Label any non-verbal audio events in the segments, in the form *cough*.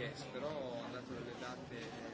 Yes, però ho dato delle date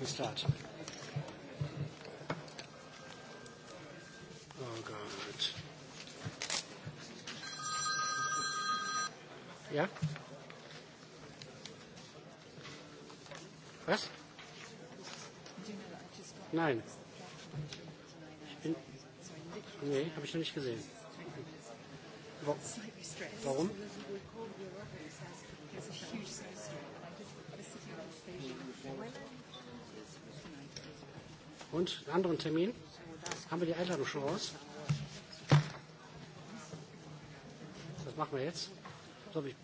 We start. Oh, God. Ja? Was? Nein. Ich bin, nee, habe ich noch nicht gesehen. Warum? There's a huge snowstorm, and I just was sitting on the station Und einen anderen Termin? Haben wir die Einladung schon raus? Das machen wir jetzt. So, ich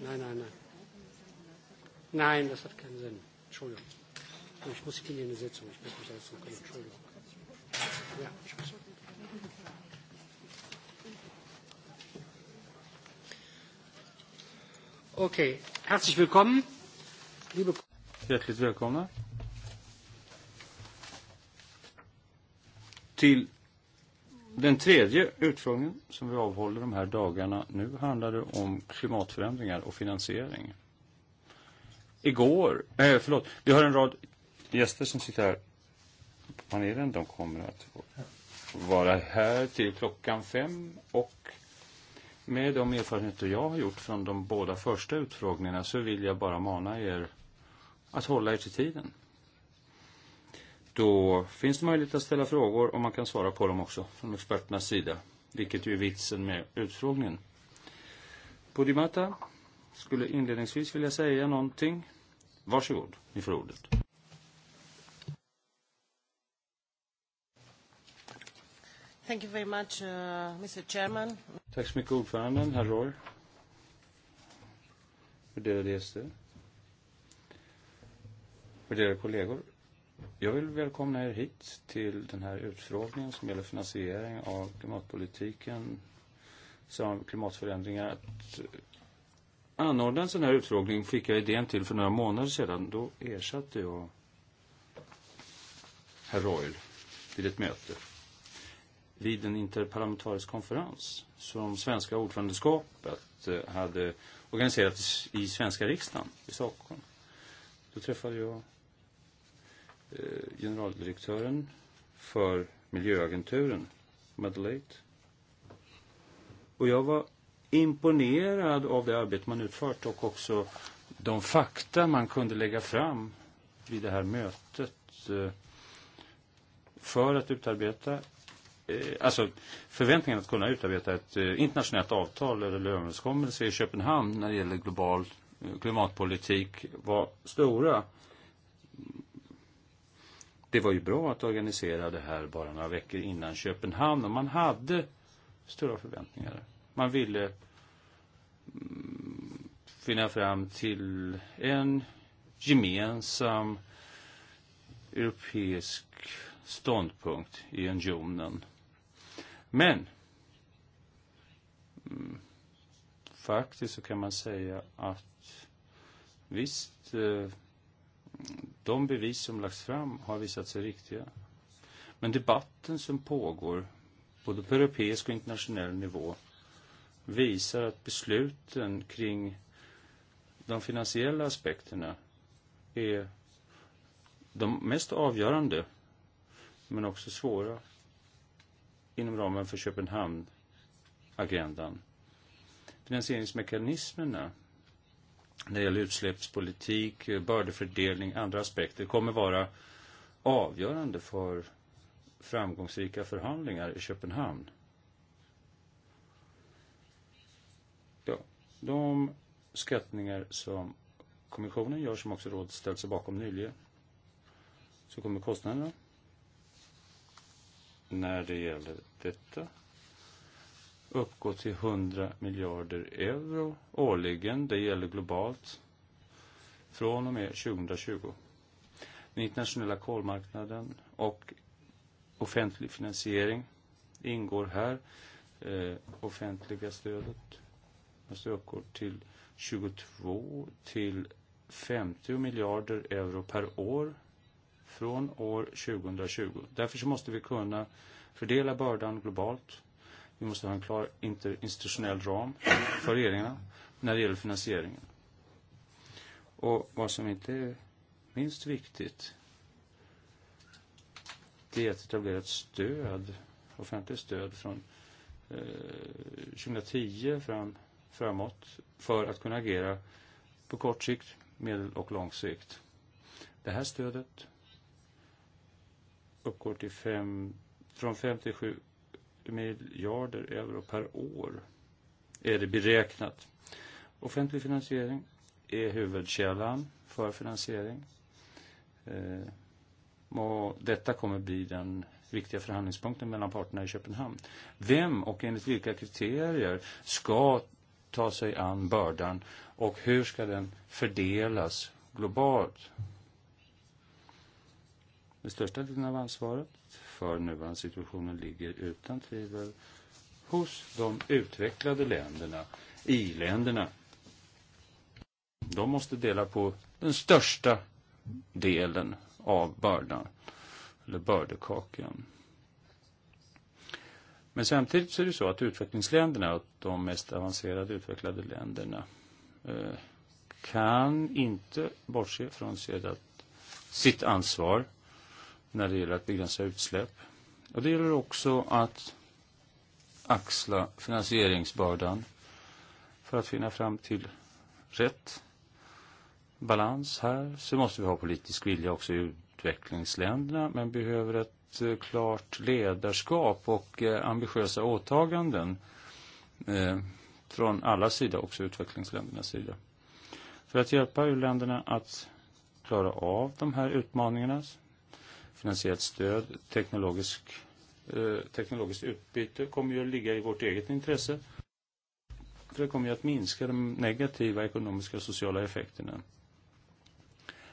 nein, nein, nein. Nein, das hat keinen Sinn. Entschuldigung. Ich muss in die Sitzung. Ich muss mich da jetzt zurückkommen. Entschuldigung. Ja, tschüss. Okay, herzlich willkommen. Liebe Hjärtligt välkomna till den tredje utfrågningen som vi avhåller de här dagarna. Nu handlar det om klimatförändringar och finansiering. Igår, eh, förlåt, vi har en rad gäster som sitter här på panelen. De kommer att vara här till klockan fem och med de erfarenheter jag har gjort från de båda första utfrågningarna så vill jag bara mana er att hålla er till tiden. Då finns det möjlighet att ställa frågor och man kan svara på dem också från experternas sida, vilket ju är vitsen med utfrågningen. Podimata skulle inledningsvis vilja säga någonting. Varsågod, ni får ordet. Thank you very much, uh, Mr. Chairman. Tack så mycket ordföranden, herr Roy, för det reste. Värderade kollegor, jag vill välkomna er hit till den här utfrågningen som gäller finansiering av klimatpolitiken samt klimatförändringar. Att anordna en sån här utfrågning fick jag idén till för några månader sedan. Då ersatte jag herr Royal vid ett möte vid en interparlamentarisk konferens som svenska ordförandeskapet eh, hade organiserat i svenska riksdagen i Stockholm. Då träffade jag Eh, generaldirektören för miljöagenturen, Madeleine. Och jag var imponerad av det arbete man utfört och också de fakta man kunde lägga fram vid det här mötet eh, för att utarbeta eh, alltså förväntningen att kunna utarbeta ett internationellt avtal eller överenskommelse i Köpenhamn när det gäller global klimatpolitik var stora. Det var ju bra att organisera det här bara några veckor innan Köpenhamn och man hade stora förväntningar. Man ville mm, finna fram till en gemensam europeisk ståndpunkt i unionen. Men mm, faktiskt så kan man säga att visst eh, de bevis som lagts fram har visat sig riktiga. Men debatten som pågår både på europeisk och internationell nivå visar att besluten kring de finansiella aspekterna är de mest avgörande men också svåra inom ramen för Köpenhamn-agendan. Finansieringsmekanismerna när det gäller utsläppspolitik, eh, bördefördelning, andra aspekter kommer vara avgörande för framgångsrika förhandlingar i Köpenhamn. Ja, de skattningar som kommissionen gör, som också rådet ställt sig bakom nyligen, så kommer kostnaderna när det gäller detta uppgå till 100 miljarder euro årligen. Det gäller globalt från och med 2020. Den internationella kolmarknaden och offentlig finansiering ingår här. Eh, offentliga stödet alltså uppgår till 22 till 50 miljarder euro per år från år 2020. Därför så måste vi kunna fördela bördan globalt Vi måste ha en klar interinstitutionell ram för regeringarna när det gäller finansieringen. Och vad som inte är minst viktigt det är att etablera ett stöd, offentligt stöd från eh, 2010 fram, framåt för att kunna agera på kort sikt, medel och lång sikt. Det här stödet uppgår till fem, från 5 till 7 miljarder euro per år är det beräknat. Offentlig finansiering är huvudkällan för finansiering. Eh, och detta kommer bli den viktiga förhandlingspunkten mellan parterna i Köpenhamn. Vem och enligt vilka kriterier ska ta sig an bördan och hur ska den fördelas globalt? Den största delen av ansvaret för nuvarande situationen ligger utan tvivel hos de utvecklade länderna, i-länderna. De måste dela på den största delen av bördan, eller bördekakan. Men samtidigt så är det så att utvecklingsländerna och de mest avancerade utvecklade länderna eh, kan inte bortse från sitt ansvar när det gäller att begränsa utsläpp. Och det gäller också att axla finansieringsbördan för att finna fram till rätt balans här. Så måste vi ha politisk vilja också i utvecklingsländerna, men behöver ett eh, klart ledarskap och eh, ambitiösa åtaganden eh, från alla sida, också utvecklingsländernas sida. För att hjälpa u-länderna att klara av de här utmaningarna finansiellt stöd, teknologisk, eh, teknologiskt utbyte kommer ju att ligga i vårt eget intresse. För det kommer ju att minska de negativa ekonomiska och sociala effekterna.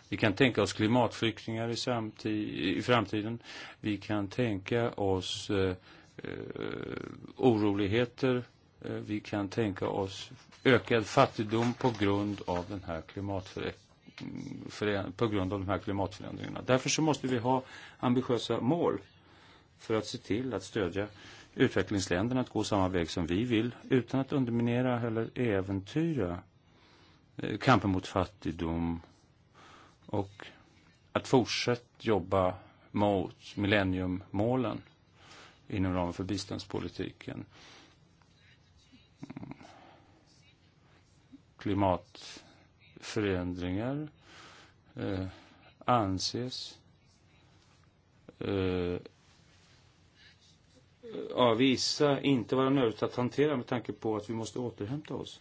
Vi kan tänka oss klimatflyktingar i, samtid, i framtiden. Vi kan tänka oss eh, eh oroligheter. Eh, vi kan tänka oss ökad fattigdom på grund av den här klimatförändringen på grund av de här klimatförändringarna. Därför så måste vi ha ambitiösa mål för att se till att stödja utvecklingsländerna att gå samma väg som vi vill utan att underminera eller äventyra eh, kampen mot fattigdom och att fortsätta jobba mot millenniummålen inom ramen för biståndspolitiken. Mm. Klimat förändringar eh, anses eh, av vissa inte vara nödvändigt att hantera med tanke på att vi måste återhämta oss.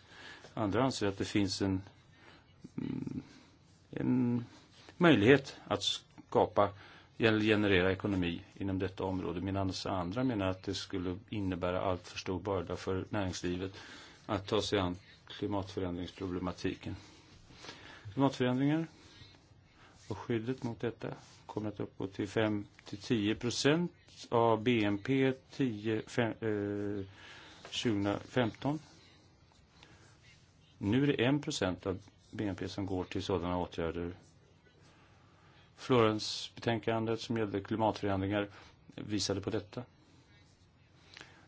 Andra anser att det finns en, mm, en möjlighet att skapa eller generera ekonomi inom detta område medan andra menar att det skulle innebära allt för stor börda för näringslivet att ta sig an klimatförändringsproblematiken klimatförändringar. Och skyddet mot detta kommer att uppgå till 5-10 procent av BNP 10, 5, eh, 2015. Nu är det 1 procent av BNP som går till sådana åtgärder. Florensbetänkandet som gällde klimatförändringar visade på detta.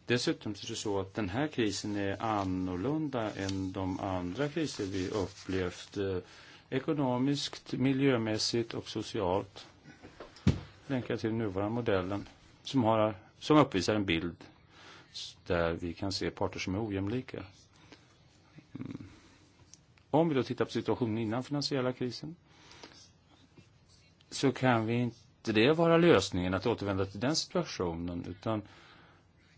Dessutom är det så att den här krisen är annorlunda än de andra kriser vi upplevt eh, ekonomiskt, miljömässigt och socialt länkar till den nuvarande modellen som, har, som uppvisar en bild där vi kan se parter som är ojämlika. Mm. Om vi då tittar på situationen innan finansiella krisen så kan vi inte det vara lösningen att återvända till den situationen utan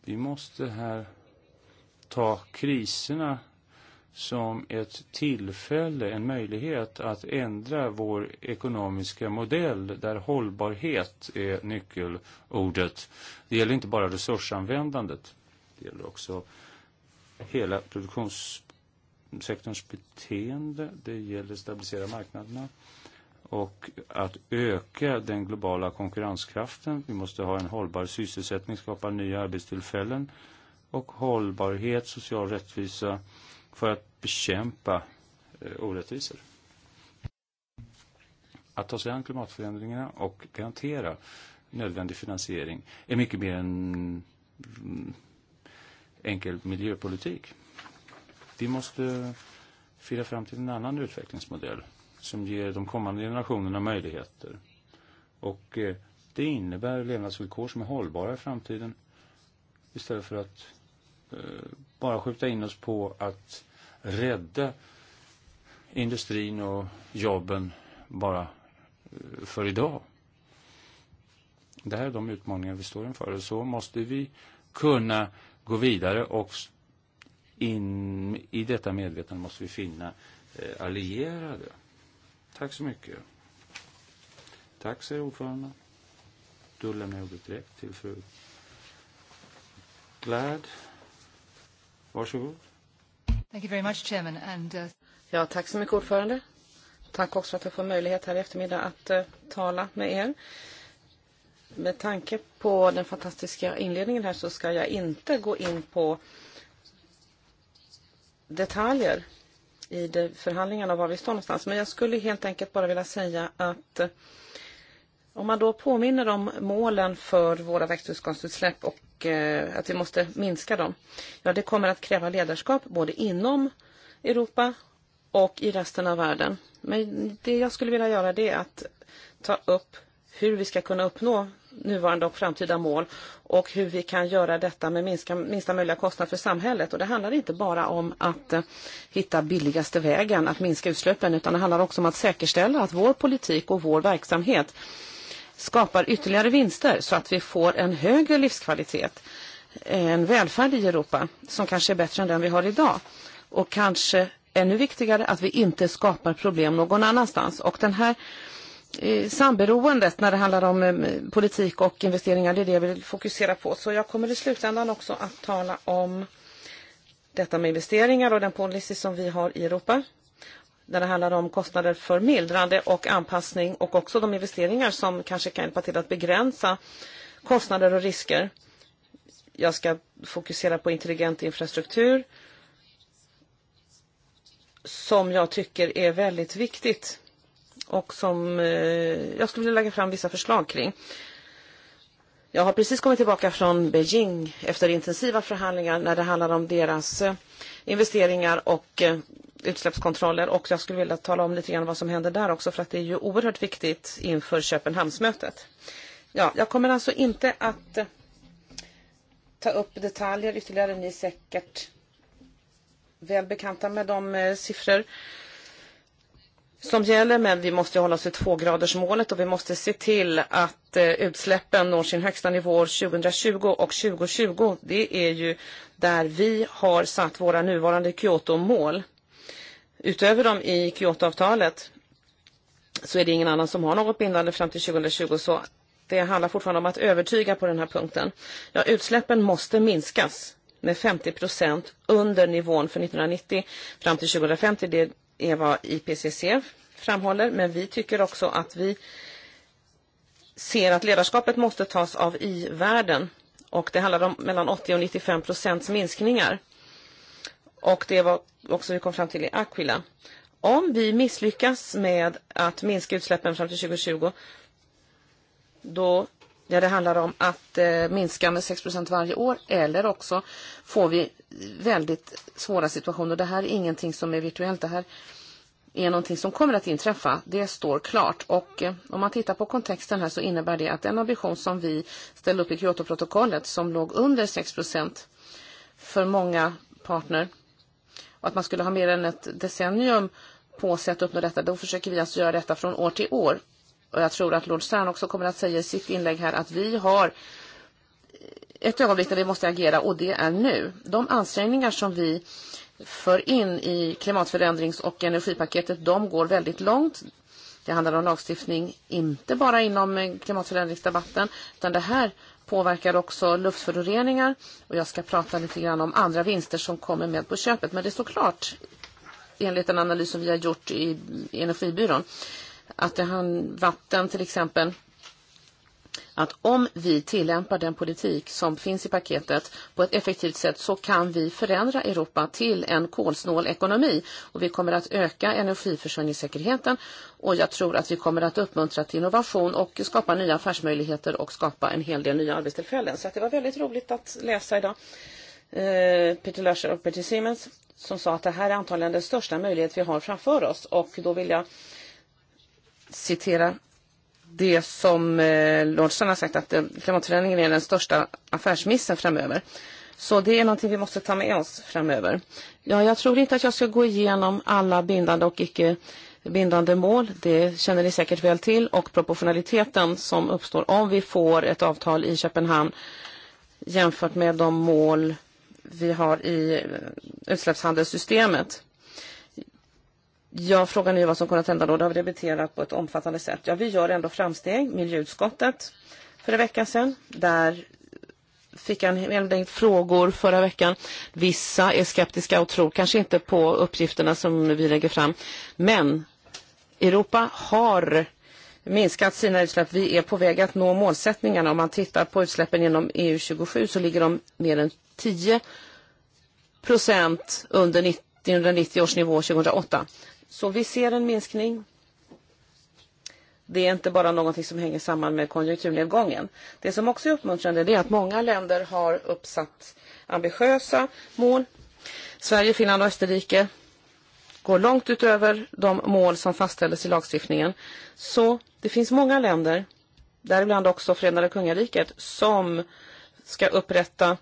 vi måste här ta kriserna som ett tillfälle, en möjlighet att ändra vår ekonomiska modell där hållbarhet är nyckelordet. Det gäller inte bara resursanvändandet, det gäller också hela produktionssektorns beteende, det gäller stabilisera marknaderna och att öka den globala konkurrenskraften. Vi måste ha en hållbar sysselsättning, skapa nya arbetstillfällen och hållbarhet, social rättvisa, för att bekämpa eh, orättvisor. Att ta sig an klimatförändringarna och garantera nödvändig finansiering är mycket mer än mm, enkel miljöpolitik. Vi måste fira fram till en annan utvecklingsmodell som ger de kommande generationerna möjligheter. Och eh, det innebär levnadsvillkor som är hållbara i framtiden istället för att Eh, bara skjuta in oss på att rädda industrin och jobben bara eh, för idag. Det här är de utmaningar vi står inför och så måste vi kunna gå vidare och in i detta medvetande måste vi finna eh, allierade. Tack så mycket. Tack säger ordföranden. Då lämnar jag ordet direkt till fru Glad. Varsågod. Thank you very much, Chairman, and, uh... ja, tack så mycket ordförande. Tack också för att jag får möjlighet här i eftermiddag att uh, tala med er. Med tanke på den fantastiska inledningen här så ska jag inte gå in på detaljer i de förhandlingarna och var vi står någonstans. Men jag skulle helt enkelt bara vilja säga att Om man då påminner om målen för våra växthusgasutsläpp och eh, att vi måste minska dem, ja det kommer att kräva ledarskap både inom Europa och i resten av världen. Men det jag skulle vilja göra det är att ta upp hur vi ska kunna uppnå nuvarande och framtida mål och hur vi kan göra detta med minska, minsta möjliga kostnad för samhället. Och det handlar inte bara om att eh, hitta billigaste vägen att minska utsläppen utan det handlar också om att säkerställa att vår politik och vår verksamhet eh, skapar ytterligare vinster så att vi får en högre livskvalitet, eh, en välfärd i Europa som kanske är bättre än den vi har idag. Och kanske ännu viktigare att vi inte skapar problem någon annanstans. Och den här eh, samberoendet när det handlar om eh, politik och investeringar, det är det jag vill fokusera på. Så jag kommer i slutändan också att tala om detta med investeringar och den policy som vi har i Europa när det handlar om kostnader för mildrande och anpassning och också de investeringar som kanske kan hjälpa till att begränsa kostnader och risker. Jag ska fokusera på intelligent infrastruktur som jag tycker är väldigt viktigt och som eh, jag skulle vilja lägga fram vissa förslag kring. Jag har precis kommit tillbaka från Beijing efter intensiva förhandlingar när det handlar om deras eh, investeringar och eh, utsläppskontroller och jag skulle vilja tala om lite grann vad som händer där också för att det är ju oerhört viktigt inför Köpenhamnsmötet. Ja, jag kommer alltså inte att eh, ta upp detaljer ytterligare. Ni är säkert väl bekanta med de eh, siffror som gäller, men vi måste hålla oss till tvågradersmålet och vi måste se till att eh, utsläppen når sin högsta nivå 2020 och 2020. Det är ju där vi har satt våra nuvarande Kyoto-mål utöver dem i Kyotoavtalet så är det ingen annan som har något bindande fram till 2020. Så det handlar fortfarande om att övertyga på den här punkten. Ja, utsläppen måste minskas med 50 procent under nivån för 1990 fram till 2050. Det är vad IPCC framhåller. Men vi tycker också att vi ser att ledarskapet måste tas av i-världen. Och det handlar om mellan 80 och 95 procents minskningar och det var också vi kom fram till i Aquila. Om vi misslyckas med att minska utsläppen fram till 2020 då där det handlar om att eh, minska med 6 varje år eller också får vi väldigt svåra situationer. Det här är ingenting som är virtuellt. Det här är någonting som kommer att inträffa. Det står klart. Och eh, om man tittar på kontexten här så innebär det att den ambition som vi ställde upp i Kyotoprotokollet som låg under 6 för många partner och att man skulle ha mer än ett decennium på sig att uppnå detta. Då försöker vi alltså göra detta från år till år. Och jag tror att Lord Stern också kommer att säga i sitt inlägg här att vi har ett ögonblick där vi måste agera och det är nu. De ansträngningar som vi för in i klimatförändrings och energipaketet, de går väldigt långt. Det handlar om lagstiftning inte bara inom klimatförändringsdebatten, utan det här påverkar också luftföroreningar och jag ska prata lite grann om andra vinster som kommer med på köpet. Men det står klart enligt en analys som vi har gjort i Energibyrån att det hand, vatten till exempel att om vi tillämpar den politik som finns i paketet på ett effektivt sätt så kan vi förändra Europa till en kolsnål ekonomi och vi kommer att öka energiförsörjningssäkerheten och jag tror att vi kommer att uppmuntra till innovation och skapa nya affärsmöjligheter och skapa en hel del nya arbetstillfällen. Så att det var väldigt roligt att läsa idag. Eh, Peter Löscher och Peter Siemens som sa att det här är antagligen den största möjlighet vi har framför oss och då vill jag citera det som eh, Lordson har sagt att eh, klimatförändringen är den största affärsmissen framöver. Så det är någonting vi måste ta med oss framöver. Ja, jag tror inte att jag ska gå igenom alla bindande och icke bindande mål. Det känner ni säkert väl till och proportionaliteten som uppstår om vi får ett avtal i Köpenhamn jämfört med de mål vi har i eh, utsläppshandelssystemet. Ja, frågan är vad som kommer att hända då. Det har vi debatterat på ett omfattande sätt. Ja, vi gör ändå framsteg. Miljöutskottet för en vecka sedan, där fick en hel del frågor förra veckan. Vissa är skeptiska och tror kanske inte på uppgifterna som vi lägger fram. Men Europa har minskat sina utsläpp. Vi är på väg att nå målsättningarna. Om man tittar på utsläppen inom EU27 så ligger de mer än 10 procent under 1990 års nivå 2008. Så vi ser en minskning. Det är inte bara någonting som hänger samman med konjunkturnedgången. Det som också är uppmuntrande är att många länder har uppsatt ambitiösa mål. Sverige, Finland och Österrike går långt utöver de mål som fastställdes i lagstiftningen. Så det finns många länder, däribland också Förenade Kungariket, som ska upprätta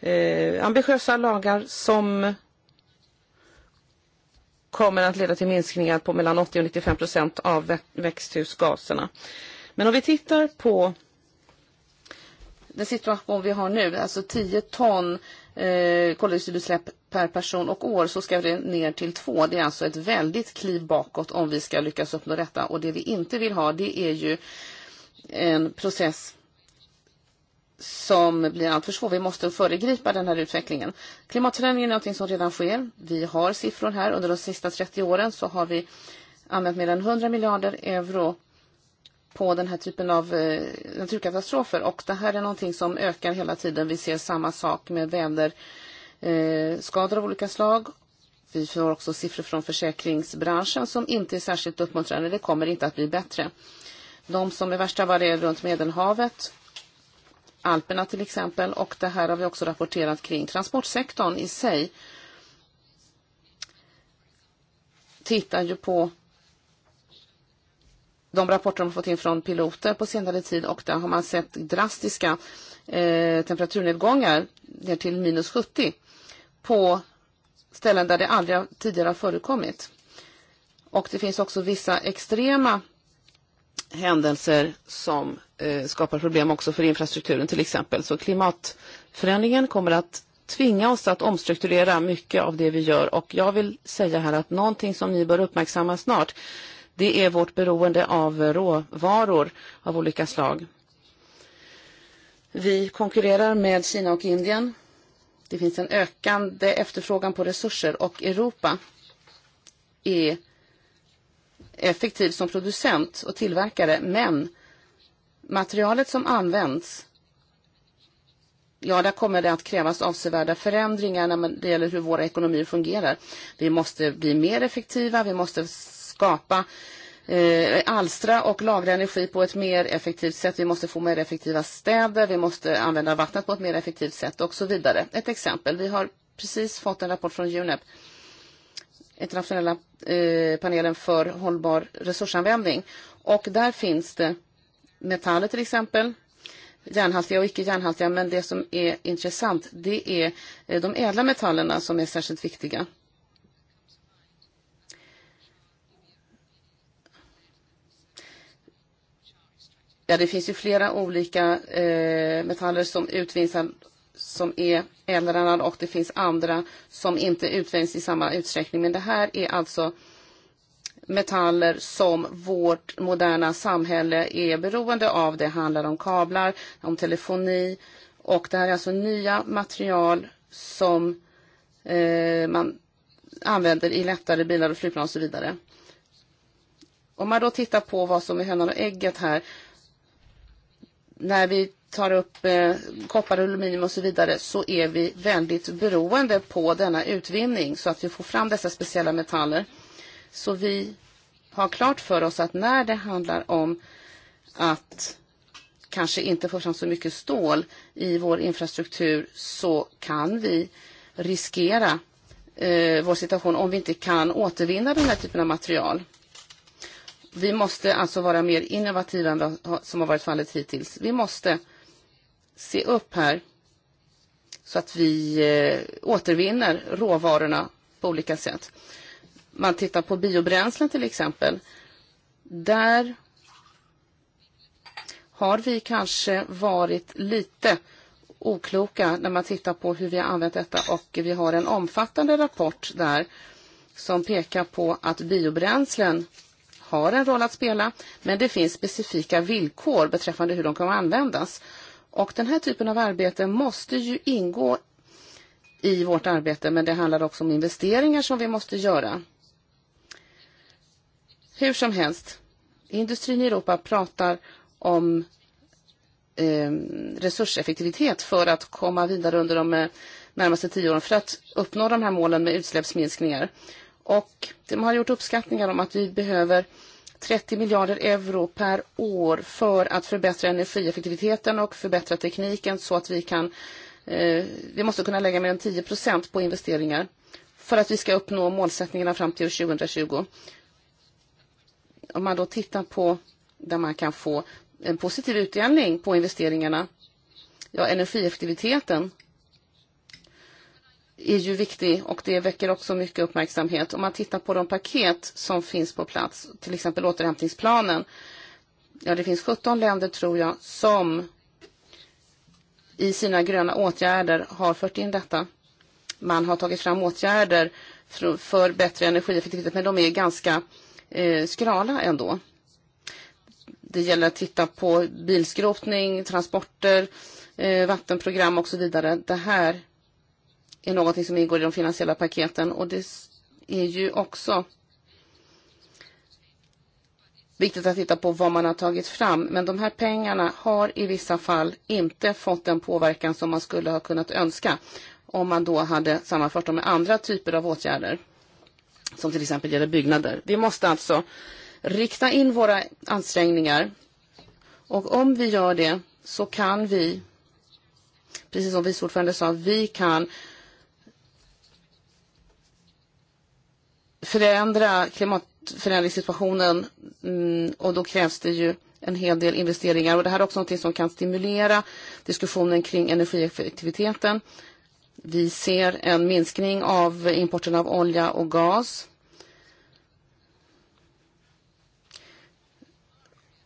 eh, ambitiösa lagar som kommer att leda till minskningar på mellan 80 och 95 procent av växthusgaserna. Men om vi tittar på den situation vi har nu, alltså 10 ton eh, koldioxidutsläpp per person och år så ska det ner till två. Det är alltså ett väldigt kliv bakåt om vi ska lyckas uppnå detta. Och det vi inte vill ha det är ju en process som blir alltför svår. Vi måste föregripa den här utvecklingen. Klimatförändringen är någonting som redan sker. Vi har siffror här. Under de sista 30 åren så har vi använt mer än 100 miljarder euro på den här typen av eh, naturkatastrofer. Och det här är någonting som ökar hela tiden. Vi ser samma sak med väderskador eh, av olika slag. Vi får också siffror från försäkringsbranschen som inte är särskilt uppmuntrande. Det kommer inte att bli bättre. De som är värst drabbade är runt Medelhavet Alperna till exempel och det här har vi också rapporterat kring. Transportsektorn i sig tittar ju på de rapporter de fått in från piloter på senare tid och där har man sett drastiska eh, temperaturnedgångar ner till minus 70 på ställen där det aldrig tidigare har förekommit. Och det finns också vissa extrema händelser som eh, skapar problem också för infrastrukturen till exempel. Så klimatförändringen kommer att tvinga oss att omstrukturera mycket av det vi gör och jag vill säga här att någonting som ni bör uppmärksamma snart det är vårt beroende av råvaror av olika slag. Vi konkurrerar med Kina och Indien. Det finns en ökande efterfrågan på resurser och Europa är effektiv som producent och tillverkare, men materialet som används, ja, där kommer det att krävas avsevärda förändringar när det gäller hur våra ekonomier fungerar. Vi måste bli mer effektiva, vi måste skapa eh, alstra och lagra energi på ett mer effektivt sätt. Vi måste få mer effektiva städer, vi måste använda vattnet på ett mer effektivt sätt och så vidare. Ett exempel, vi har precis fått en rapport från UNEP eh, internationella eh, panelen för hållbar resursanvändning. Och där finns det metaller till exempel, järnhaltiga och icke järnhaltiga, men det som är intressant det är eh, de ädla metallerna som är särskilt viktiga. Ja, det finns ju flera olika eh, metaller som utvinns som är eldrennad och det finns andra som inte utvinns i samma utsträckning. Men det här är alltså metaller som vårt moderna samhälle är beroende av. Det handlar om kablar, om telefoni och det här är alltså nya material som eh, man använder i lättare bilar och flygplan och så vidare. Om man då tittar på vad som är hönan och ägget här. När vi tar upp eh, koppar, aluminium och så vidare så är vi väldigt beroende på denna utvinning så att vi får fram dessa speciella metaller. Så vi har klart för oss att när det handlar om att kanske inte få fram så mycket stål i vår infrastruktur så kan vi riskera eh, vår situation om vi inte kan återvinna den här typen av material. Vi måste alltså vara mer innovativa än vad som har varit fallet hittills. Vi måste eh, se upp här så att vi eh, återvinner råvarorna på olika sätt. Man tittar på biobränslen till exempel. Där har vi kanske varit lite okloka när man tittar på hur vi har använt detta och vi har en omfattande rapport där som pekar på att biobränslen har en roll att spela men det finns specifika villkor beträffande hur de kan användas. Och den här typen av arbete måste ju ingå i vårt arbete, men det handlar också om investeringar som vi måste göra. Hur som helst, industrin i Europa pratar om eh, resurseffektivitet för att komma vidare under de eh, närmaste tio åren för att uppnå de här målen med utsläppsminskningar. Och de har gjort uppskattningar om att vi behöver eh, 30 miljarder euro per år för att förbättra energieffektiviteten och förbättra tekniken så att vi kan eh, vi måste kunna lägga mer än 10 procent på investeringar för att vi ska uppnå målsättningarna fram till 2020. Om man då tittar på där man kan få en positiv utdelning på investeringarna. Ja, energieffektiviteten är ju viktig och det väcker också mycket uppmärksamhet. Om man tittar på de paket som finns på plats, till exempel återhämtningsplanen. Ja, det finns 17 länder tror jag som i sina gröna åtgärder har fört in detta. Man har tagit fram åtgärder för, för bättre energieffektivitet, men de är ganska eh, skrala ändå. Det gäller att titta på bilskrotning, transporter, eh, vattenprogram och så vidare. Det här är någonting som ingår i de finansiella paketen och det är ju också viktigt att titta på vad man har tagit fram. Men de här pengarna har i vissa fall inte fått den påverkan som man skulle ha kunnat önska om man då hade sammanfört dem med andra typer av åtgärder som till exempel gäller byggnader. Vi måste alltså rikta in våra ansträngningar och om vi gör det så kan vi, precis som vice ordförande sa, vi kan förändra klimatförändringssituationen mm, och då krävs det ju en hel del investeringar. Och det här är också något som kan stimulera diskussionen kring energieffektiviteten. Vi ser en minskning av importen av olja och gas.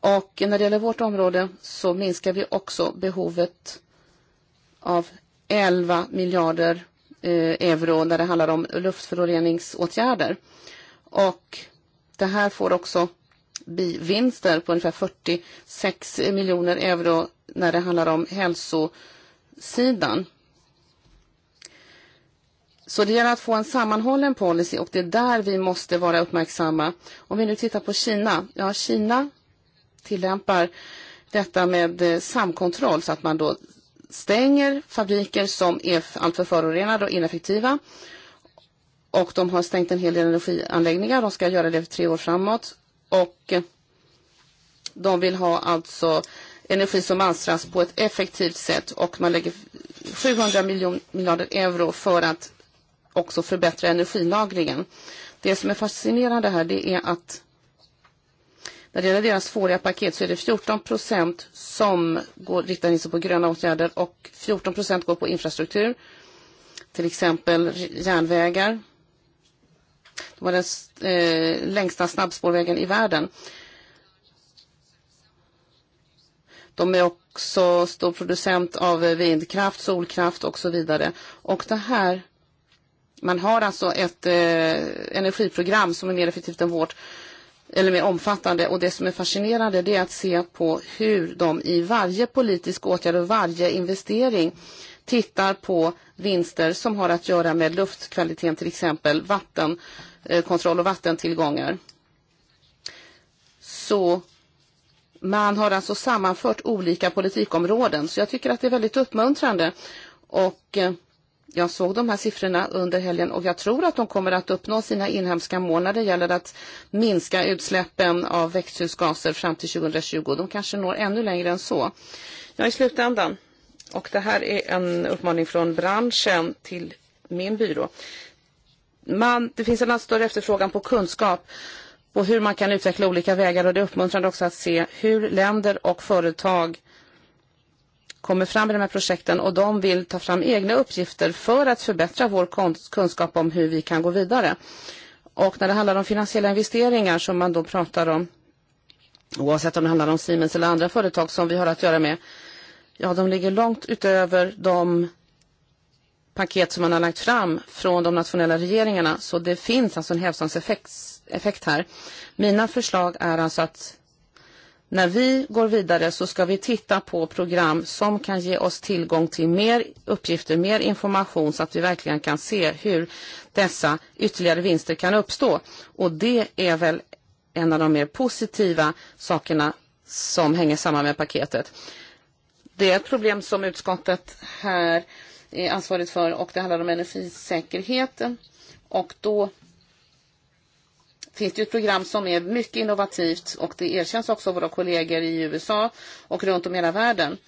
Och när det gäller vårt område så minskar vi också behovet av 11 miljarder Eh, euro där det handlar om luftföroreningsåtgärder. Och det här får också bivinster på ungefär 46 miljoner euro när det handlar om hälsosidan. Så det gäller att få en sammanhållen policy och det är där vi måste vara uppmärksamma. Om vi nu tittar på Kina. Ja, Kina tillämpar detta med eh, samkontroll så att man då stänger fabriker som är alltför förorenade och ineffektiva. Och de har stängt en hel del energianläggningar. De ska göra det för tre år framåt. Och eh, de vill ha alltså energi som alstras på ett effektivt sätt. Och man lägger 700 miljon, miljarder euro för att också förbättra energilagringen. Det som är fascinerande här det är att När det gäller deras tvååriga paket så är det 14 procent som går, riktar in sig på gröna åtgärder och 14 procent går på infrastruktur, till exempel järnvägar. De har den eh, längsta snabbspårvägen i världen. De är också stor producent av vindkraft, solkraft och så vidare. Och det här, man har alltså ett eh, energiprogram som är mer effektivt än vårt. Eh, eller mer omfattande och det som är fascinerande det är att se på hur de i varje politisk åtgärd och varje investering tittar på vinster som har att göra med luftkvaliteten till exempel, vattenkontroll eh, och vattentillgångar. Så man har alltså sammanfört olika politikområden så jag tycker att det är väldigt uppmuntrande och eh, Jag såg de här siffrorna under helgen och jag tror att de kommer att uppnå sina inhemska mål när det gäller att minska utsläppen av växthusgaser fram till 2020. De kanske når ännu längre än så. Ja, i slutändan, och det här är en uppmaning från branschen till min byrå. Man, det finns en allt större efterfrågan på kunskap på hur man kan utveckla olika vägar och det är uppmuntrande också att se hur länder och företag kommer fram i de här projekten och de vill ta fram egna uppgifter för att förbättra vår kunskap om hur vi kan gå vidare. Och när det handlar om finansiella investeringar som man då pratar om, oavsett om det handlar om Siemens eller andra företag som vi har att göra med, ja, de ligger långt utöver de paket som man har lagt fram från de nationella regeringarna. Så det finns alltså en hävstångseffekt effekt här. Mina förslag är alltså att När vi går vidare så ska vi titta på program som kan ge oss tillgång till mer uppgifter, mer information så att vi verkligen kan se hur dessa ytterligare vinster kan uppstå. Och det är väl en av de mer positiva sakerna som hänger samman med paketet. Det är ett problem som utskottet här är ansvarigt för och det handlar om energisäkerheten. Och då finns det ju ett program som är mycket innovativt och det erkänns också av våra kollegor i USA och runt om i hela världen.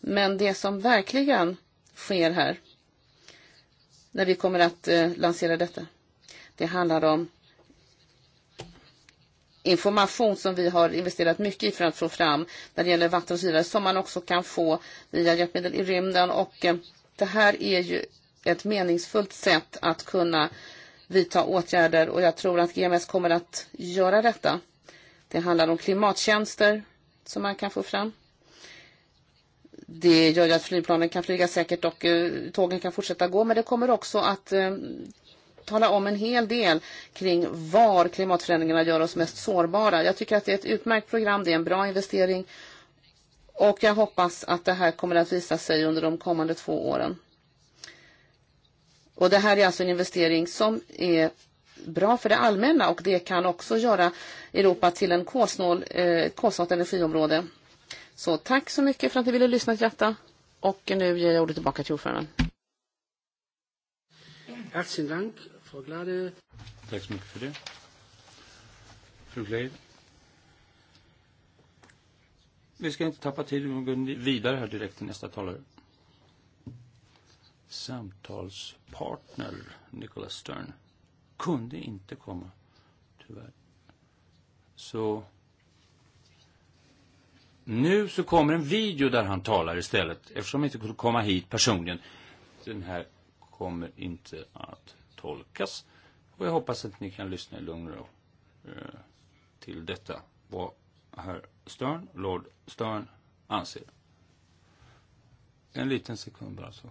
Men det som verkligen sker här, när vi kommer att eh, lansera detta, det handlar om information som vi har investerat mycket i för att få fram när det gäller vatten och syre som man också kan få via hjälpmedel i rymden. Och eh, det här är ju ett meningsfullt sätt att kunna vidta åtgärder och jag tror att GMS kommer att göra detta. Det handlar om klimattjänster som man kan få fram. Det gör ju att flygplanen kan flyga säkert och eh, tågen kan fortsätta gå men det kommer också att eh, tala om en hel del kring var klimatförändringarna gör oss mest sårbara. Jag tycker att det är ett utmärkt program, det är en bra investering och jag hoppas att det här kommer att visa sig under de kommande två åren. Och det här är alltså en investering som är bra för det allmänna och det kan också göra Europa till en kolsnål, eh, kolsnålt energiområde. Så tack så mycket för att ni ville lyssna till detta och nu ger jag ordet tillbaka till ordföranden. Herzlichen Dank, Frau Glade. Tack så mycket för det. Fru Glade. Vi ska inte tappa tid, vi går vidare här direkt till nästa talare samtalspartner, Nicholas Stern, kunde inte komma, tyvärr. Så nu så kommer en video där han talar istället, eftersom han inte kunde komma hit personligen. Den här kommer inte att tolkas. Och jag hoppas att ni kan lyssna i lugn och eh, till detta, vad herr Stern, Lord Stern, anser. En liten sekund bara så. Alltså.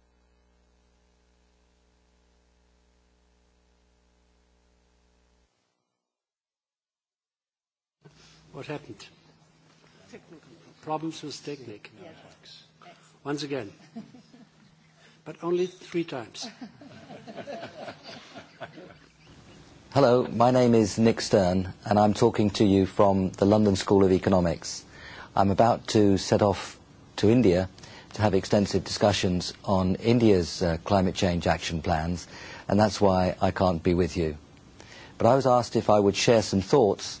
What happened? Technical problems with technique. No yeah. works. Once again. but only three times. Hello, my name is Nick Stern, and I'm talking to you from the London School of Economics. I'm about to set off to India to have extensive discussions on India's uh, climate change action plans, and that's why I can't be with you. But I was asked if I would share some thoughts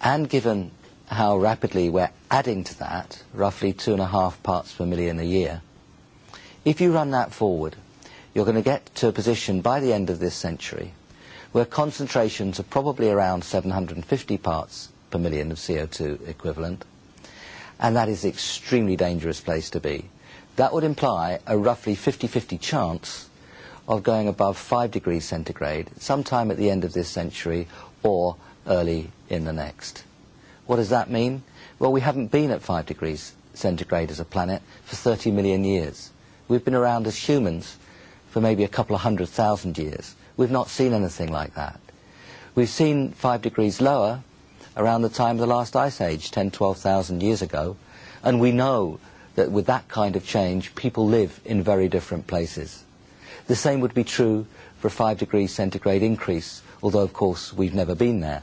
and given how rapidly we're adding to that, roughly 2.5 parts per million a year, if you run that forward, you're going to get to a position by the end of this century where concentrations are probably around 750 parts per million of CO2 equivalent, and that is an extremely dangerous place to be. That would imply a roughly 50/50 chance of going above 5 degrees centigrade sometime at the end of this century or early in the next. What does that mean? Well, we haven't been at 5 degrees centigrade as a planet for 30 million years. We've been around as humans for maybe a couple of hundred thousand years. We've not seen anything like that. We've seen 5 degrees lower around the time of the last ice age, 10, 12,000 years ago, and we know that with that kind of change, people live in very different places. The same would be true for a 5 degrees centigrade increase, although of course we've never been there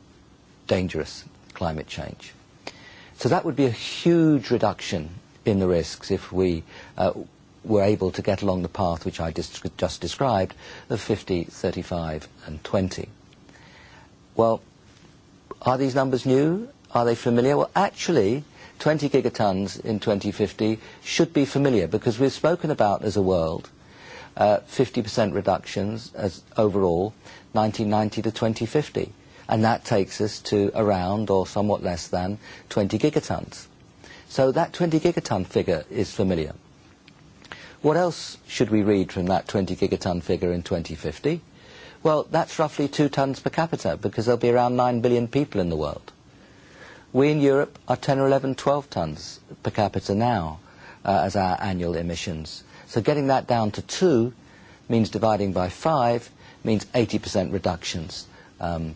dangerous climate change. So that would be a huge reduction in the risks if we uh, were able to get along the path which I dis- just described of 50, 35 and 20. Well, are these numbers new? Are they familiar? Well, actually, 20 gigatons in 2050 should be familiar because we've spoken about as a world uh, 50% reductions as overall 1990 to 2050 and that takes us to around or somewhat less than 20 gigatons. So that 20 gigaton figure is familiar. What else should we read from that 20 gigaton figure in 2050? Well, that's roughly two tons per capita because there'll be around 9 billion people in the world. We in Europe are 10 or 11, 12 tons per capita now uh, as our annual emissions. So getting that down to two means dividing by five means 80% reductions. Um,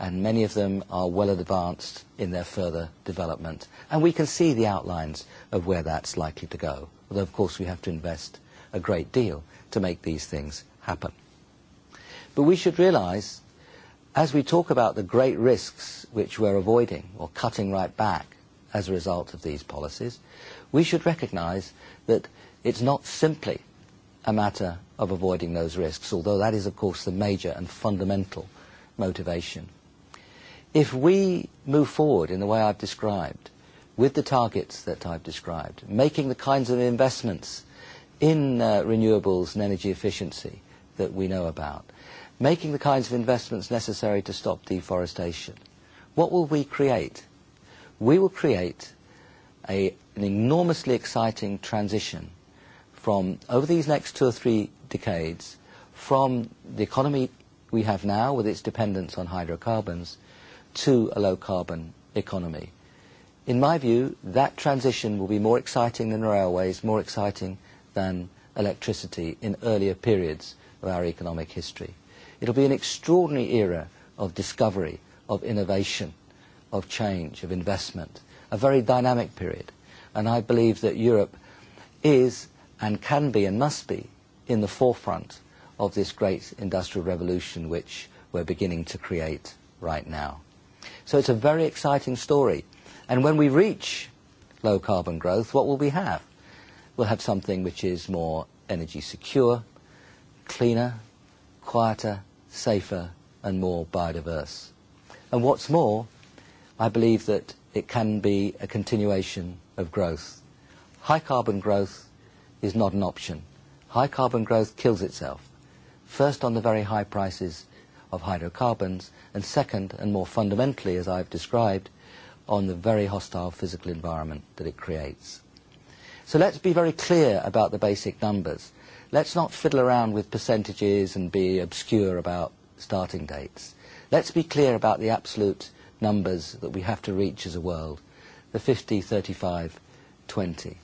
and many of them are well advanced in their further development. And we can see the outlines of where that's likely to go, although, of course, we have to invest a great deal to make these things happen. But we should realize, as we talk about the great risks which we're avoiding or cutting right back as a result of these policies, we should recognize that it's not simply a matter of avoiding those risks, although that is, of course, the major and fundamental motivation If we move forward in the way I've described, with the targets that I've described, making the kinds of investments in uh, renewables and energy efficiency that we know about, making the kinds of investments necessary to stop deforestation, what will we create? We will create an enormously exciting transition from, over these next two or three decades, from the economy we have now with its dependence on hydrocarbons to a low carbon economy. In my view, that transition will be more exciting than railways, more exciting than electricity in earlier periods of our economic history. It'll be an extraordinary era of discovery, of innovation, of change, of investment, a very dynamic period. And I believe that Europe is and can be and must be in the forefront of this great industrial revolution which we're beginning to create right now. So it's a very exciting story. And when we reach low carbon growth, what will we have? We'll have something which is more energy secure, cleaner, quieter, safer, and more biodiverse. And what's more, I believe that it can be a continuation of growth. High carbon growth is not an option. High carbon growth kills itself, first on the very high prices of hydrocarbons, and second, and more fundamentally, as I've described, on the very hostile physical environment that it creates. So let's be very clear about the basic numbers. Let's not fiddle around with percentages and be obscure about starting dates. Let's be clear about the absolute numbers that we have to reach as a world, the 50, 35, 20.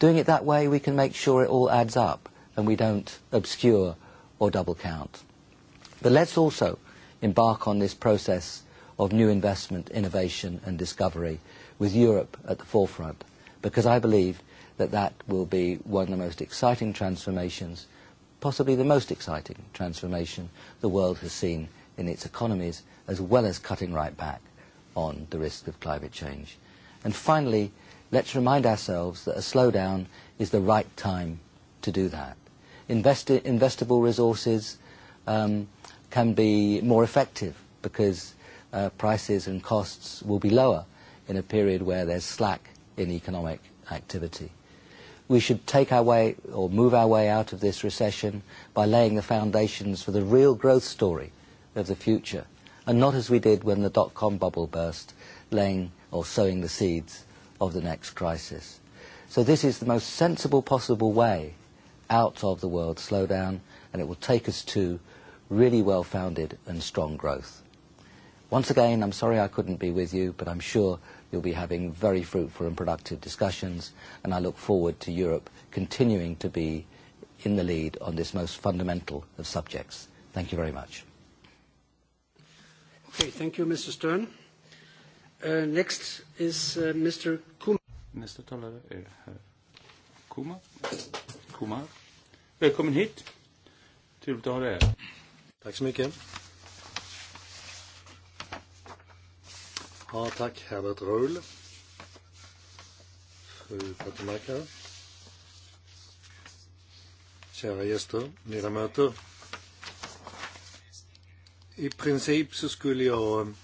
Doing it that way, we can make sure it all adds up and we don't obscure or double count. But let's also embark on this process of new investment, innovation and discovery with Europe at the forefront, because I believe that that will be one of the most exciting transformations, possibly the most exciting transformation the world has seen in its economies, as well as cutting right back on the risk of climate change. And finally, let's remind ourselves that a slowdown is the right time to do that. Investi investable resources, um, can be more effective because uh, prices and costs will be lower in a period where there's slack in economic activity. We should take our way or move our way out of this recession by laying the foundations for the real growth story of the future and not as we did when the dot-com bubble burst, laying or sowing the seeds of the next crisis. So this is the most sensible possible way out of the world slowdown and it will take us to really well-founded and strong growth. Once again, I'm sorry I couldn't be with you, but I'm sure you'll be having very fruitful and productive discussions, and I look forward to Europe continuing to be in the lead on this most fundamental of subjects. Thank you very much. Okay. Thank you, Mr. Stern. Uh, next is uh, Mr. Kumar. Mr. Toller, uh, Kumar. Kumar. Välkommen hit. Trevligt att ha dig här. Tack så mycket. Ja, tack Herbert Rull. Fru Pettemarkare. Kära gäster, ledamöter. I princip så skulle jag eh,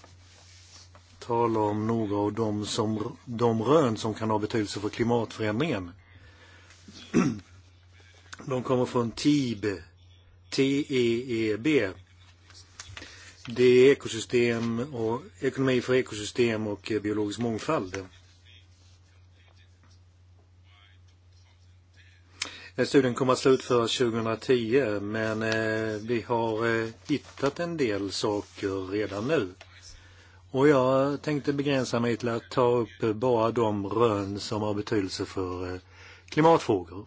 tala om några av de, som, de rön som kan ha betydelse för klimatförändringen. *clears throat* De kommer från TIB, TEEB. Det är ekosystem och ekonomi för ekosystem och biologisk mångfald. Eh, studien kommer att slutföras 2010 men eh, vi har eh, hittat en del saker redan nu. Och jag tänkte begränsa mig till att ta upp bara de rön som har betydelse för klimatfrågor.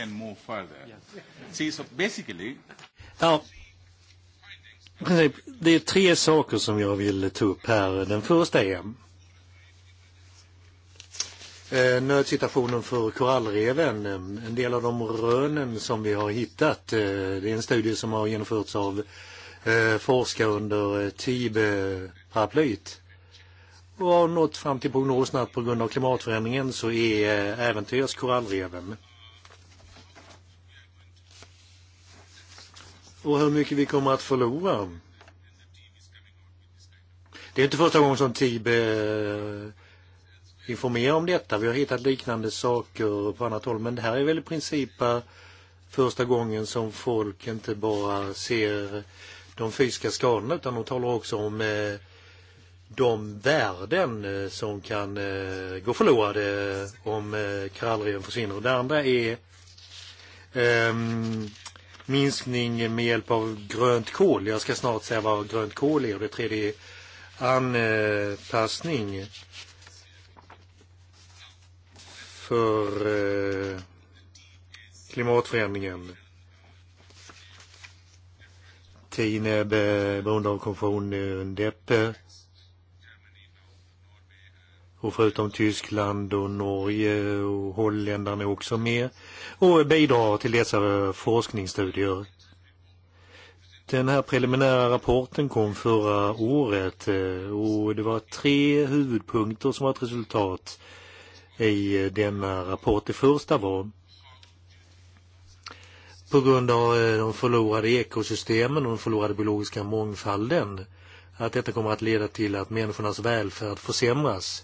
can move further. Yes. See, so basically... Ja. Det är tre saker som jag vill ta upp här. Den första är eh, nödsituationen för korallreven. En del av de rönen som vi har hittat, eh, det är en studie som har genomförts av eh, forskare under TIB-paraplyet och har nått fram till prognosen att på grund av klimatförändringen så är äventyrs korallreven. mycket vi kommer att förlora. Det är inte första gången som TIB øh, informerar om detta. Vi har hittat liknande saker på annat håll. Men det här är er väl i princip första gången som folk inte bara ser de fysiska skadorna utan de talar också om øh, de värden øh, som kan gå förlorade om korallreven försvinner. Det andra är er, minskning med hjälp av grönt kol. Jag ska snart säga vad grönt kol är. Och det tredje är anpassning för eh, klimatförändringen. TINEB, beroende av konvention UNDP, Och förutom Tyskland och Norge och holländarna är också med och bidrar till dessa forskningsstudier. Den här preliminära rapporten kom förra året eh, och det var tre huvudpunkter som var ett resultat i eh, denna rapport. Det första var på grund av eh, de förlorade ekosystemen och den förlorade biologiska mångfalden att detta kommer att leda till att människornas välfärd försämras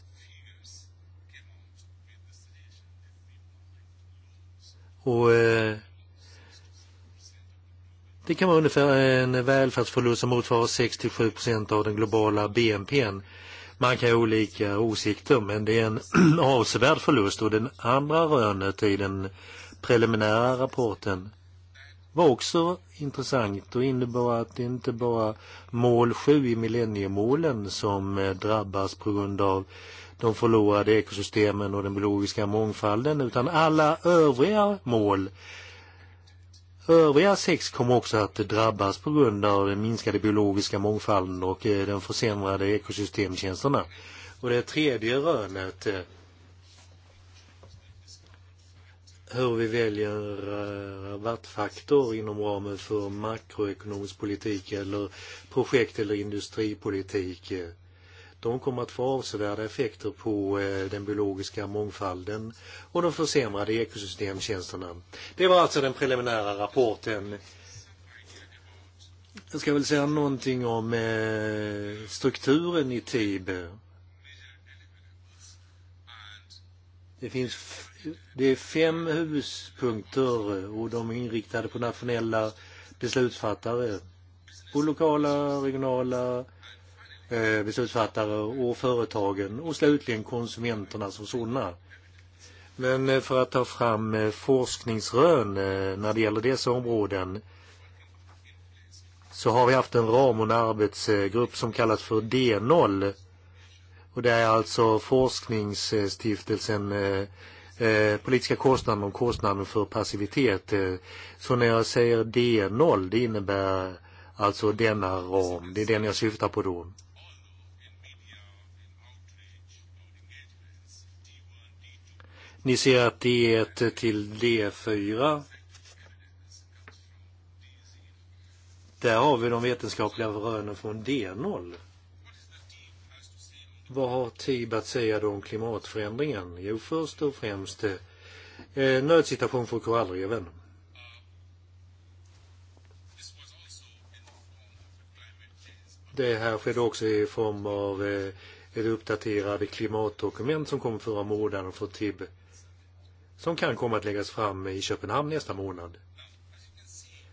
Och eh, det kan vara ungefär en välfärdsförlust som motsvarar 6-7 procent av den globala BNPn. Man kan ha olika åsikter men det är en *clears throat* avsevärd förlust och den andra rönet i den preliminära rapporten var också intressant och innebar att det inte bara mål 7 i millenniemålen som eh, drabbas på grund av de förlorade ekosystemen och den biologiska mångfalden utan alla övriga mål. Övriga sex kommer också att drabbas på grund av den minskade biologiska mångfalden och eh, den försämrade ekosystemtjänsterna. Och det tredje rönet eh, hur vi väljer eh, rabattfaktor inom ramen för makroekonomisk politik eller projekt eller industripolitik De kommer att få avsevärda effekter på eh, den biologiska mångfalden och de försämrade ekosystemtjänsterna. Det var alltså den preliminära rapporten. Jag ska väl säga någonting om eh, strukturen i TIB. Det finns det är fem huvudpunkter eh, och de är inriktade på nationella beslutsfattare. På lokala, regionala, Eh, beslutsfattare och företagen och slutligen konsumenterna som sådana. Men eh, för att ta fram eh, forskningsrön när det gäller dessa områden så har vi haft en ram och en arbetsgrupp som kallas för D0. Och det är alltså forskningsstiftelsen politiska kostnader och kostnader för passivitet. Så när jag säger D0, det innebär alltså denna ram. Det är den jag syftar på då. Ni ser att D1 till D4. Där har vi de vetenskapliga rönen från D0. Vad har TIB att säga då om klimatförändringen? Jo, först och främst eh, nödsituation för korallreven. Det här skedde också i form av eh, ett uppdaterat klimatdokument som kom förra månaden från TIB som kan komma att läggas fram i Köpenhamn nästa månad.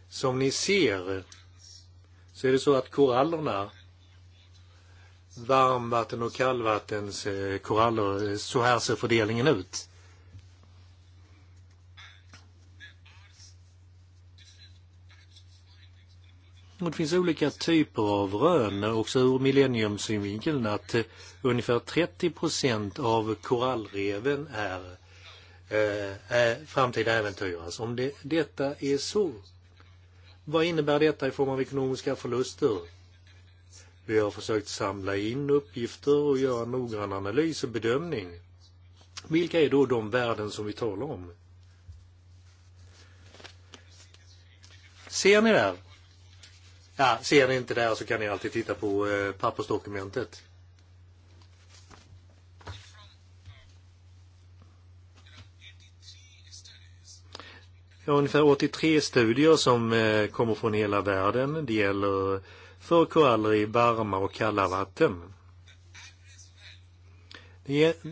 Som ni ser så är det så att korallerna, varmvatten och kallvattens eh, koraller, eh, så här ser fördelningen ut. Och det finns olika typer av rön, också ur millenniumsynvinkeln, att eh, ungefär 30 procent av korallreven är eh, eh framtida äventyras. Om det, detta är så, vad innebär detta i form av ekonomiska förluster? Vi har försökt samla in uppgifter och göra en noggrann analys och bedömning. Vilka är då de värden som vi talar om? Ser ni där? Ja, ser ni inte där så kan ni alltid titta på eh, pappersdokumentet. ungefär 83 studier som eh, kommer från hela världen. Det gäller för koaller i varma och kalla vatten.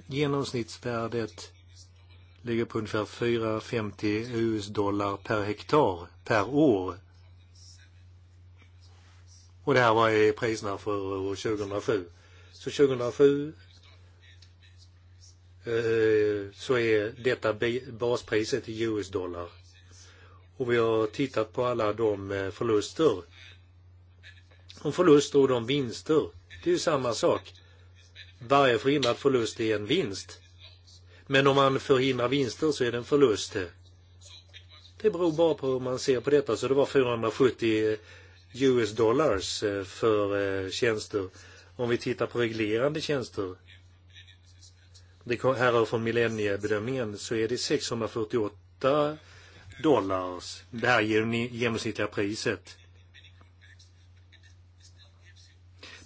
Genomsnittsvärdet ligger på ungefär 4,50 US-dollar per hektar per år. Och det här var priserna för år 2007. Så 2007 eh, så är detta baspriset i US-dollar. Och vi har tittat på alla de eh, förluster. De förluster och de vinster. Det är ju samma sak. Varje förhindrad förlust är en vinst. Men om man förhindrar vinster så är det en förlust. Det beror bara på hur man ser på detta. Så det var 470 US dollars eh, för eh, tjänster. Om vi tittar på reglerande tjänster. Det härrör från millenniebedömningen så är det 648 dollars, det här genomsnittliga priset.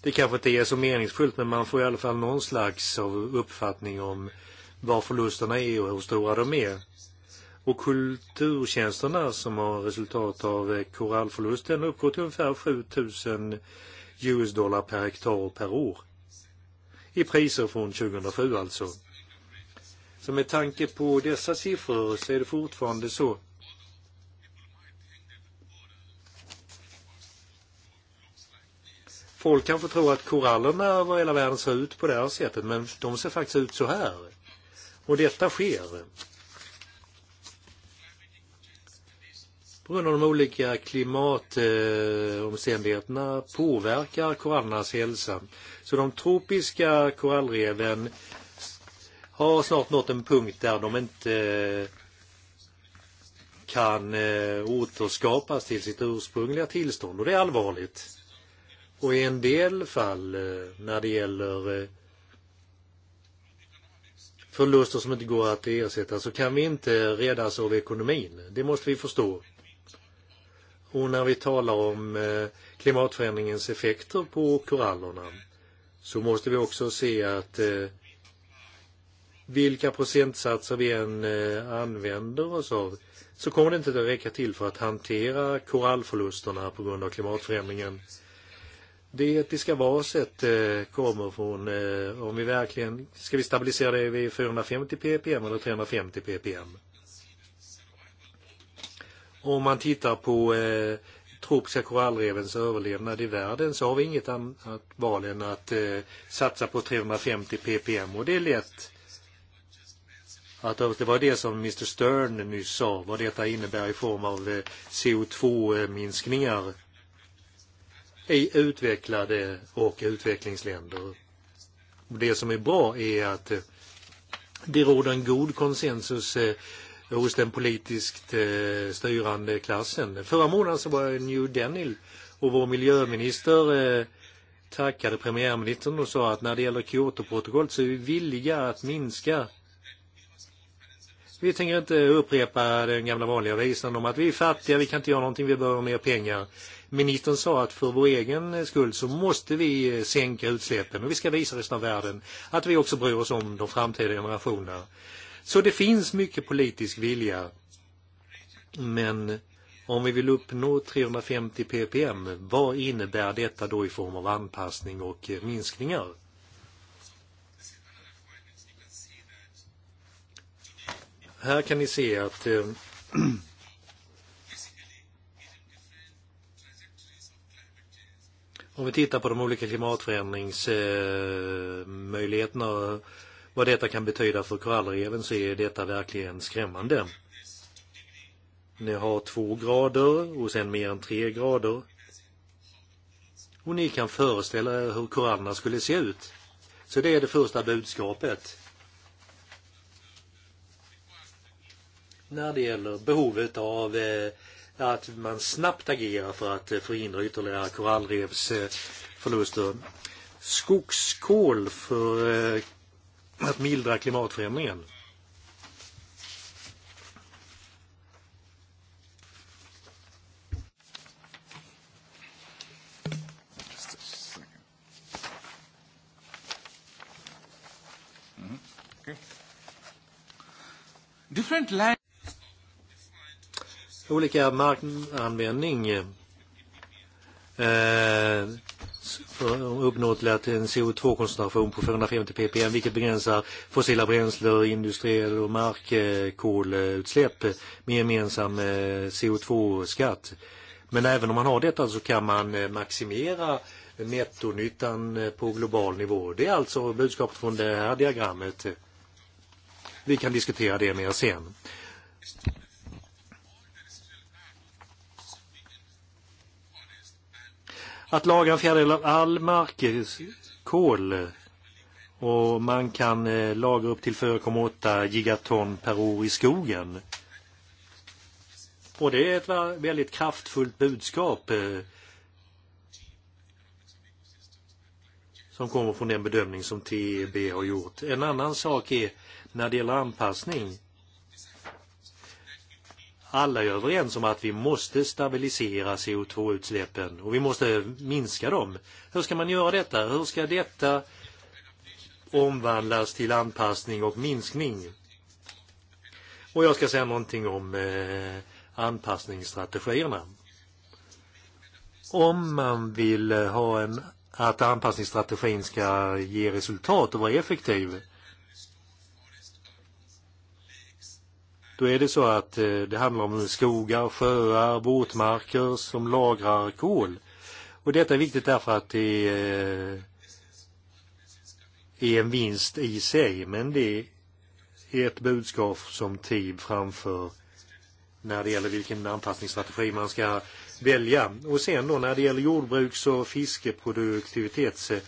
Det kanske inte är så meningsfullt men man får i alla fall någon slags av uppfattning om vad förlusterna är och hur stora de är. Och kulturtjänsterna som har resultat av korallförlusten uppgår till ungefär 7000 US-dollar per hektar och per år. I priser från 2007 alltså. Så med tanke på dessa siffror så är det fortfarande så Folk kanske tror att korallerna över hela världen ser ut på det här sättet, men de ser faktiskt ut så här. Och detta sker. På grund av de olika klimatomständigheterna påverkar korallernas hälsa. Så de tropiska korallreven har snart nått en punkt där de inte eh, kan eh, återskapas till sitt ursprungliga tillstånd och det är allvarligt. Och i en del fall eh, när det gäller eh, förluster som inte går att ersätta så kan vi inte räddas av ekonomin. Det måste vi förstå. Och när vi talar om eh, klimatförändringens effekter på korallerna så måste vi också se att vilka procentsatser vi än använder oss av så kommer det inte att räcka till för att hantera korallförlusterna på grund av klimatförändringen. Det etiska vaset eh, kommer från eh, om vi verkligen ska vi stabilisera det vid 450 ppm eller 350 ppm. Om man tittar på eh, tropiska korallrevens överlevnad i världen så har vi inget annat val än att satsa på 350 ppm och det är lätt att det var det som Mr Stern nyss sa, vad detta innebär i form av CO2-minskningar ej utvecklade och utvecklingsländer. Det som är bra är att eh, det råder en god konsensus eh, hos den politiskt eh, styrande klassen. Förra månaden så var jag i New Delhi och vår miljöminister tackade premiärministern och sa att när det gäller Kyotoprotokollet så är vi villiga att minska vi tänker inte upprepa den gamla vanliga visan om att vi är fattiga, vi kan inte göra någonting, vi behöver mer pengar. Ministern sa att för vår egen skull så måste vi eh, sänka utsläppen och vi ska visa resten av världen att vi också bryr oss om de framtida generationerna. Så det finns mycket politisk vilja. Men om vi vill uppnå 350 ppm, vad innebär detta då i form av anpassning och eh, minskningar? Här kan ni se att eh, *clears throat* Om vi tittar på de olika klimatförändringsmöjligheterna och vad detta kan betyda för korallreven så är detta verkligen skrämmande. Ni har två grader och sen mer än tre grader. Och ni kan föreställa er hur korallerna skulle se ut. Så det är det första budskapet. När det gäller behovet av eh, att man snabbt agerar för att eh, förhindra ytterligare korallrevsförluster. Eh, Skogskol för eh, att mildra klimatförändringen. Mm-hmm. Different land olika markanvändning eh, uppnår till att en CO2-koncentration på 450 ppm vilket begränsar fossila bränsler, industriell och markkolutsläpp med gemensam eh, CO2-skatt. Men även om man har detta så kan man eh, maximera nettonyttan eh, på global nivå. Det är alltså budskapet från det här diagrammet. Vi kan diskutera det mer sen. att lagra en fjärdedel av all markkol och man kan eh, lagra upp till 4,8 gigaton per år i skogen. Och det är ett väldigt kraftfullt budskap eh, som kommer från den bedömning som TEB har gjort. En annan sak är när det gäller anpassning alla är överens om att vi måste stabilisera CO2-utsläppen och vi måste minska dem. Hur ska man göra detta? Hur ska detta omvandlas till anpassning och minskning? Och jag ska säga någonting om eh, anpassningsstrategierna. Om man vill ha en, att anpassningsstrategin ska ge resultat och vara effektiv Då är det så att eh, det handlar om skogar, sjöar, våtmarker som lagrar kol. Och detta är viktigt därför att det eh, är en vinst i sig, men det är ett budskap som TIB framför när det gäller vilken anpassningsstrategi man ska välja. Och sen då när det gäller jordbruks och fiskeproduktivitets eh,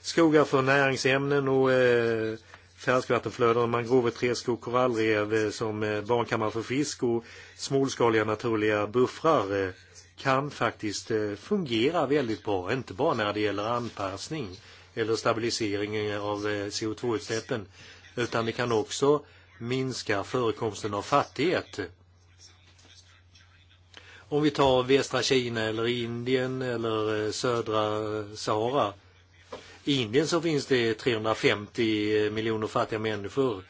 skogar för näringsämnen och eh, färskvattenflöden, mangrover, träskog, korallrev eh, som eh, barnkammare för fisk och småskaliga naturliga buffrar eh, kan faktiskt fungera väldigt bra, inte bara när det gäller anpassning eller stabilisering av CO2-utsläppen, utan det kan också minska förekomsten av fattighet. Om vi tar västra Kina eller Indien eller södra Sahara I Indien så finns det 350 miljoner fattiga människor.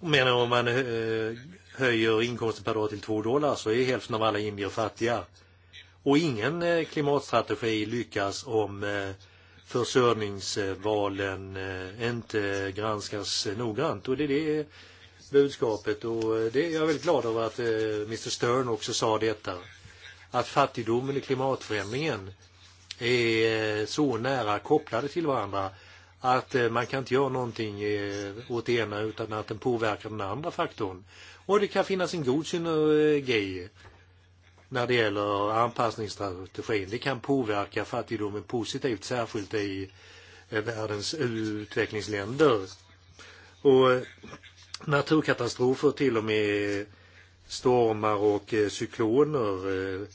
Men om man eh, höjer inkomsten per dag till 2 dollar så är hälften av alla indier fattiga. Och ingen eh, klimatstrategi lyckas om eh, försörjningsvalen inte granskas noggrant. Och det är det budskapet. Och det, jag är väldigt glad över att Mr Stern också sa detta. Att fattigdomen i klimatförändringen är eh, så nära kopplade till varandra att eh, man kan inte göra någonting eh, åt det ena utan att den påverkar den andra faktorn. Och det kan finnas en god synergi när det gäller anpassningsstrategin. Det kan påverka fattigdomen positivt, särskilt i världens utvecklingsländer. Och naturkatastrofer, till och med stormar och cykloner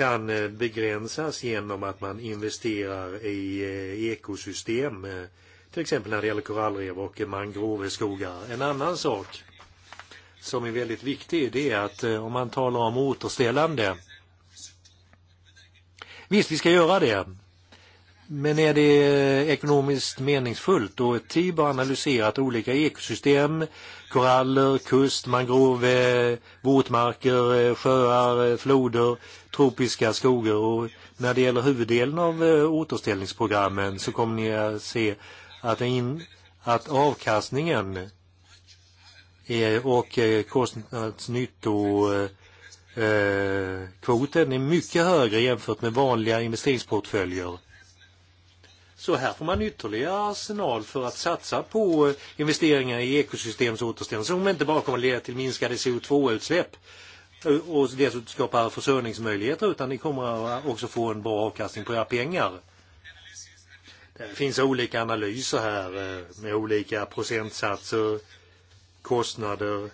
kan eh, begränsas genom att man investerar i eh, ekosystem, eh, till exempel när det gäller korallrev och mangroveskogar. En annan sak som är väldigt viktig, det är att om man talar om återställande. Visst, vi ska göra det Men är det eh, ekonomiskt meningsfullt? Och TIB har analyserat olika ekosystem, koraller, kust, mangrove, eh, våtmarker, eh, sjöar, floder, tropiska skogar. Och när det gäller huvuddelen av återställningsprogrammen så kommer ni att se att, in, att avkastningen och kostnadsnytto kvoten är mycket högre jämfört med vanliga investeringsportföljer. Så här får man ytterligare arsenal för att satsa på eh, investeringar i ekosystemsåterställning som inte bara kommer att leda till minskade CO2-utsläpp eh, och dessutom skapa försörjningsmöjligheter utan ni kommer också få en bra avkastning på era pengar. Det finns olika analyser här eh, med olika procentsatser, kostnader.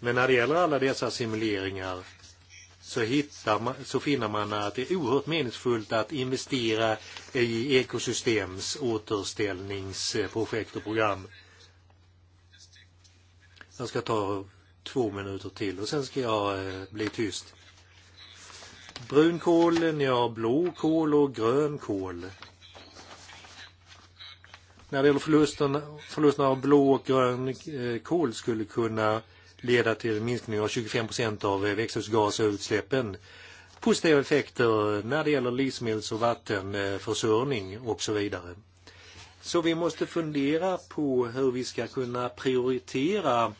Men när det gäller alla dessa simuleringar så, hittar man, så finner man att det är oerhört meningsfullt att investera i ekosystems återställningsprojekt och program. Jag ska ta två minuter till och sen ska jag eh, bli tyst. Brunkålen, ja blåkål och grönkål. När det gäller förlusten, förlusten av blå och grön eh, kål skulle kunna leda till en minskning av 25 procent av eh, växthusgasutsläppen. Positiva effekter när det gäller livsmedels och vattenförsörjning och så vidare. Så vi måste fundera på hur vi ska kunna prioritera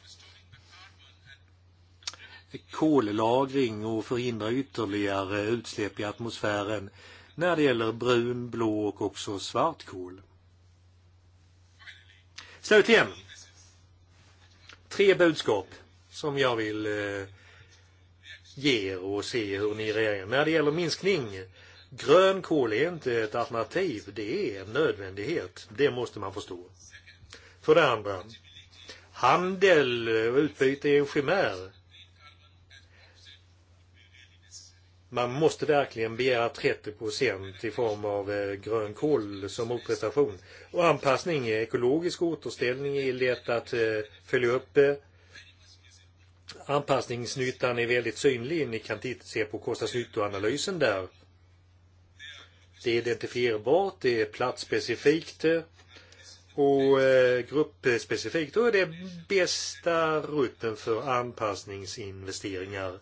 kollagring och förhindra ytterligare utsläpp i atmosfären när det gäller brun, blå och också svartkol. Slutligen, tre budskap som jag vill eh, ge er och se hur ni reagerar. När det gäller minskning, grön kol är inte ett alternativ, det är en nödvändighet. Det måste man förstå. För det andra, handel och utbyte är en chimär. Man måste verkligen begära 30 procent i form av eh, grön kol som motprestation. Och anpassning, ekologisk återställning är lätt att eh, följa upp anpassningsnyttan är väldigt synlig. Ni kan se på kostnadsnyttoanalysen där. Det är identifierbart, det är platsspecifikt eh, och eh, gruppspecifikt och det är bästa rutten för anpassningsinvesteringar.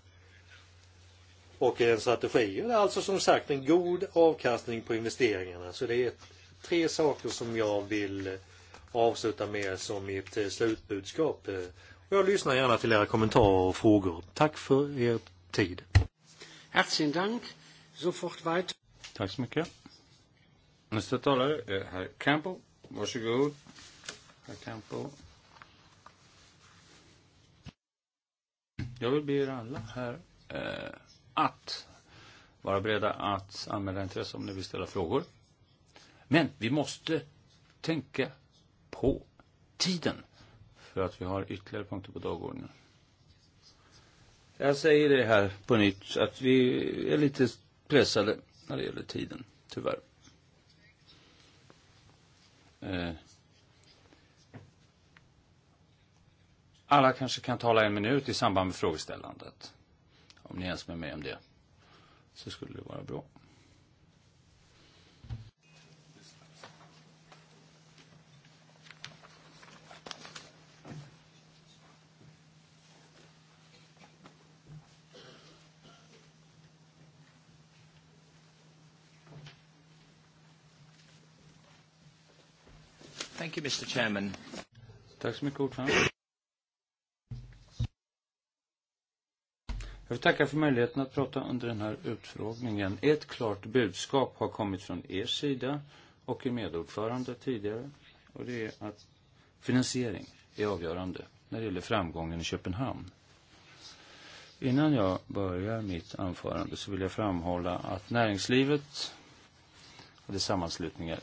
Och en strategi är alltså som sagt en god avkastning på investeringarna. Så det är tre saker som jag vill eh, avsluta med som mitt slutbudskap Jag lyssnar gärna till era kommentarer och frågor. Tack för er tid. Herzlichen Dank. Sofort weiter. Tack så mycket. Nästa talare är herr Campbell. Varsågod, herr Campbell. Jag vill be er alla här eh, att vara beredda att anmäla intresse om ni vill ställa frågor. Men vi måste tänka på tiden för att vi har ytterligare punkter på dagordningen. Jag säger det här på nytt att vi är lite pressade när det gäller tiden, tyvärr. Eh. Alla kanske kan tala en minut i samband med frågeställandet. Om ni ens är med om det så skulle det vara bra. Thank you, Mr. Chairman. Tack så mycket, ordförande. Jag vill tacka för möjligheten att prata under den här utfrågningen. Ett klart budskap har kommit från er sida och er medordförande tidigare. Och det är att finansiering är avgörande när det gäller framgången i Köpenhamn. Innan jag börjar mitt anförande så vill jag framhålla att näringslivet och dess sammanslutningar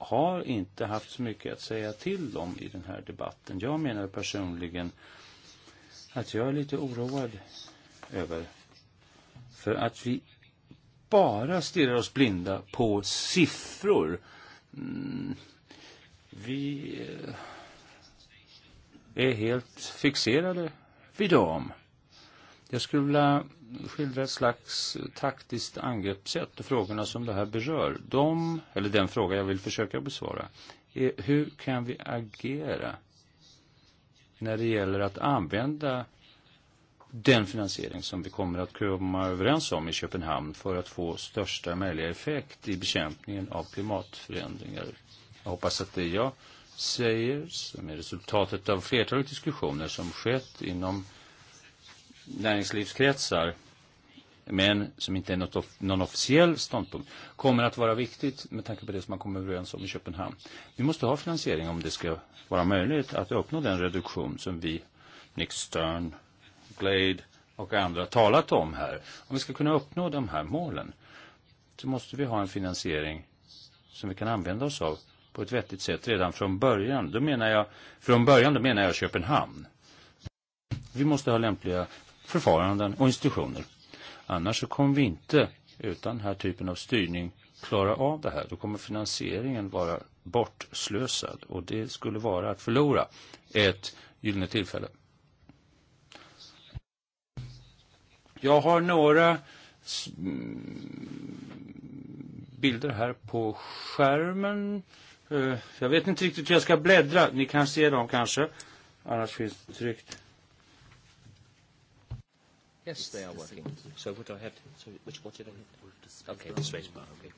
har inte haft så mycket att säga till om i den här debatten. Jag menar personligen att jag är lite oroad över för att vi bara stirrar oss blinda på siffror. Mm, vi eh, är helt fixerade vid dem. Jag skulle vilja skildra ett slags taktiskt angreppssätt och frågorna som det här berör. De, eller den fråga jag vill försöka besvara, är hur kan vi agera när det gäller att använda den finansiering som vi kommer att komma överens om i Köpenhamn för att få största möjliga effekt i bekämpningen av klimatförändringar. Jag hoppas att det jag säger, som är resultatet av flertalet diskussioner som skett inom näringslivskretsar men som inte är något of, någon officiell ståndpunkt, kommer att vara viktigt med tanke på det som man kommer överens om i Köpenhamn. Vi måste ha finansiering om det ska vara möjligt att uppnå den reduktion som vi, Nick Stern, Glade och andra talat om här. Om vi ska kunna uppnå de här målen så måste vi ha en finansiering som vi kan använda oss av på ett vettigt sätt redan från början. Då menar jag, från början då menar jag Köpenhamn. Vi måste ha lämpliga förfaranden och institutioner. Annars så kommer vi inte utan den här typen av styrning klara av det här. Då kommer finansieringen vara bortslösad och det skulle vara att förlora ett gyllene tillfälle. Jag har några bilder här på skärmen. Eh, jag vet inte riktigt hur jag ska bläddra. Ni kan se dem kanske. Annars finns det tryckt. Yes, they are working. So what do I have? To, so which what did I hit? Okay, the space bar. Okay.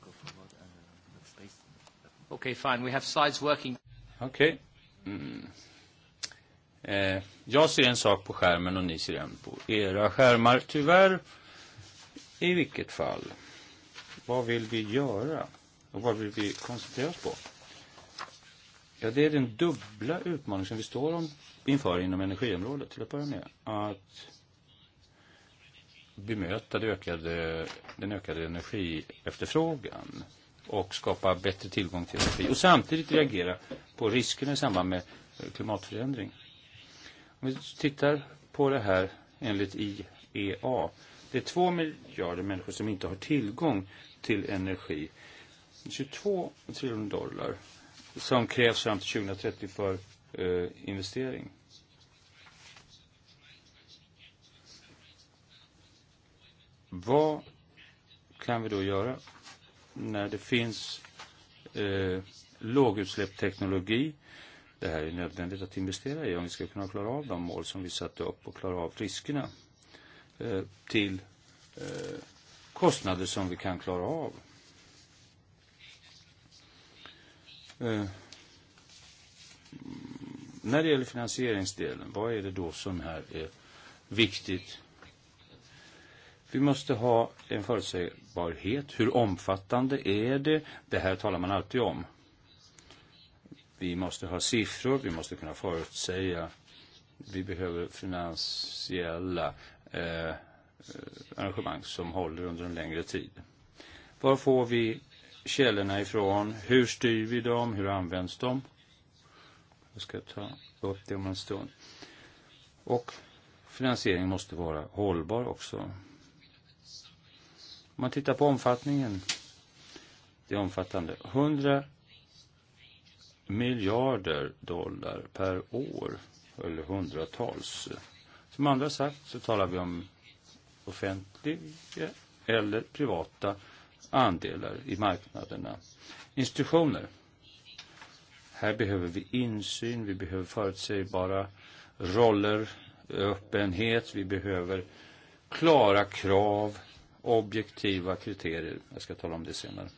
Okay, fine. We have slides working. Okej. Okay. Mm. Eh, jag ser en sak på skärmen och ni ser en på era skärmar. Tyvärr, i vilket fall. Vad vill vi göra? Och vad vill vi koncentrera oss på? Ja, det är den dubbla utmaning som vi står om, inför inom energiområdet till att börja med. Att bemöta det ökade, den ökade energiefterfrågan och skapa bättre tillgång till energi och samtidigt reagera på riskerna i samband med klimatförändring. Om vi tittar på det här enligt IEA. Det är två miljarder människor som inte har tillgång till energi. 22 triljoner dollar som krävs fram till 2030 för eh, investering. Vad kan vi då göra när det finns eh, lågutsläppsteknologi? Det här är nödvändigt att investera i om vi ska kunna klara av de mål som vi satte upp och klara av riskerna eh, till eh, kostnader som vi kan klara av. Eh, när det gäller finansieringsdelen, vad är det då som här är viktigt Vi måste ha en förutsägbarhet. Hur omfattande är det? Det här talar man alltid om. Vi måste ha siffror, vi måste kunna förutsäga. Vi behöver finansiella eh, arrangemang som håller under en längre tid. Var får vi källorna ifrån? Hur styr vi dem? Hur används de? Jag ska ta upp det om en stund. Och finansieringen måste vara hållbar också. Om man tittar på omfattningen. Det är omfattande. 100 miljarder dollar per år, eller hundratals. Som andra sagt så talar vi om offentliga eller privata andelar i marknaderna. Institutioner. Här behöver vi insyn, vi behöver förutsägbara roller, öppenhet, vi behöver klara krav objektiva kriterier. Jag ska tala om det senare.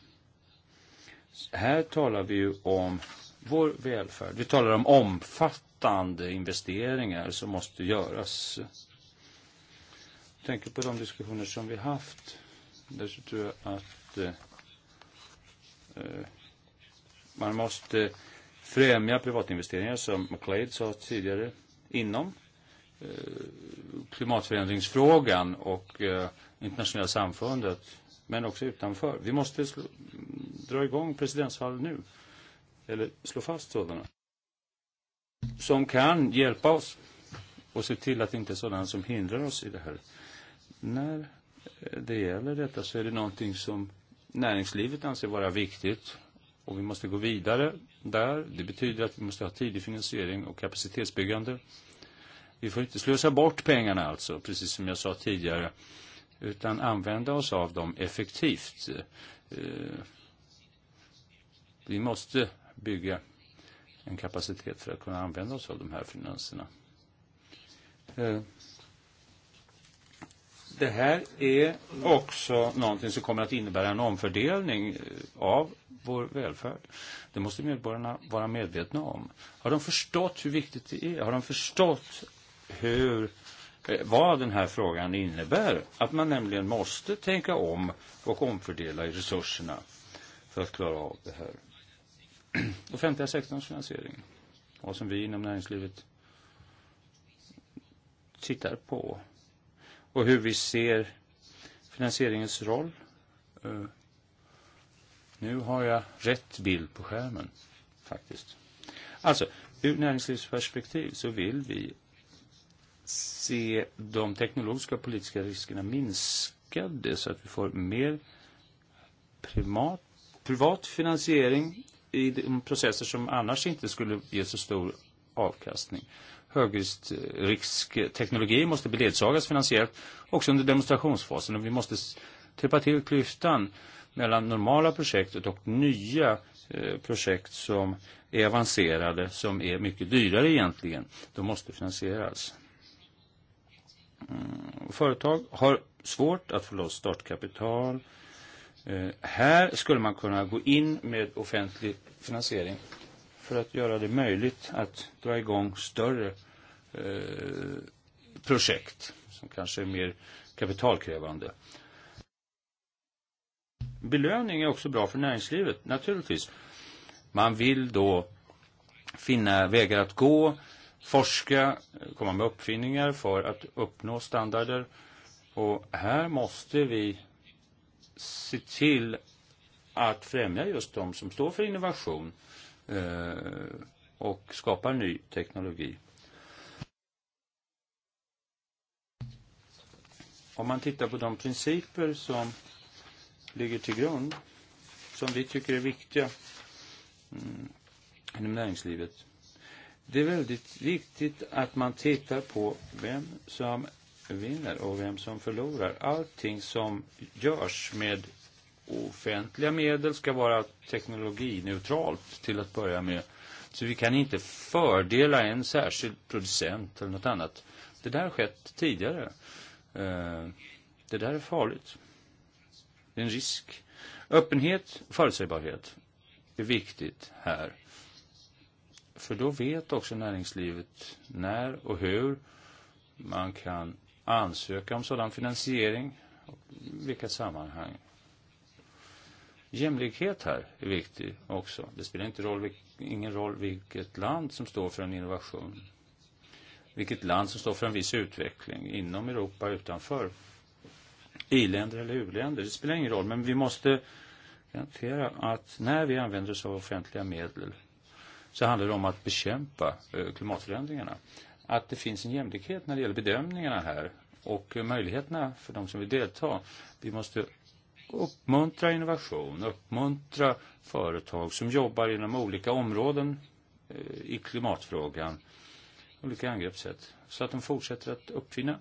Här talar vi ju om vår välfärd. Vi talar om omfattande investeringar som måste göras. Jag tänker på de diskussioner som vi haft. Där så tror jag att eh, eh man måste främja privatinvesteringar, som McLeod sa tidigare, inom eh, klimatförändringsfrågan och eh, internationella samfundet, men också utanför. Vi måste slå, dra igång presidentshall nu, eller slå fast sådana, som kan hjälpa oss och se till att det inte är sådana som hindrar oss i det här. När det gäller detta så är det någonting som näringslivet anser vara viktigt och vi måste gå vidare där. Det betyder att vi måste ha tidig finansiering och kapacitetsbyggande. Vi får inte slösa bort pengarna alltså, precis som jag sa tidigare utan använda oss av dem effektivt. Eh, vi måste bygga en kapacitet för att kunna använda oss av de här finanserna. Eh, det här är också någonting som kommer att innebära en omfördelning eh, av vår välfärd. Det måste medborgarna vara medvetna om. Har de förstått hur viktigt det är? Har de förstått hur eh, Eh, vad den här frågan innebär. Att man nämligen måste tänka om och omfördela resurserna för att klara av det här. *clears throat* Offentliga sektorns finansiering. Och som vi inom näringslivet tittar på. Och hur vi ser finansieringens roll. Eh, nu har jag rätt bild på skärmen faktiskt. Alltså, ur näringslivsperspektiv så vill vi se de teknologiska och politiska riskerna minskade så att vi får mer primat, privat finansiering i de processer som annars inte skulle ge så stor avkastning. Högriskteknologi måste beledsagas finansiellt också under demonstrationsfasen och vi måste täppa till klyftan mellan normala projektet och nya eh, projekt som är avancerade, som är mycket dyrare egentligen. De måste finansieras. Mm, företag har svårt att få loss startkapital. Eh, här skulle man kunna gå in med offentlig finansiering för att göra det möjligt att dra igång större eh, projekt som kanske är mer kapitalkrävande. Belöning är också bra för näringslivet, naturligtvis. Man vill då finna vägar att gå forska, komma med uppfinningar för att uppnå standarder. Och här måste vi se till att främja just de som står för innovation eh, och skapar ny teknologi. Om man tittar på de principer som ligger till grund, som vi tycker är viktiga mm, inom näringslivet, Det är väldigt viktigt att man tittar på vem som vinner och vem som förlorar. Allting som görs med offentliga medel ska vara teknologineutralt till att börja med. Så vi kan inte fördela en särskild producent eller något annat. Det där har skett tidigare. Eh, det där är farligt. Det är en risk. Öppenhet och förutsägbarhet är viktigt här. För då vet också näringslivet när och hur man kan ansöka om sådan finansiering och vilka sammanhang. Jämlikhet här är viktig också. Det spelar inte roll, ingen roll vilket land som står för en innovation. Vilket land som står för en viss utveckling inom Europa, utanför. I-länder eller u-länder, det spelar ingen roll. Men vi måste garantera att när vi använder oss av offentliga medel så handlar det om att bekämpa eh, klimatförändringarna. Att det finns en jämlikhet när det gäller bedömningarna här och möjligheterna för de som vill delta. Vi måste uppmuntra innovation, uppmuntra företag som jobbar inom olika områden eh, i klimatfrågan, olika angreppssätt, så att de fortsätter att uppfinna.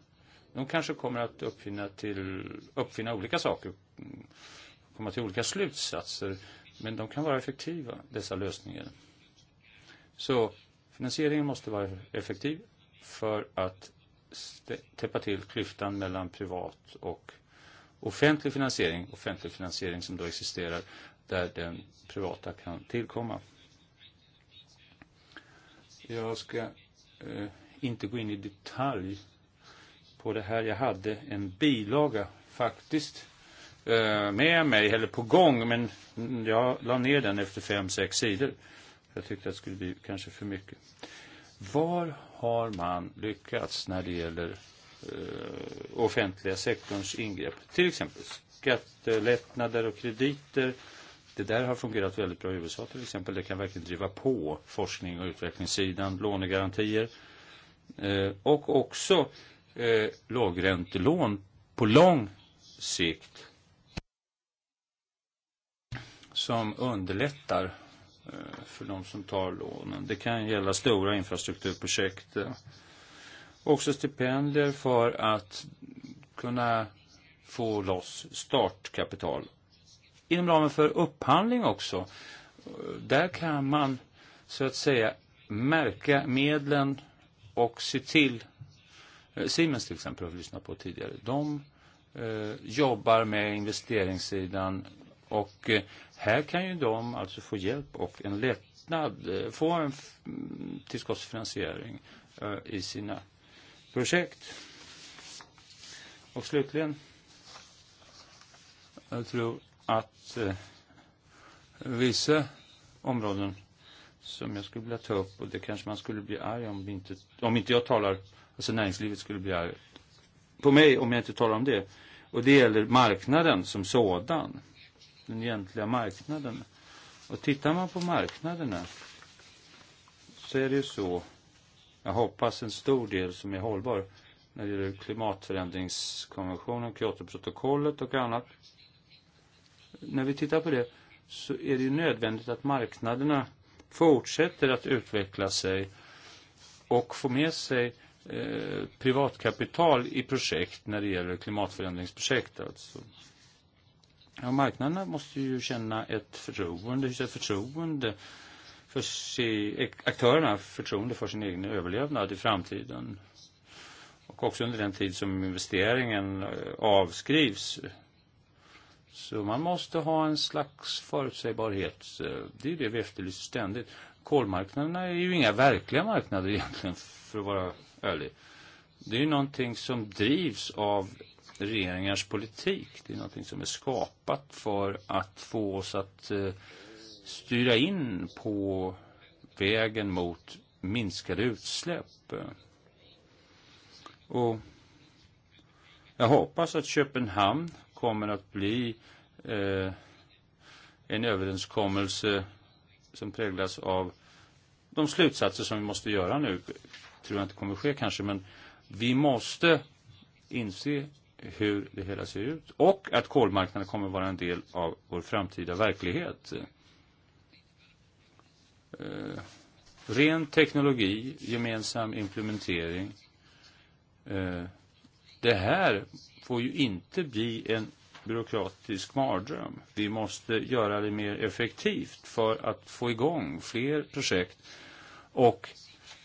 De kanske kommer att uppfinna, till, uppfinna olika saker, komma till olika slutsatser, men de kan vara effektiva, dessa lösningar. Så finansieringen måste vara effektiv för att täppa till klyftan mellan privat och offentlig finansiering, offentlig finansiering som då existerar där den privata kan tillkomma. Jag ska eh, inte gå in i detalj på det här. Jag hade en bilaga faktiskt eh, med mig, eller på gång, men jag la ner den efter fem, sex sidor. Eh, Jag tyckte att det skulle bli kanske för mycket. Var har man lyckats när det gäller eh, offentliga sektorns ingrepp? Till exempel skattelättnader och krediter. Det där har fungerat väldigt bra i USA till exempel. Det kan verkligen driva på forskning och utvecklingssidan, lånegarantier eh, och också eh, lågräntelån på lång sikt som underlättar Eh, för de som tar lånen. Det kan gälla stora infrastrukturprojekt. Eh, också stipendier för att kunna få loss startkapital. Inom ramen för upphandling också. Eh, där kan man så att säga märka medlen och se till Siemens till exempel har vi lyssnat på tidigare. De eh, jobbar med investeringssidan Och eh, här kan ju de alltså få hjälp och en lättnad, eh, få en mm, tillskottsfinansiering eh, i sina projekt. Och slutligen, jag tror att vissa områden som jag skulle vilja ta upp och det kanske man skulle bli arg om, inte, om inte jag talar, alltså näringslivet skulle bli arg på mig om jag inte talar om det. Och det gäller marknaden som sådan nyant nu, marknaden. Nu, och tittar man på marknaderna nu, så är det ju så, jag hoppas en stor del som är hållbar när det gäller klimatförändringskonventionen, Kyotoprotokollet och annat. När vi tittar på det så är det ju nödvändigt att marknaderna fortsätter att utveckla sig och få med sig eh, privatkapital i projekt när det gäller klimatförändringsprojekt. Alltså marknaderna måste ju känna ett förtroende, hysa förtroende för sig, aktörerna förtroende för sin egen överlevnad i framtiden. Och också under den tid som investeringen eh, avskrivs. Så man måste ha en slags förutsägbarhet. Eh, det är det vi efterlyser ständigt. Kolmarknaderna är ju inga verkliga marknader egentligen, för att vara ärlig. Det är ju någonting som drivs av regeringars politik. Det är någonting som är skapat för att få oss att eh, styra in på vägen mot minskade utsläpp. Och jag hoppas att Köpenhamn kommer att bli eh, en överenskommelse som präglas av de slutsatser som vi måste göra nu. Tror jag inte kommer ske kanske, men vi måste inse hur det hela ser ut och att kolmarknaden kommer vara en del av vår framtida verklighet. Eh, ren teknologi, gemensam implementering. Eh, det här får ju inte bli en byråkratisk mardröm. Vi måste göra det mer effektivt för att få igång fler projekt och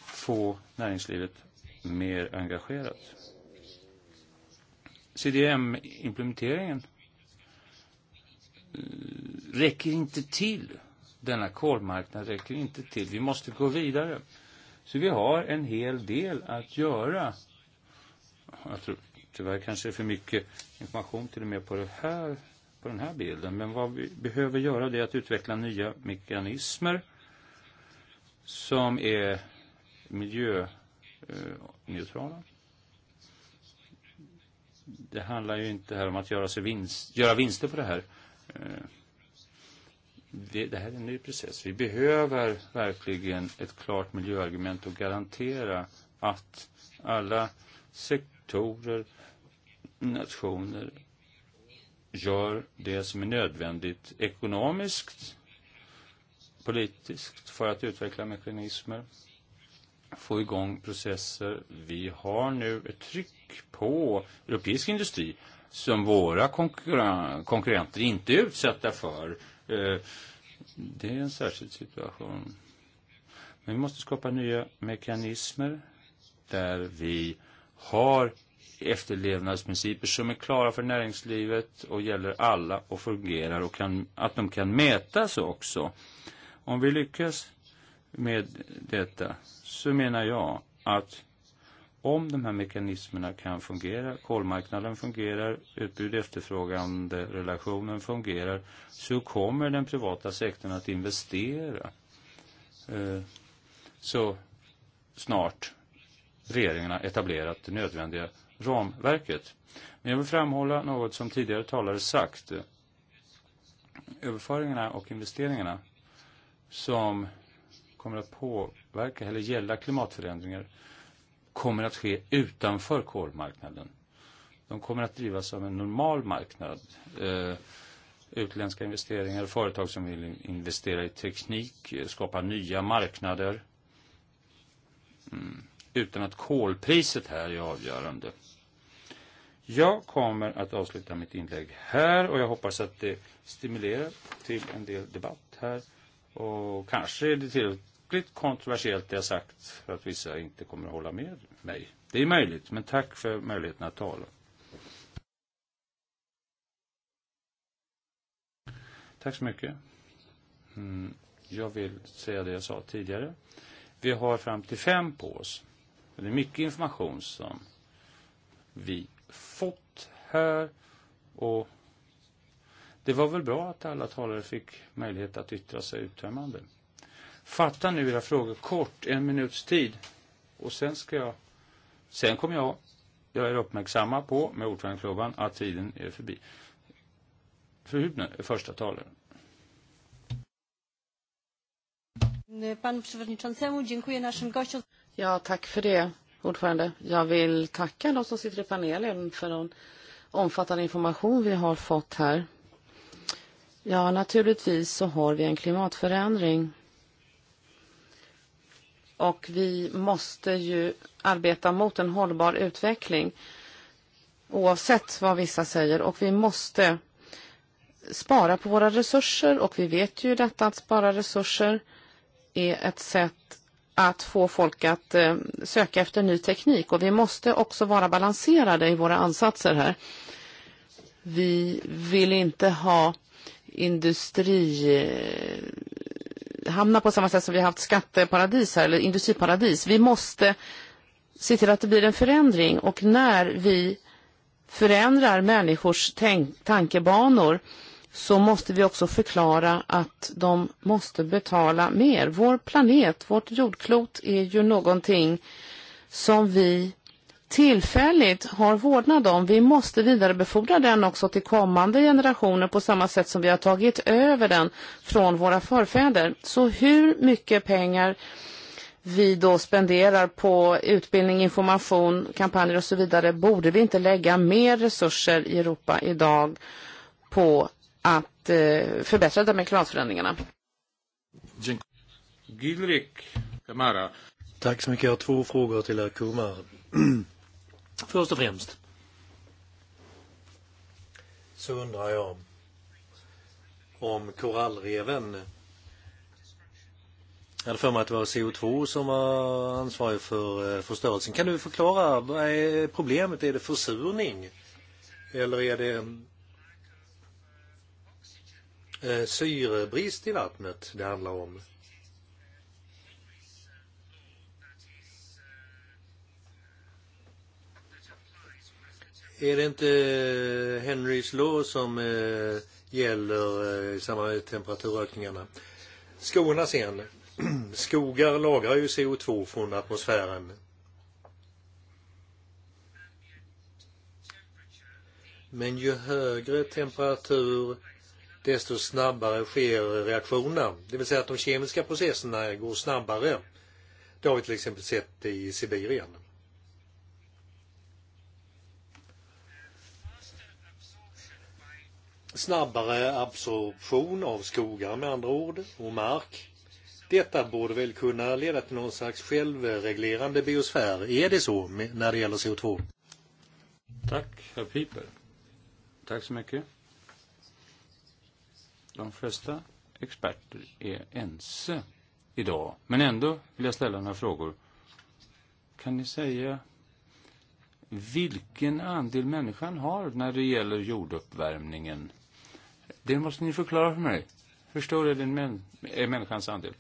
få näringslivet mer engagerat. CDM-implementeringen räcker inte till. Denna kolmarknad räcker inte till. Vi måste gå vidare. Så vi har en hel del att göra. Jag tror tyvärr kanske det är för mycket information till och med på, det här, på den här bilden. Men vad vi behöver göra det är att utveckla nya mekanismer som är miljöneutrala. Eh, det handlar ju inte här om att göra, sig vinst, göra vinster på det här. Eh, det, det här är en ny process. Vi behöver verkligen ett klart miljöargument och garantera att alla sektorer, nationer gör det som är nödvändigt ekonomiskt, politiskt för att utveckla mekanismer få igång processer. Vi har nu ett tryck på europeisk industri som våra konkurren konkurrenter inte är utsatta för. Eh, det är en särskild situation. Men vi måste skapa nya mekanismer där vi har efterlevnadsprinciper som är klara för näringslivet och gäller alla och fungerar och kan, att de kan mätas också. Om vi lyckas med detta så menar jag att om de här mekanismerna kan fungera, kolmarknaden fungerar, utbud efterfrågande relationen fungerar, så kommer den privata sektorn att investera eh, så snart regeringen har etablerat det nödvändiga ramverket. Men jag vill framhålla något som tidigare talare sagt. Överföringarna och investeringarna som kommer att påverka eller gälla klimatförändringar kommer att ske utanför kolmarknaden. De kommer att drivas av en normal marknad. Eh, utländska investeringar, företag som vill investera i teknik, eh, skapa nya marknader. Mm. Utan att kolpriset här är avgörande. Jag kommer att avsluta mitt inlägg här och jag hoppas att det stimulerar till en del debatt här. Och kanske är det tillräckligt kontroversiellt det jag sagt för att vissa inte kommer att hålla med mig. Det är möjligt, men tack för möjligheten att tala. Tack så mycket. Mm, jag vill säga det jag sa tidigare. Vi har fram till fem på oss. Det är mycket information som vi fått här och Det var väl bra att alla talare fick möjlighet att yttra sig uttömmande. Fatta nu era frågor kort, en minuts tid. Och sen ska jag... Sen kommer jag jag är uppmärksamma på med ordförandeklubban att tiden är förbi. Fru Hübner är första talaren. Panu przewodniczącemu dziękuję naszym gościom. Ja, tack för det, ordförande. Jag vill tacka de som sitter i panelen för den omfattande information vi har fått här. Ja, naturligtvis så har vi en klimatförändring. Och vi måste ju arbeta mot en hållbar utveckling oavsett vad vissa säger. Och vi måste spara på våra resurser och vi vet ju detta att spara resurser är ett sätt att få folk att eh, söka efter ny teknik och vi måste också vara balanserade i våra ansatser här. Vi vill inte ha industri eh, hamnar på samma sätt som vi har haft skatteparadis här, eller industriparadis. Vi måste se till att det blir en förändring och när vi förändrar människors tankebanor så måste vi också förklara att de måste betala mer. Vår planet, vårt jordklot är ju någonting som vi tillfälligt har vårdnad om. Vi måste vidarebefordra den också till kommande generationer på samma sätt som vi har tagit över den från våra förfäder. Så hur mycket pengar vi då spenderar på utbildning, information, kampanjer och så vidare, borde vi inte lägga mer resurser i Europa idag på att eh, förbättra de här klimatförändringarna? Gilrik Kamara. Tack så mycket. Jag har två frågor till Kumar. *clears throat* Först och främst så undrar jag om korallreven jag hade för mig att det var CO2 som var ansvarig för eh, förstörelsen. Kan du förklara, vad är problemet? Är det försurning? Eller är det eh, syrebrist i vattnet det handlar om? Är det inte eh, Henrys lå som eh, gäller eh, i samband med temperaturökningarna? Skogarna sen. *clears throat* Skogar lagrar ju CO2 från atmosfären. Men ju högre temperatur desto snabbare sker reaktionerna. Det vill säga att de kemiska processerna går snabbare. Det har vi till exempel sett i Sibirien. snabbare absorption av skogar med andra ord och mark. Detta borde väl kunna leda till någon slags självreglerande biosfär. Är det så när det gäller CO2? Tack, herr Piper. Tack så mycket. De flesta experter är ense idag, men ändå vill jag ställa några frågor. Kan ni säga vilken andel människan har när det gäller jorduppvärmningen? Det måste ni förklara för mig. Hur stor är, den män, eh, är människans andel?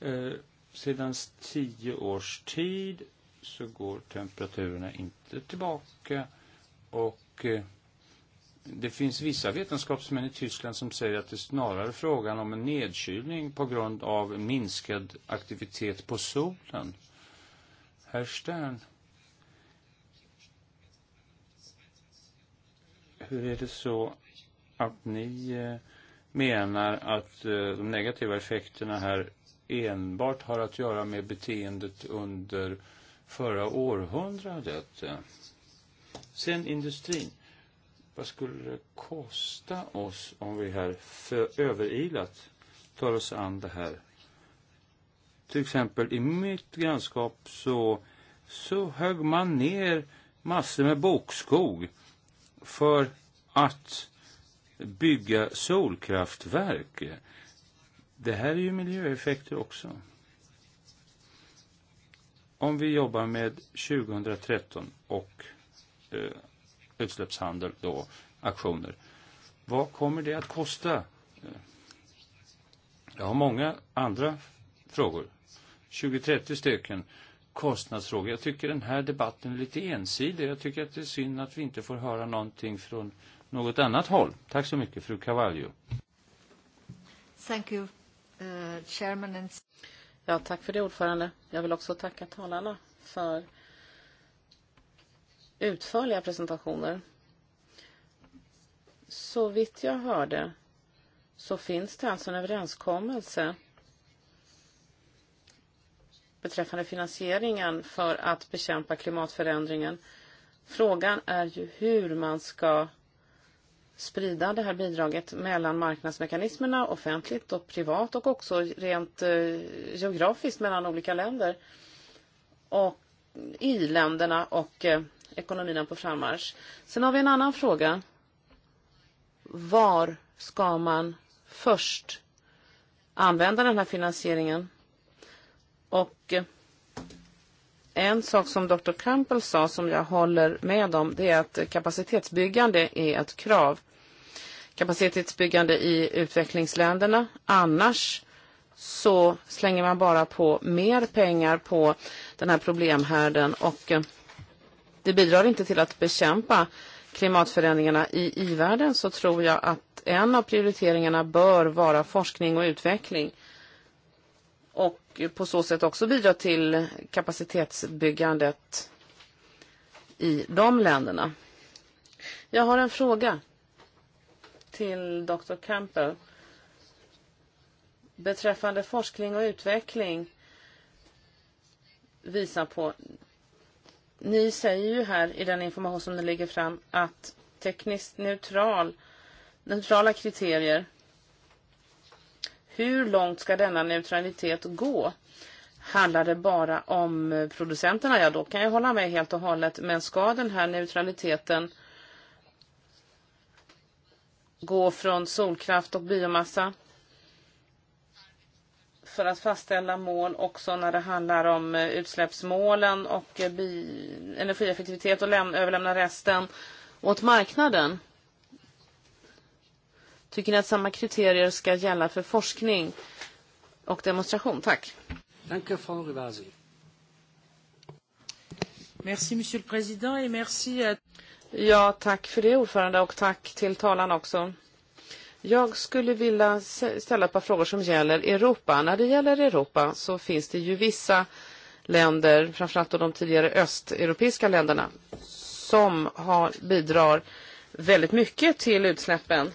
Eh, sedan tio års tid så går temperaturerna inte tillbaka och eh, det finns vissa vetenskapsmän i Tyskland som säger att det är snarare frågan om en nedkylning på grund av minskad aktivitet på solen. Herr Stern, hur är det så att ni eh, menar att eh, de negativa effekterna här enbart har att göra med beteendet under förra århundradet. Sen industrin. Vad skulle det kosta oss om vi här för överilat tar oss an det här? Till exempel i mitt grannskap så, så högg man ner massor med bokskog för att bygga solkraftverk. Det här är ju miljöeffekter också. Om vi jobbar med 2013 och eh, utsläppshandel då, aktioner. Vad kommer det att kosta? Jag har många andra frågor. 20-30 stycken kostnadsfrågor. Jag tycker den här debatten är lite ensidig. Jag tycker att det är synd att vi inte får höra någonting från något annat håll. Tack så mycket, fru Cavallo. Thank you, uh, chairman and... Ja, tack för det, ordförande. Jag vill också tacka talarna för utförliga presentationer. Så vitt jag hörde så finns det alltså en överenskommelse beträffande finansieringen för att bekämpa klimatförändringen. Frågan är ju hur man ska sprida det här bidraget mellan marknadsmekanismerna, offentligt och privat och också rent eh, geografiskt mellan olika länder och i-länderna och eh, ekonomierna på frammarsch. Sen har vi en annan fråga. Var ska man först använda den här finansieringen? Och eh, en sak som Dr. Campbell sa som jag håller med om det är att kapacitetsbyggande är ett krav kapacitetsbyggande i utvecklingsländerna. Annars så slänger man bara på mer pengar på den här problemhärden och eh, det bidrar inte till att bekämpa klimatförändringarna i i-världen så tror jag att en av prioriteringarna bör vara forskning och utveckling och på så sätt också bidra till kapacitetsbyggandet i de länderna. Jag har en fråga till Dr. Campbell beträffande forskning och utveckling visar på. Ni säger ju här i den information som ni lägger fram att tekniskt neutral, neutrala kriterier. Hur långt ska denna neutralitet gå? Handlar det bara om producenterna? Ja, då kan jag hålla med helt och hållet. Men ska den här neutraliteten eh, gå från solkraft och biomassa för att fastställa mål också när det handlar om eh, utsläppsmålen och eh, energieffektivitet och överlämna resten åt marknaden. Tycker ni att samma kriterier ska gälla för forskning och demonstration? Tack. Danke, Frau Rivasi. Merci, Monsieur le Président, et merci à Ja, tack för det ordförande och tack till talarna också. Jag skulle vilja ställa ett par frågor som gäller Europa. När det gäller Europa så finns det ju vissa länder, framförallt de tidigare östeuropeiska länderna, som har, bidrar väldigt mycket till utsläppen.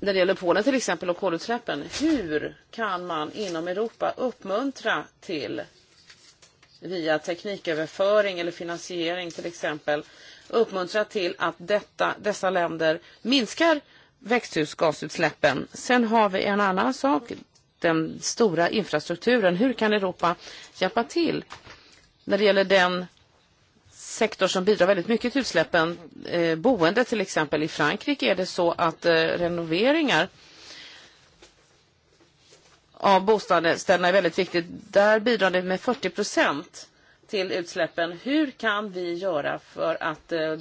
När det gäller Polen till exempel och kolutsläppen, hur kan man inom Europa uppmuntra till via tekniköverföring eller finansiering till exempel uppmuntra till att detta, dessa länder minskar växthusgasutsläppen. Sen har vi en annan sak, den stora infrastrukturen. Hur kan Europa hjälpa till när det gäller den sektor som bidrar väldigt mycket till utsläppen? Eh, boende till exempel. I Frankrike är det så att eh, renoveringar eh, av bostäderna är väldigt viktigt. Där bidrar det med 40 procent till utsläppen. Hur kan vi göra för att eh,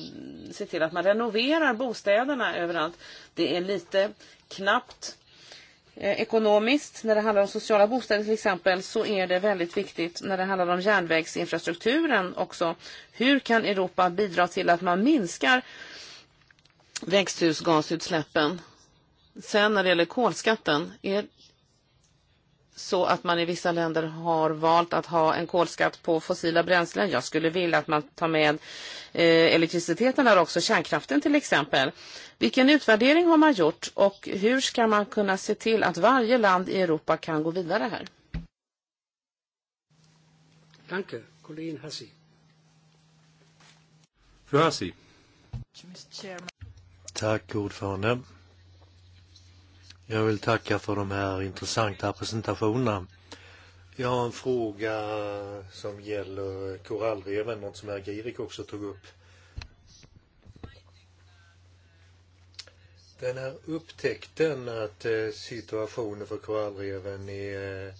se till att man renoverar bostäderna överallt? Det är lite knappt eh, ekonomiskt. När det handlar om sociala bostäder till exempel så är det väldigt viktigt när det handlar om järnvägsinfrastrukturen också. Hur kan Europa bidra till att man minskar växthusgasutsläppen? Sen när det gäller kolskatten, är så att man i vissa länder har valt att ha en kolskatt på fossila bränslen. Jag skulle vilja att man tar med eh, elektriciteten där också, kärnkraften till exempel. Vilken utvärdering har man gjort och hur ska man kunna se till att varje land i Europa kan gå vidare här? Danke, Colleen Hassi. Fru Hassi. Tack ordförande. Jag vill tacka för de här intressanta presentationerna. Jag har en fråga som gäller korallreven, något som Ergirik också tog upp. Den här upptäckten att eh, situationen för korallreven är eh,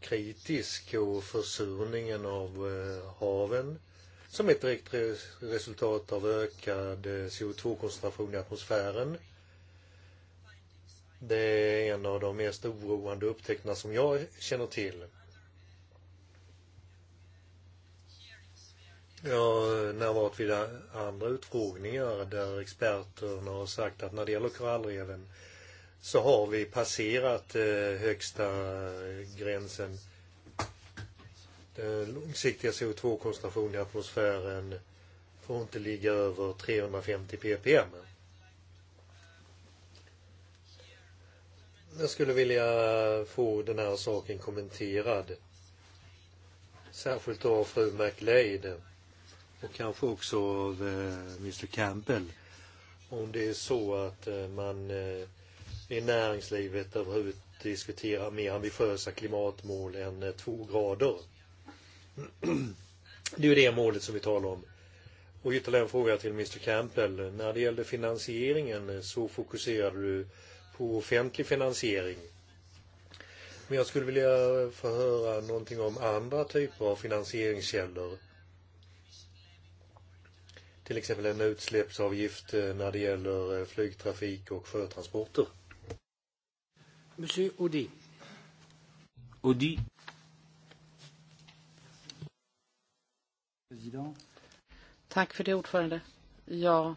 kritisk och försurningen av eh, haven som ett direkt resultat av ökad CO2-koncentration i atmosfären Det är en av de mest oroande upptäckterna som jag känner till. Jag har närvarat vid andra utfrågningar där experterna har sagt att när det gäller korallreven så har vi passerat eh, högsta gränsen. Den långsiktiga CO2-koncentrationen i atmosfären får inte ligga över 350 ppm. Jag skulle vilja få den här saken kommenterad. Särskilt av fru McLeod och kanske också av eh, Mr Campbell. Om det är så att eh, man eh, i näringslivet överhuvudtaget diskuterar mer ambitiösa klimatmål än två grader. *clears throat* Det är ju det målet som vi talar om. Och ytterligare en fråga till Mr Campbell. När det gällde finansieringen så fokuserar du på offentlig finansiering. Men jag skulle vilja få höra någonting om andra typer av finansieringskällor. Till exempel en utsläppsavgift eh, när det gäller eh, flygtrafik och sjötransporter. Monsieur Audi. Audi. Tack för det, ordförande. Ja,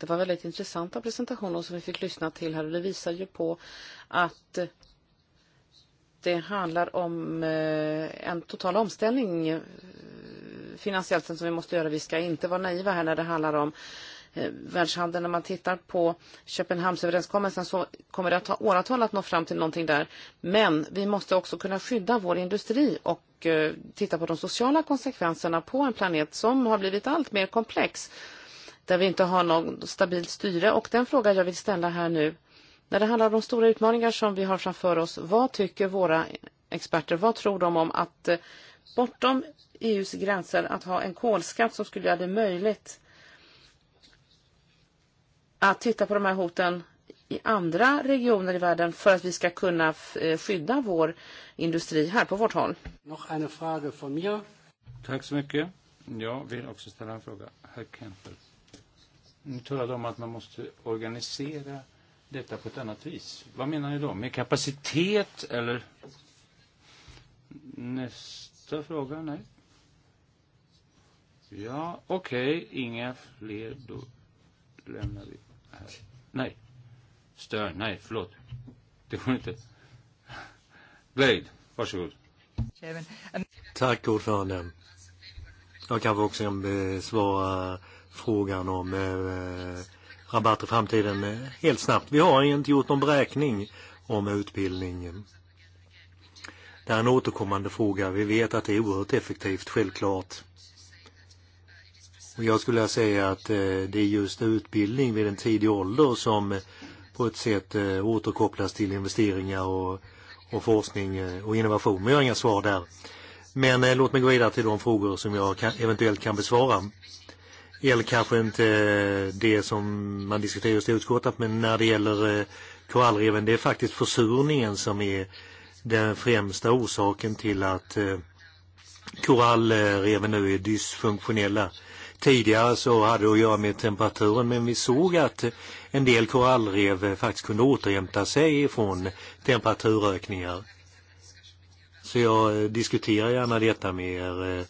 Det var väldigt intressanta presentationer som vi fick lyssna till här och det visar ju på att det handlar om eh, en total omställning eh, finansiellt som vi måste göra. Vi ska inte vara naiva här när det handlar om eh, världshandeln. När man tittar på Köpenhamnsöverenskommelsen så kommer det att ta åratal att nå fram till någonting där. Men vi måste också kunna skydda vår industri och titta på de sociala konsekvenserna på en planet som har blivit allt mer komplex där vi inte har något stabilt styre. Och den fråga jag vill ställa här nu, när det handlar om de stora utmaningar som vi har framför oss, vad tycker våra experter, vad tror de om att eh, bortom EUs gränser att ha en kolskatt som skulle göra det möjligt att titta på de här hoten i andra regioner i världen för att vi ska kunna eh, skydda vår industri här på vårt håll. Noch eine Frage von mir. Tack så mycket. Jag vill också ställa en fråga. Herr Kempel. Ni talade om att man måste organisera detta på ett annat vis. Vad menar ni då? Med kapacitet eller? Nästa fråga? Nej. Ja, okej. Okay. Inga fler. Då lämnar vi här. Nej. Stör. Nej, förlåt. Det går inte. Blade, varsågod. Tack ordförande. Jag kanske också kan besvara frågan om eh, rabatter i framtiden eh, helt snabbt. Vi har inte gjort någon beräkning om utbildning. Det är en återkommande fråga. Vi vet att det är oerhört effektivt, självklart. Och jag skulle säga att eh, det är just utbildning vid en tidig ålder som eh, på ett sätt eh, återkopplas till investeringar och, och forskning eh, och innovation. Men jag har inga svar där. Men eh, låt mig gå vidare till de frågor som jag kan, eventuellt kan besvara gäller kanske inte det som man diskuterar just i utskottet, men när det gäller eh, korallreven, det är faktiskt försurningen som är den främsta orsaken till att eh, korallreven nu är dysfunktionella. Tidigare så hade det att göra med temperaturen, men vi såg att eh, en del korallrev faktiskt kunde återhämta sig från temperaturökningar. Så jag diskuterar gärna detta med er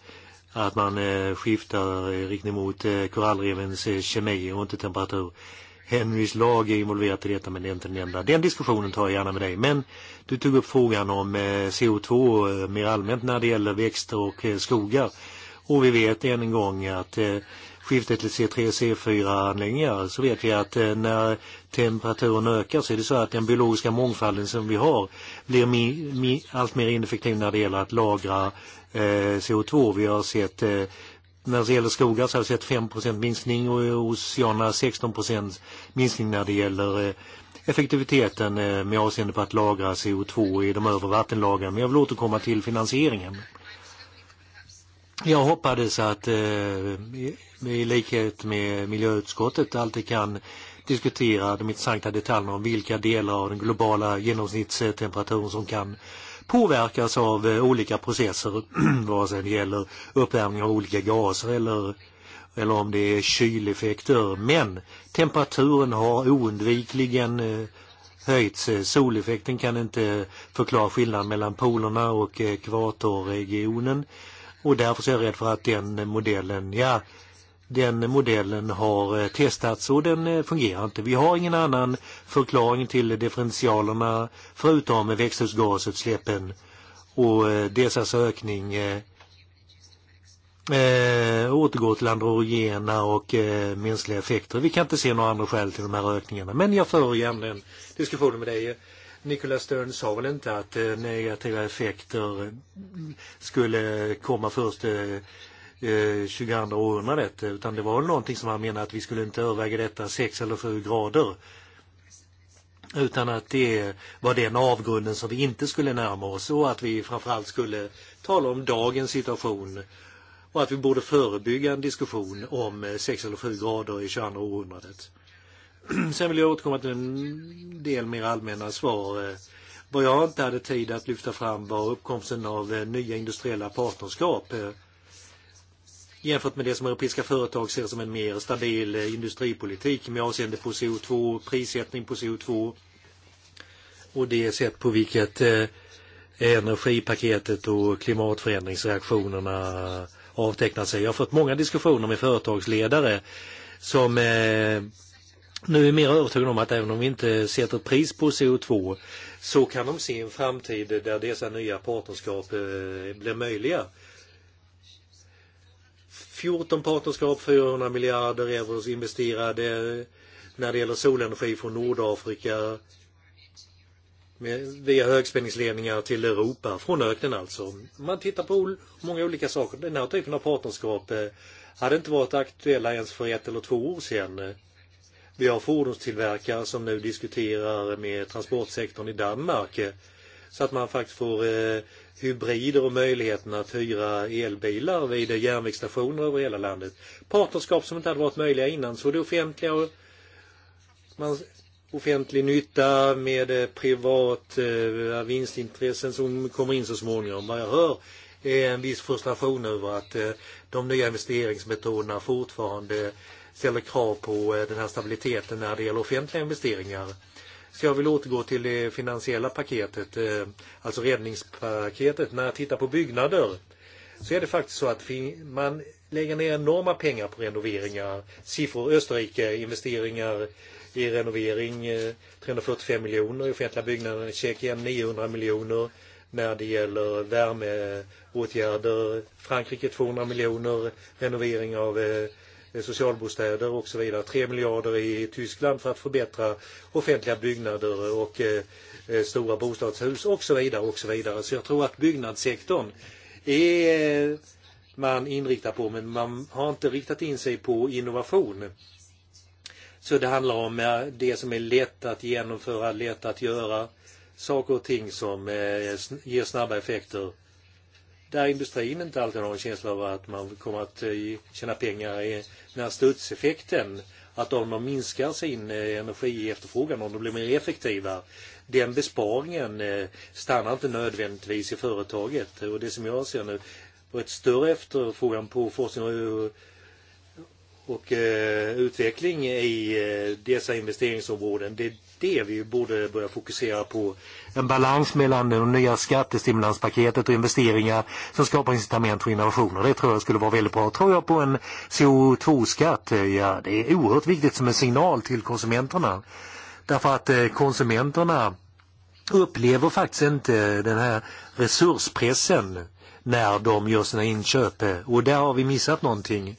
att man eh, skiftar eh, riktning mot eh, korallrevens kemi och inte temperatur. Henrys lag är involverat i detta men det är inte den enda. Den diskussionen tar jag gärna med dig. Men du tog upp frågan om CO2 mer allmänt när det gäller växter och skogar. Och vi vet än en gång att skiftet till C3 och C4-anläggningar så vet vi att när temperaturen ökar så är det så att den biologiska mångfalden som vi har blir mi, mi, allt mer ineffektiv när det gäller att lagra Eh, CO2. Vi har sett eh, när det gäller skogar så har vi sett 5 minskning och oceanerna 16 minskning när det gäller eh, effektiviteten med avseende på att lagra CO2 i de övre vattenlagren. Men jag vill återkomma till finansieringen. Jag hoppades att i likhet med miljöutskottet alltid kan diskutera de intressanta detaljerna om vilka delar av den globala genomsnittstemperaturen som kan påverkas av eh, olika processer, *clears throat* vare sig det gäller uppvärmning av olika gaser eller, eller om det är kyleffekter. Men temperaturen har oundvikligen eh, höjts. Eh, soleffekten kan inte förklara skillnaden mellan polerna och ekvatorregionen. Och därför så är jag rädd för att den modellen, ja, den modellen har eh, testats och den eh, fungerar inte. Vi har ingen annan förklaring till differentialerna förutom växthusgasutsläppen och eh, dessas ökning eh, återgår till androgena och eh, mänskliga effekter. Vi kan inte se några andra skäl till de här ökningarna. Men jag för gärna en diskussion med dig. Nicola Stern sa väl inte att eh, negativa effekter skulle komma först eh, 2000-århundradet, eh, utan det var väl någonting som han menade att vi skulle inte överväga detta 6 eller 7 grader. Utan att det var den avgrunden som vi inte skulle närma oss och att vi framförallt skulle tala om dagens situation och att vi borde förebygga en diskussion om 6 eh, eller 7 grader i 22 århundradet. *clears throat* Sen vill jag återkomma till en del mer allmänna svar. Eh, vad jag inte hade tid att lyfta fram var uppkomsten av nya industriella partnerskap jämfört med det som europeiska företag ser som en mer stabil eh, industripolitik med avseende på CO2, prissättning på CO2 och det sätt på vilket eh, energipaketet och klimatförändringsreaktionerna avtecknar sig. Jag har fått många diskussioner med företagsledare som eh, nu är mer övertygade om att även om vi inte sätter pris på CO2 så kan de se en framtid där dessa nya partnerskap blir möjliga. 14 partnerskap, 400 miljarder euro investerade när det gäller solenergi från Nordafrika med, via högspänningsledningar till Europa, från öknen alltså. Man tittar på många olika saker. Den här typen av partnerskap eh, hade inte varit aktuella ens för ett eller två år sedan. Vi har fordonstillverkare som nu diskuterar med transportsektorn i Danmark så att man faktiskt får eh, hybrider och möjligheten att hyra elbilar vid järnvägsstationer över hela landet. Partnerskap som inte hade varit möjliga innan, så det offentliga och man, offentlig nytta med eh, privat eh, vinstintressen som kommer in så småningom. Vad jag hör är en viss frustration över att eh, de nya investeringsmetoderna fortfarande ställer krav på eh, den här stabiliteten när det gäller offentliga investeringar. Så jag vill återgå till det finansiella paketet, eh, alltså räddningspaketet. När jag tittar på byggnader så är det faktiskt så att man lägger ner enorma pengar på renoveringar. Siffror Österrike, investeringar i renovering 345 eh, miljoner i offentliga byggnader, Tjeckien 900 miljoner när det gäller värmeåtgärder, Frankrike 200 miljoner, renovering av eh, Eh, socialbostäder och så vidare. 3 miljarder i Tyskland för att förbättra offentliga byggnader och eh, eh, stora bostadshus och så vidare. Och så, vidare. så jag tror att byggnadssektorn är man inriktar på men man har inte riktat in sig på innovation. Så det handlar om det som är lätt att genomföra, lätt att göra, saker och ting som ger snabba effekter där industrin inte alltid har en känsla av att man kommer att eh, tjäna pengar i den här studseffekten. Att om de minskar sin eh, energiefterfrågan, om de blir mer effektiva, den besparingen eh, stannar inte nödvändigtvis i företaget. Och det som jag ser nu, på ett större efterfrågan på forskning och, och utveckling i dessa investeringsområden, det är det vi borde börja fokusera på. En balans mellan det nya skattestimulanspaketet och investeringar som skapar incitament för innovationer. Det tror jag skulle vara väldigt bra. Tror jag på en CO2-skatt? Ja, det är oerhört viktigt som en signal till konsumenterna. Därför att eh, konsumenterna upplever faktiskt inte den här resurspressen när de gör sina inköp. Och där har vi missat någonting.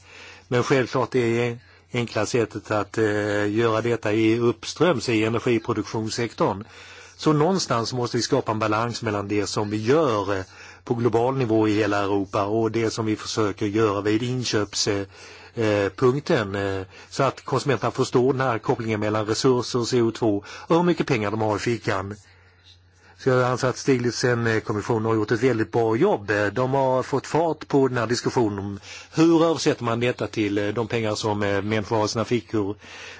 Men självklart är enkla sättet att eh, göra detta i uppströms i energiproduktionssektorn. Så någonstans måste vi skapa en balans mellan det som vi gör eh, på global nivå i hela Europa och det som vi försöker göra vid inköpspunkten eh, eh så att konsumenterna förstår den här kopplingen mellan resurser och CO2 och hur mycket pengar de har i fickan. Eh, Så jag anser att Stiglitzen-kommissionen eh, har gjort ett väldigt bra jobb. Eh, de har fått fart på den här diskussionen om hur översätter man detta till eh, de pengar som människor har i sina fickor.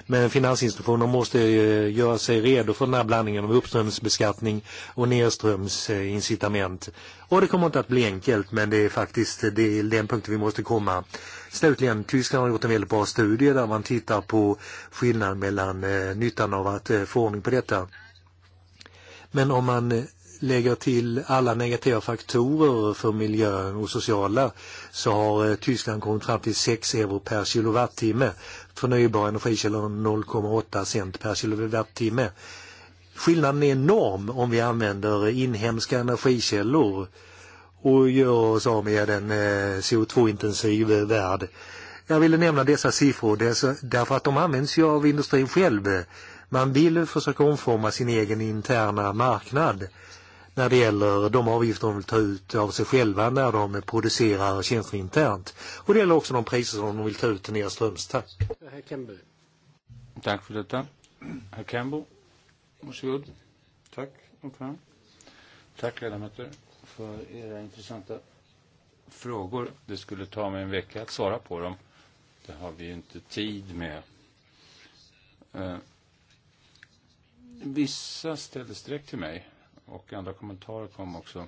Men finansinstitutioner måste göra sig redo för den här blandningen av uppströmsbeskattning och nedströmsincitament. Och det kommer inte att bli enkelt men det är faktiskt det är den punkten vi måste komma. Slutligen, Tyskland har gjort en väldigt bra studie där man tittar på skillnaden mellan eh, nyttan av att eh, få ordning på detta Men om man eh, lägger till alla negativa faktorer för miljön och sociala så har eh, Tyskland kommit fram till 6 euro per kilowattimme. Förnybara energikällor 0,8 cent per kilowattimme. Skillnaden är enorm om vi använder inhemska energikällor och gör oss av med en eh, CO2-intensiv värld. Jag ville nämna dessa siffror därför att de används ju av industrin själv Man vill försöka omforma sin egen interna marknad när det gäller de avgifter de vill ta ut av sig själva när de producerar tjänster internt. Och det gäller också de priser som de vill ta ut i nya Strömstad. Tack för detta. Herr Campbell, varsågod. Tack, ordförande. Tack ledamöter för era intressanta frågor. Det skulle ta mig en vecka att svara på dem. Det har vi ju inte tid med. Eh, Vissa ställdes direkt till mig och andra kommentarer kom också.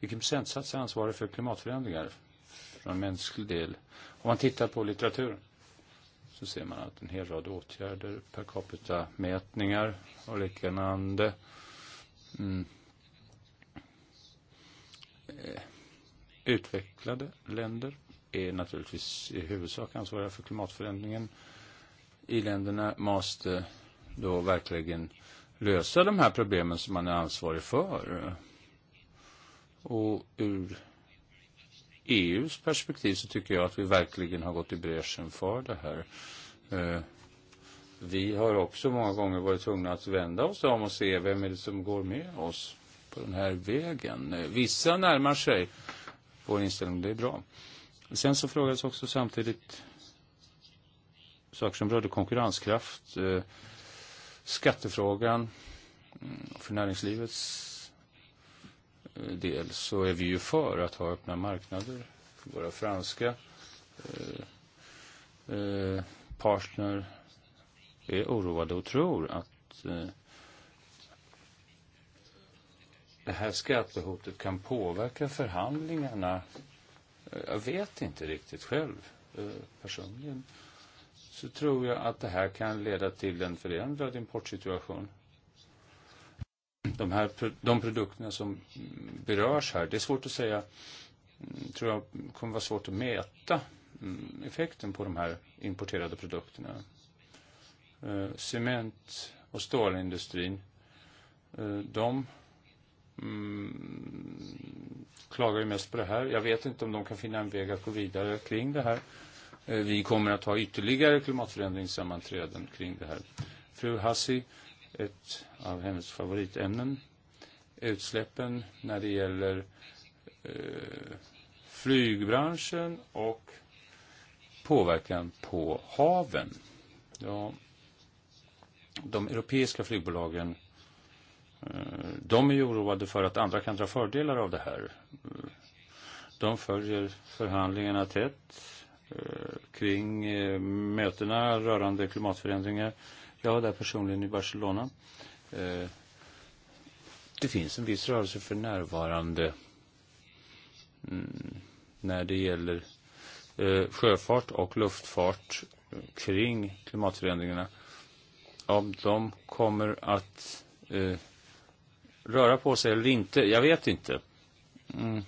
I procentsats är ansvarig för klimatförändringar från mänsklig del. Om man tittar på litteraturen så ser man att en hel rad åtgärder, per capita mätningar och liknande mm, eh, utvecklade länder är naturligtvis i huvudsak ansvariga för klimatförändringen. I-länderna måste då verkligen lösa de här problemen som man är ansvarig för. Och ur EUs perspektiv så tycker jag att vi verkligen har gått i bräschen för det här. Eh, vi har också många gånger varit tvungna att vända oss om och se vem är det som går med oss på den här vägen. Eh, vissa närmar sig vår inställning, det är bra. Sen så frågades också samtidigt saker som rörde konkurrenskraft. Eh, Skattefrågan för näringslivets eh, del så är vi ju för att ha öppna marknader. Våra franska eh, eh, partner är oroade och tror att eh, det här skattehotet kan påverka förhandlingarna. Jag vet inte riktigt själv eh, personligen. Eh, så tror jag att det här kan leda till en förändrad importsituation. De, här, de produkterna som berörs här, det är svårt att säga, mm, tror jag kommer vara svårt att mäta mm, effekten på de här importerade produkterna. Eh, cement och stålindustrin, eh, de mm, klagar ju mest på det här. Jag vet inte om de kan finna en väg att gå vidare kring det här. Eh, vi kommer att ha ytterligare klimatförändringssammanträden kring det här. Fru Hassi, ett av hennes favoritämnen, utsläppen när det gäller eh, flygbranschen och påverkan på haven. Ja, de europeiska flygbolagen eh, de är oroade för att andra kan dra fördelar av det här. De följer förhandlingarna tätt Eh, kring eh, mötena rörande klimatförändringar. Jag var där personligen i Barcelona. Eh, det finns en viss rörelse för närvarande mm, när det gäller sjöfart och luftfart kring klimatförändringarna. Om de kommer att röra på sig eller inte, jag vet inte. Mm.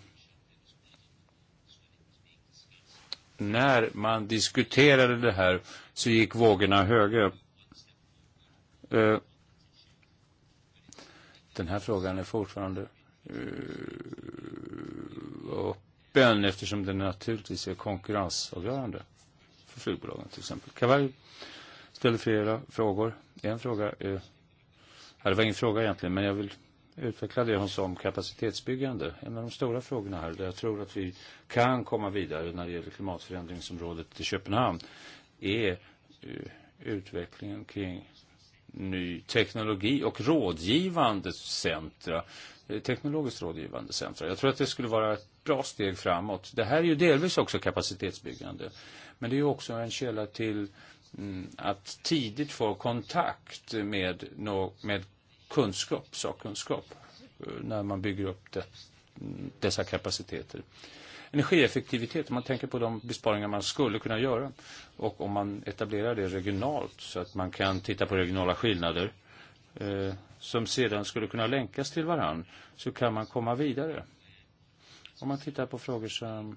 när man diskuterade det här så gick vågorna höga. Eh, den här frågan är fortfarande eh, öppen eftersom den naturligtvis är konkurrensavgörande för flygbolagen till exempel. Kavaj ställer flera frågor. En fråga är, ja, det var ingen fråga egentligen, men jag vill utveckla det som kapacitetsbyggande. En av de stora frågorna här, där jag tror att vi kan komma vidare när det gäller klimatförändringsområdet i Köpenhamn, är eh, utvecklingen kring ny teknologi och rådgivande centra, eh, teknologiskt rådgivande centra. Jag tror att det skulle vara ett bra steg framåt. Det här är ju delvis också kapacitetsbyggande, men det är ju också en källa till mm, att tidigt få kontakt med, med kunskap, sakkunskap, eh, när man bygger upp det, dessa kapaciteter. Energieffektivitet, om man tänker på de besparingar man skulle kunna göra och om man etablerar det regionalt så att man kan titta på regionala skillnader eh, som sedan skulle kunna länkas till varann så kan man komma vidare. Om man tittar på frågor som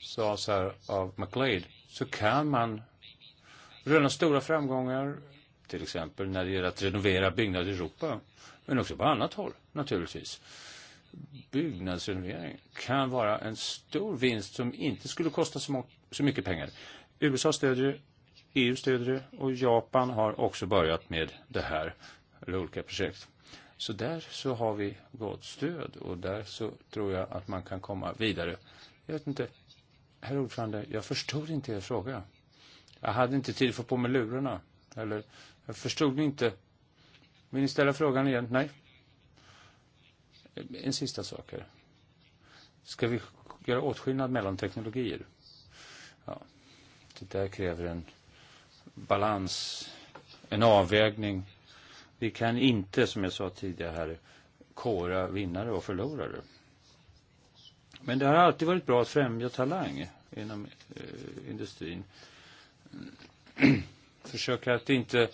sades här av McLeod så kan man röna stora framgångar till exempel när det gäller att renovera byggnader i Europa, men också på annat håll naturligtvis. Byggnadsrenovering kan vara en stor vinst som inte skulle kosta så, så mycket pengar. USA stödjer det, EU stödjer det och Japan har också börjat med det här, eller olika projekt. Så där så har vi gott stöd och där så tror jag att man kan komma vidare. Jag vet inte, herr ordförande, jag förstod inte er fråga. Jag hade inte tid att få på mig lurarna. Eller Jag förstod inte. Vill ni ställa frågan igen? Nej. En sista sak här. Ska vi göra åtskillnad mellan teknologier? Ja. Det där kräver en balans, en avvägning. Vi kan inte, som jag sa tidigare här, kora vinnare och förlorare. Men det har alltid varit bra att främja talang inom eh, industrin. *clears throat* försöka att inte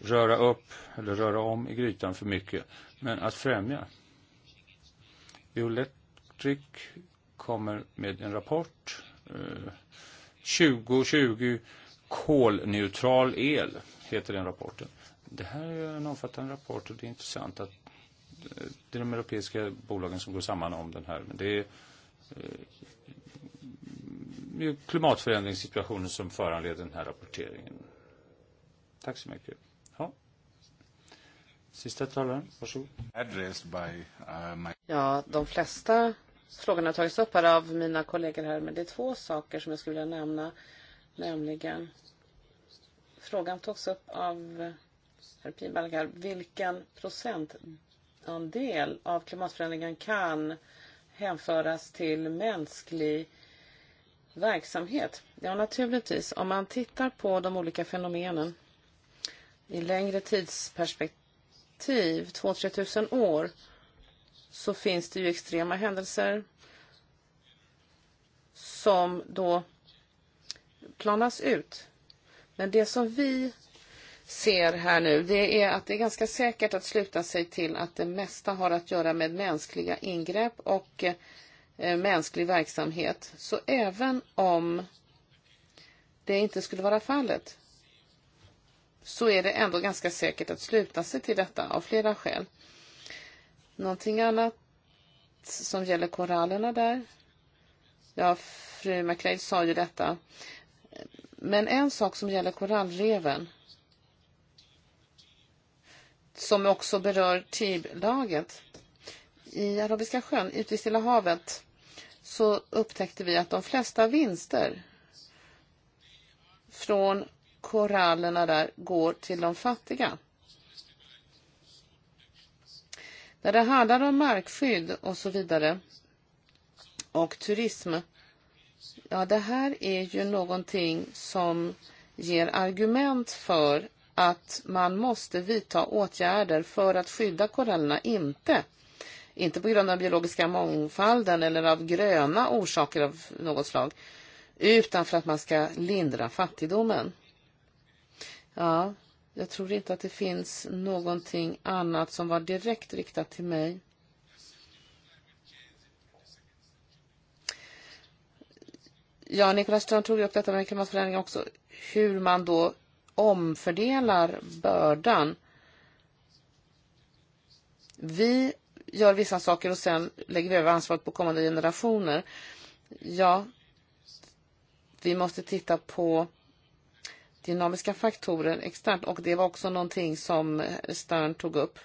röra upp eller röra om i grytan för mycket, men att främja. Electric kommer med en rapport. Eh, 2020 kolneutral el heter den rapporten. Det här är en omfattande rapport och det är intressant att eh, det är de europeiska bolagen som går samman om den här. Men det är eh, klimatförändringssituationen som föranleder den här rapporteringen. Tack så mycket. Ja. Sista talaren, varsågod. By, uh, my... Ja, de flesta frågorna har tagits upp här av mina kollegor här, men det är två saker som jag skulle vilja nämna. Nämligen, frågan togs upp av herr Pinbalgar, vilken procentandel av klimatförändringen kan hänföras till mänsklig verksamhet? Ja, naturligtvis. Om man tittar på de olika fenomenen i längre tidsperspektiv, 2-3 tusen år, så finns det ju extrema händelser som då planas ut. Men det som vi ser här nu, det är att det är ganska säkert att sluta sig till att det mesta har att göra med mänskliga ingrepp och eh, mänsklig verksamhet. Så även om det inte skulle vara fallet, så är det ändå ganska säkert att sluta sig till detta av flera skäl. Någonting annat som gäller korallerna där? Ja, fru McLeod sa ju detta. Men en sak som gäller korallreven som också berör TIB-laget. I Arabiska sjön, ute i Stilla havet, så upptäckte vi att de flesta vinster från korallerna där går till de fattiga. När det handlar om markskydd och så vidare och turism, ja det här är ju någonting som ger argument för att man måste vidta åtgärder för att skydda korallerna, inte inte på grund av den biologiska mångfalden eller av gröna orsaker av något slag, utan för att man ska lindra fattigdomen. Ja, jag tror inte att det finns någonting annat som var direkt riktat till mig. Ja, Nicolas Strand tog upp detta med klimatförändringar också. Hur man då omfördelar bördan. Vi gör vissa saker och sen lägger vi över ansvaret på kommande generationer. Ja, vi måste titta på dynamiska faktorer externt och det var också någonting som Stern tog upp.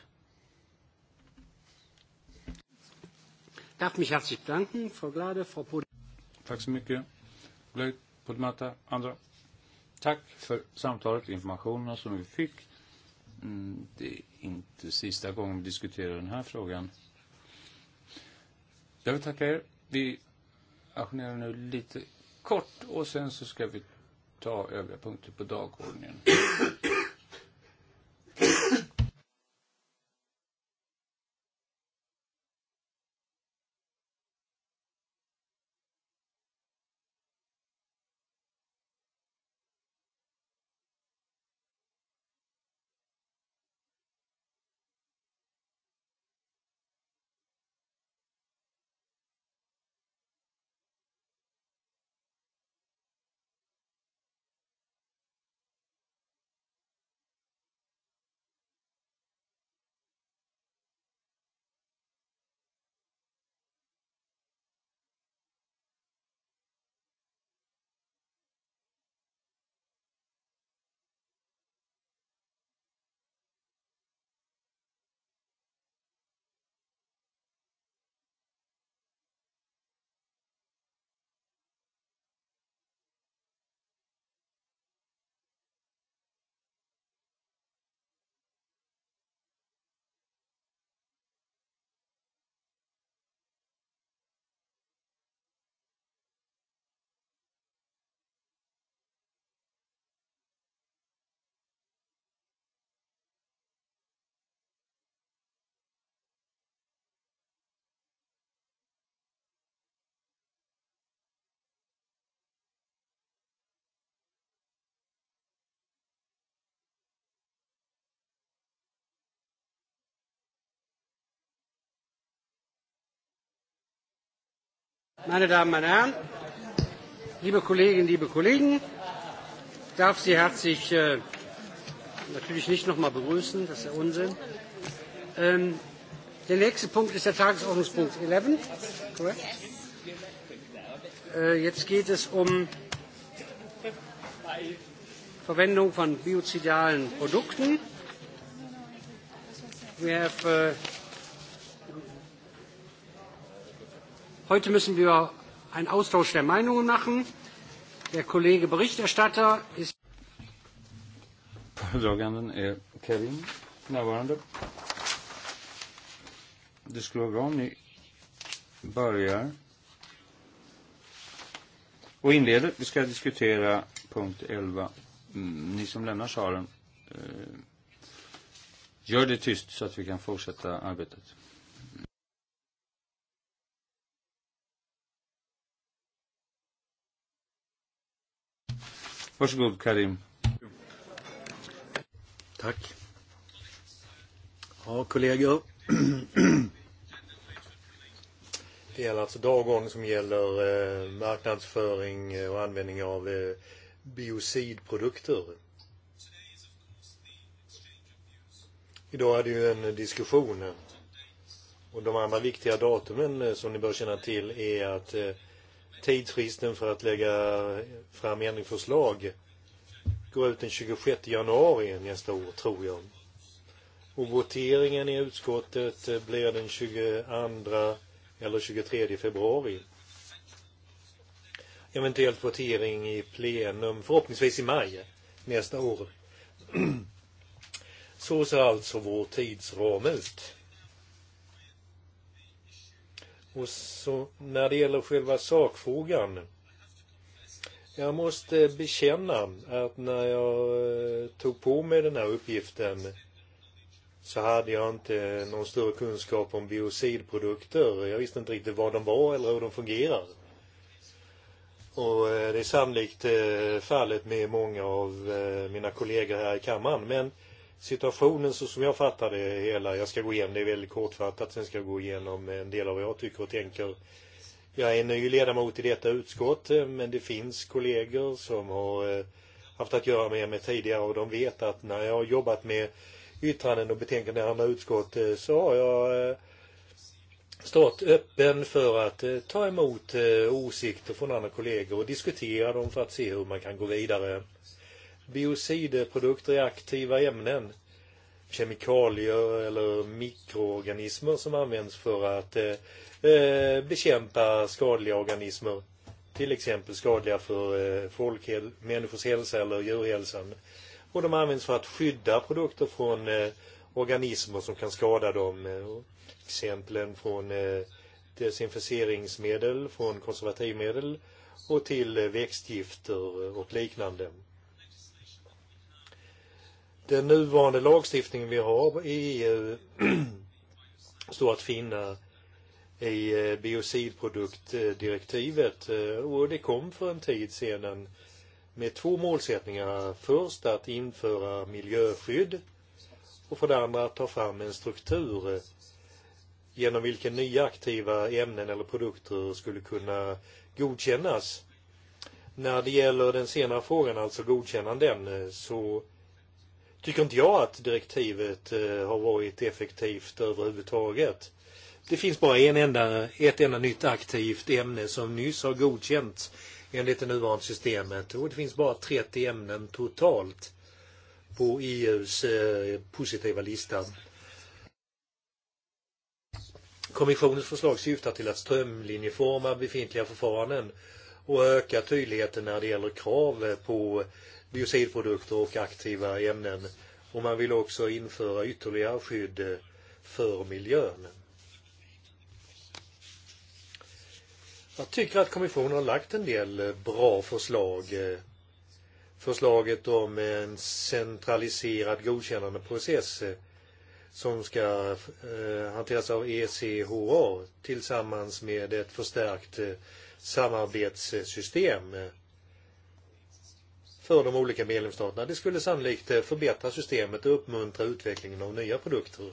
Tack så mycket. Glöd, Podmata, andra. Tack för samtalet, informationen som vi fick. Mm, det är inte sista gången vi diskuterar den här frågan. Jag vill tacka er. Vi ajournerar nu lite kort och sen så ska vi ta övriga punkter på dagordningen. *coughs* Meine Damen und Herren, liebe Kolleginnen, liebe Kollegen, ich darf Sie herzlich äh, natürlich nicht nochmal begrüßen, das ist ja Unsinn. Ähm, der nächste Punkt ist der Tagesordnungspunkt 11, korrekt? Äh, jetzt geht es um Verwendung von biozidalen Produkten. We have, uh, Heute müssen wir einen Austausch der Meinungen machen. Der Kollege Berichterstatter ist. Pardon, e, Kevin, navarandı. Disklogramni börjar och inleder. Vi ska diskutera punkt 11. Mm, ni som lämnar salen, eh, gör det tyst så att vi kan fortsätta arbetet. Varsågod Karim. Tack. Ja, kollegor. *clears throat* Det gäller alltså dagordningen som gäller eh, marknadsföring eh, och användning av eh, biocidprodukter. Idag är det ju en diskussion. Och de andra viktiga datumen eh, som ni bör känna till är att eh, tidsfristen för att lägga fram ändringsförslag går ut den 26 januari nästa år, tror jag. Och voteringen i utskottet blir den 22 eller 23 februari. Eventuellt votering i plenum, förhoppningsvis i maj nästa år. *clears throat* Så ser alltså vår tidsram ut. Och så när det gäller själva sakfrågan. Jag måste bekänna att när jag eh, tog på mig den här uppgiften så hade jag inte någon större kunskap om biocidprodukter. Jag visste inte riktigt vad de var eller hur de fungerar. Och eh, det är sannolikt eh, fallet med många av mina kollegor här i kammaren. Men Situationen så som jag fattar det hela, jag ska gå igenom det väldigt kortfattat, sen ska jag gå igenom en del av vad jag tycker och tänker. Jag är ny ledamot i detta utskott, eh, men det finns kollegor som har eh, haft att göra med mig tidigare och de vet att när jag har jobbat med yttranden och betänkanden i andra utskott eh, så har jag stått öppen för att ta emot åsikter från andra kollegor och diskutera dem för att se hur man kan gå vidare biociderprodukter är aktiva ämnen, kemikalier eller mikroorganismer som används för att eh, eh bekämpa skadliga organismer. Till exempel skadliga för eh, folk, människors hälsa eller djurhälsan. Och de används för att skydda produkter från eh, organismer som kan skada dem. Exemplen från eh, desinficeringsmedel, från konservativmedel och till eh, växtgifter och liknande den nuvarande lagstiftningen vi har i EU *clears throat* står att finna i eh, biocidproduktdirektivet eh, och det kom för en tid sedan med två målsättningar. Först att införa miljöskydd och för det andra att ta fram en struktur eh, genom vilken nya aktiva ämnen eller produkter skulle kunna godkännas. När det gäller den senare frågan, alltså godkännanden, så tycker inte jag att direktivet eh, har varit effektivt överhuvudtaget. Det finns bara en enda, ett enda nytt aktivt ämne som nyss har godkänts enligt det nuvarande systemet och det finns bara 30 ämnen totalt på EUs eh, positiva lista. Kommissionens förslag syftar till att strömlinjeforma befintliga förfaranden och öka tydligheten när det gäller krav på biocidprodukter och aktiva ämnen. Och man vill också införa ytterligare skydd för miljön. Jag tycker att kommissionen har lagt en del bra förslag. Förslaget om en centraliserad godkännandeprocess som ska eh, hanteras av ECHR tillsammans med ett förstärkt eh, samarbetssystem för de olika medlemsstaterna. Det skulle sannolikt eh, förbättra systemet och uppmuntra utvecklingen av nya produkter.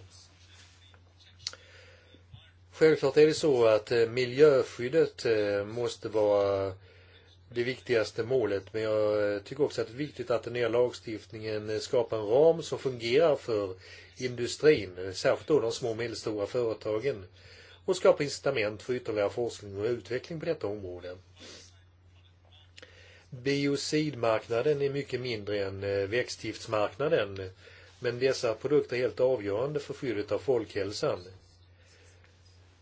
Självklart är det så att eh, miljöskyddet eh, måste vara det viktigaste målet, men jag tycker också att det är viktigt att den nya lagstiftningen skapar en ram som fungerar för industrin, särskilt då de små och medelstora företagen, och skapar incitament för ytterligare forskning och utveckling på detta område. Biocidmarknaden är mycket mindre än eh, växtgiftsmarknaden, men dessa produkter är helt avgörande för skyddet av folkhälsan.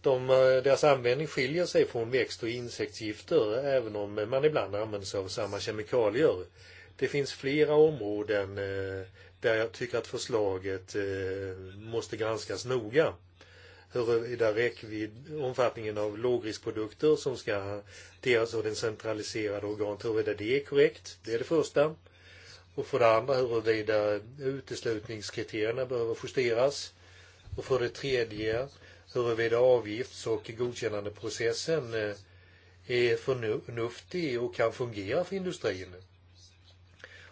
De, eh, deras användning skiljer sig från växt och insektsgifter, även om man ibland använder sig av samma kemikalier. Det finns flera områden eh, där jag tycker att förslaget måste granskas noga huruvida räckvidd, omfattningen av lågriskprodukter som ska hanteras av den centraliserade organet, huruvida det är korrekt. Det är det första. Och för det andra huruvida uteslutningskriterierna behöver justeras. Och för det tredje huruvida avgifts och godkännandeprocessen eh, är förnuftig och kan fungera för industrin.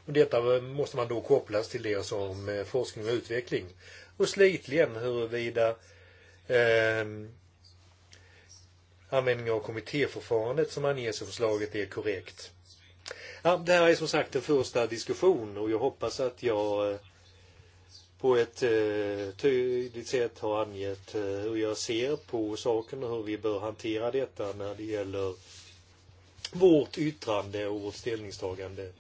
Och detta måste man då kopplas till det som eh, forskning och utveckling. Och slutligen huruvida eh, användning av kommittéförfarandet som anges i förslaget är korrekt. Ja, det här är som sagt en första diskussion och jag hoppas att jag eh, på ett eh, tydligt sätt har angett eh, hur jag ser på saken och hur vi bör hantera detta när det gäller vårt yttrande och vårt ställningstagande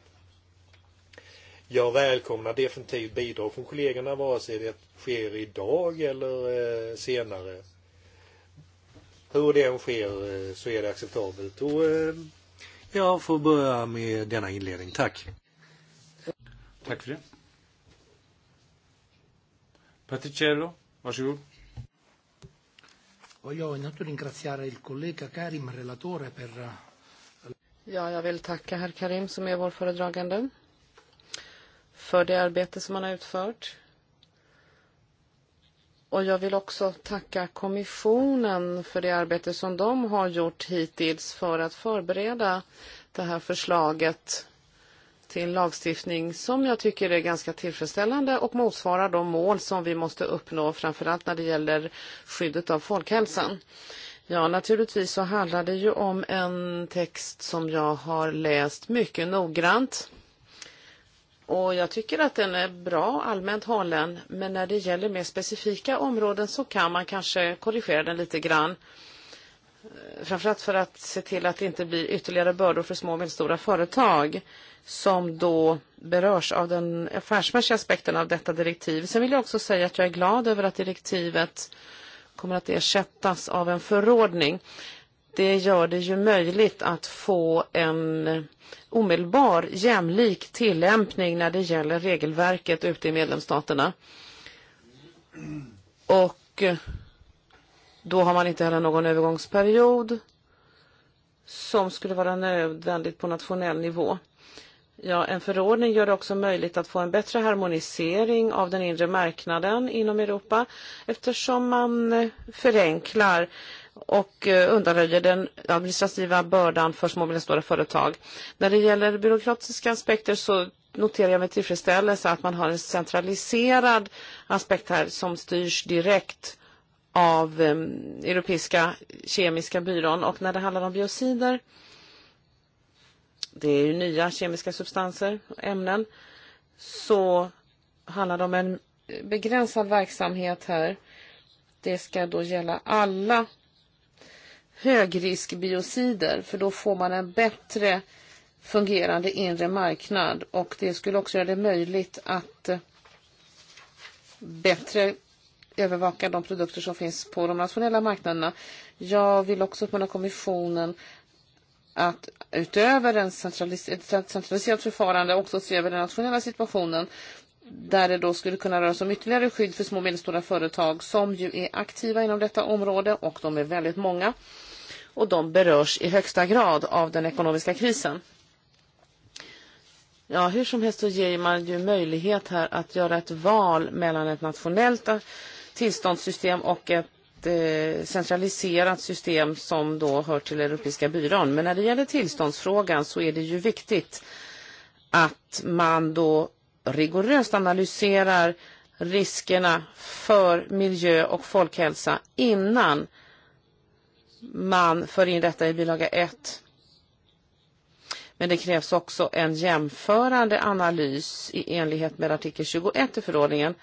Jag välkomnar definitivt bidrag från kollegorna vare sig det sker idag eller eh, senare. Hur det än sker eh, så är det acceptabelt. Och eh, jag får börja med denna inledning. Tack. Tack för det. Patricello, varsågod. Voglio intanto ringraziare il collega Karim, relatore, per... Ja, jag vill tacka herr Karim som är vår föredragande för det arbete som han har utfört. Och jag vill också tacka kommissionen för det arbete som de har gjort hittills för att förbereda det här förslaget till lagstiftning som jag tycker är ganska tillfredsställande och motsvarar de mål som vi måste uppnå, framförallt när det gäller skyddet av folkhälsan. Ja, naturligtvis så handlar det ju om en text som jag har läst mycket noggrant Och jag tycker att den är bra allmänt hållen, men när det gäller mer specifika områden så kan man kanske korrigera den lite grann. Eh, framförallt för att se till att det inte blir ytterligare bördor för små och medelstora företag som då berörs av den affärsmässiga aspekten av detta direktiv. Sen vill jag också säga att jag är glad över att direktivet kommer att ersättas av en förordning. Det gör det ju möjligt att få en omedelbar jämlik tillämpning när det gäller regelverket ute i medlemsstaterna. Och eh, då har man inte heller någon övergångsperiod som skulle vara nödvändigt på nationell nivå. Ja, en förordning gör det också möjligt att få en bättre harmonisering av den inre marknaden inom Europa eftersom man eh, förenklar och eh, undanröjer den administrativa bördan för små och medelstora företag. När det gäller byråkratiska aspekter så noterar jag med tillfredsställelse att man har en centraliserad aspekt här som styrs direkt av eh, Europeiska kemiska byrån. Och när det handlar om biocider, det är ju nya kemiska substanser och ämnen, så handlar det om en begränsad verksamhet här. Det ska då gälla alla högrisk biocider för då får man en bättre fungerande inre marknad och det skulle också göra det möjligt att eh, bättre övervaka de produkter som finns på de nationella marknaderna. Jag vill också uppmana kommissionen att utöver en centralis ett centraliserat förfarande också se över den nationella situationen där det då skulle kunna röra sig om ytterligare skydd för små och medelstora företag som ju är aktiva inom detta område och de är väldigt många och de berörs i högsta grad av den ekonomiska krisen. Ja, hur som helst så ger man ju möjlighet här att göra ett val mellan ett nationellt tillståndssystem och ett eh, centraliserat system som då hör till Europeiska byrån. Men när det gäller tillståndsfrågan så är det ju viktigt att man då rigoröst analyserar riskerna för miljö och folkhälsa innan man för in detta i bilaga 1. Men det krävs också en jämförande analys i enlighet med artikel 21 i förordningen.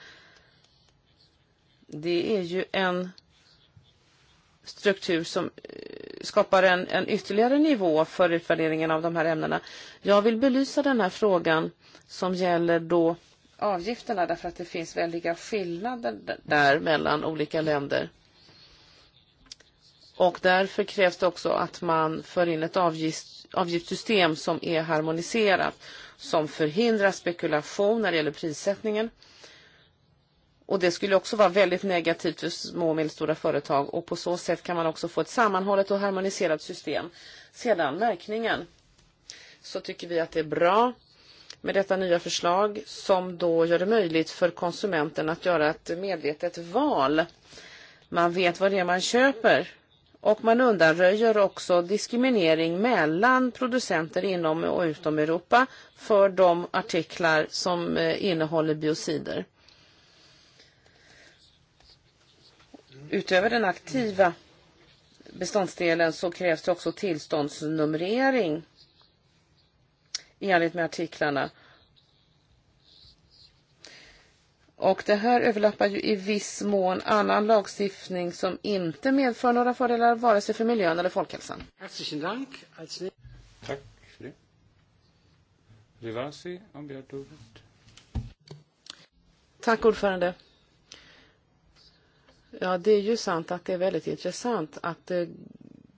Det är ju en struktur som eh, skapar en, en ytterligare nivå för utvärderingen av de här ämnena. Jag vill belysa den här frågan som gäller då avgifterna därför att det finns väldiga skillnader där mellan olika länder. Och därför krävs det också att man för in ett avgift, avgiftssystem som är harmoniserat, som förhindrar spekulation när det gäller prissättningen. Eh, Och det skulle också vara väldigt negativt för små och medelstora företag och på så sätt kan man också få ett sammanhållet och harmoniserat system. Sedan märkningen. Så tycker vi att det är bra med detta nya förslag som då gör det möjligt för konsumenten att göra ett medvetet val. Man vet vad det är man köper och man undanröjer också diskriminering mellan producenter inom och utom Europa för de artiklar som eh, innehåller biocider. utöver den aktiva beståndsdelen så krävs det också tillståndsnumrering i enlighet med artiklarna. Och det här överlappar ju i viss mån annan lagstiftning som inte medför några fördelar vare sig för miljön eller folkhälsan. Tack för det. Rivasi har begärt ordet. Tack ordförande. Ja, det är ju sant att det är väldigt intressant att det eh,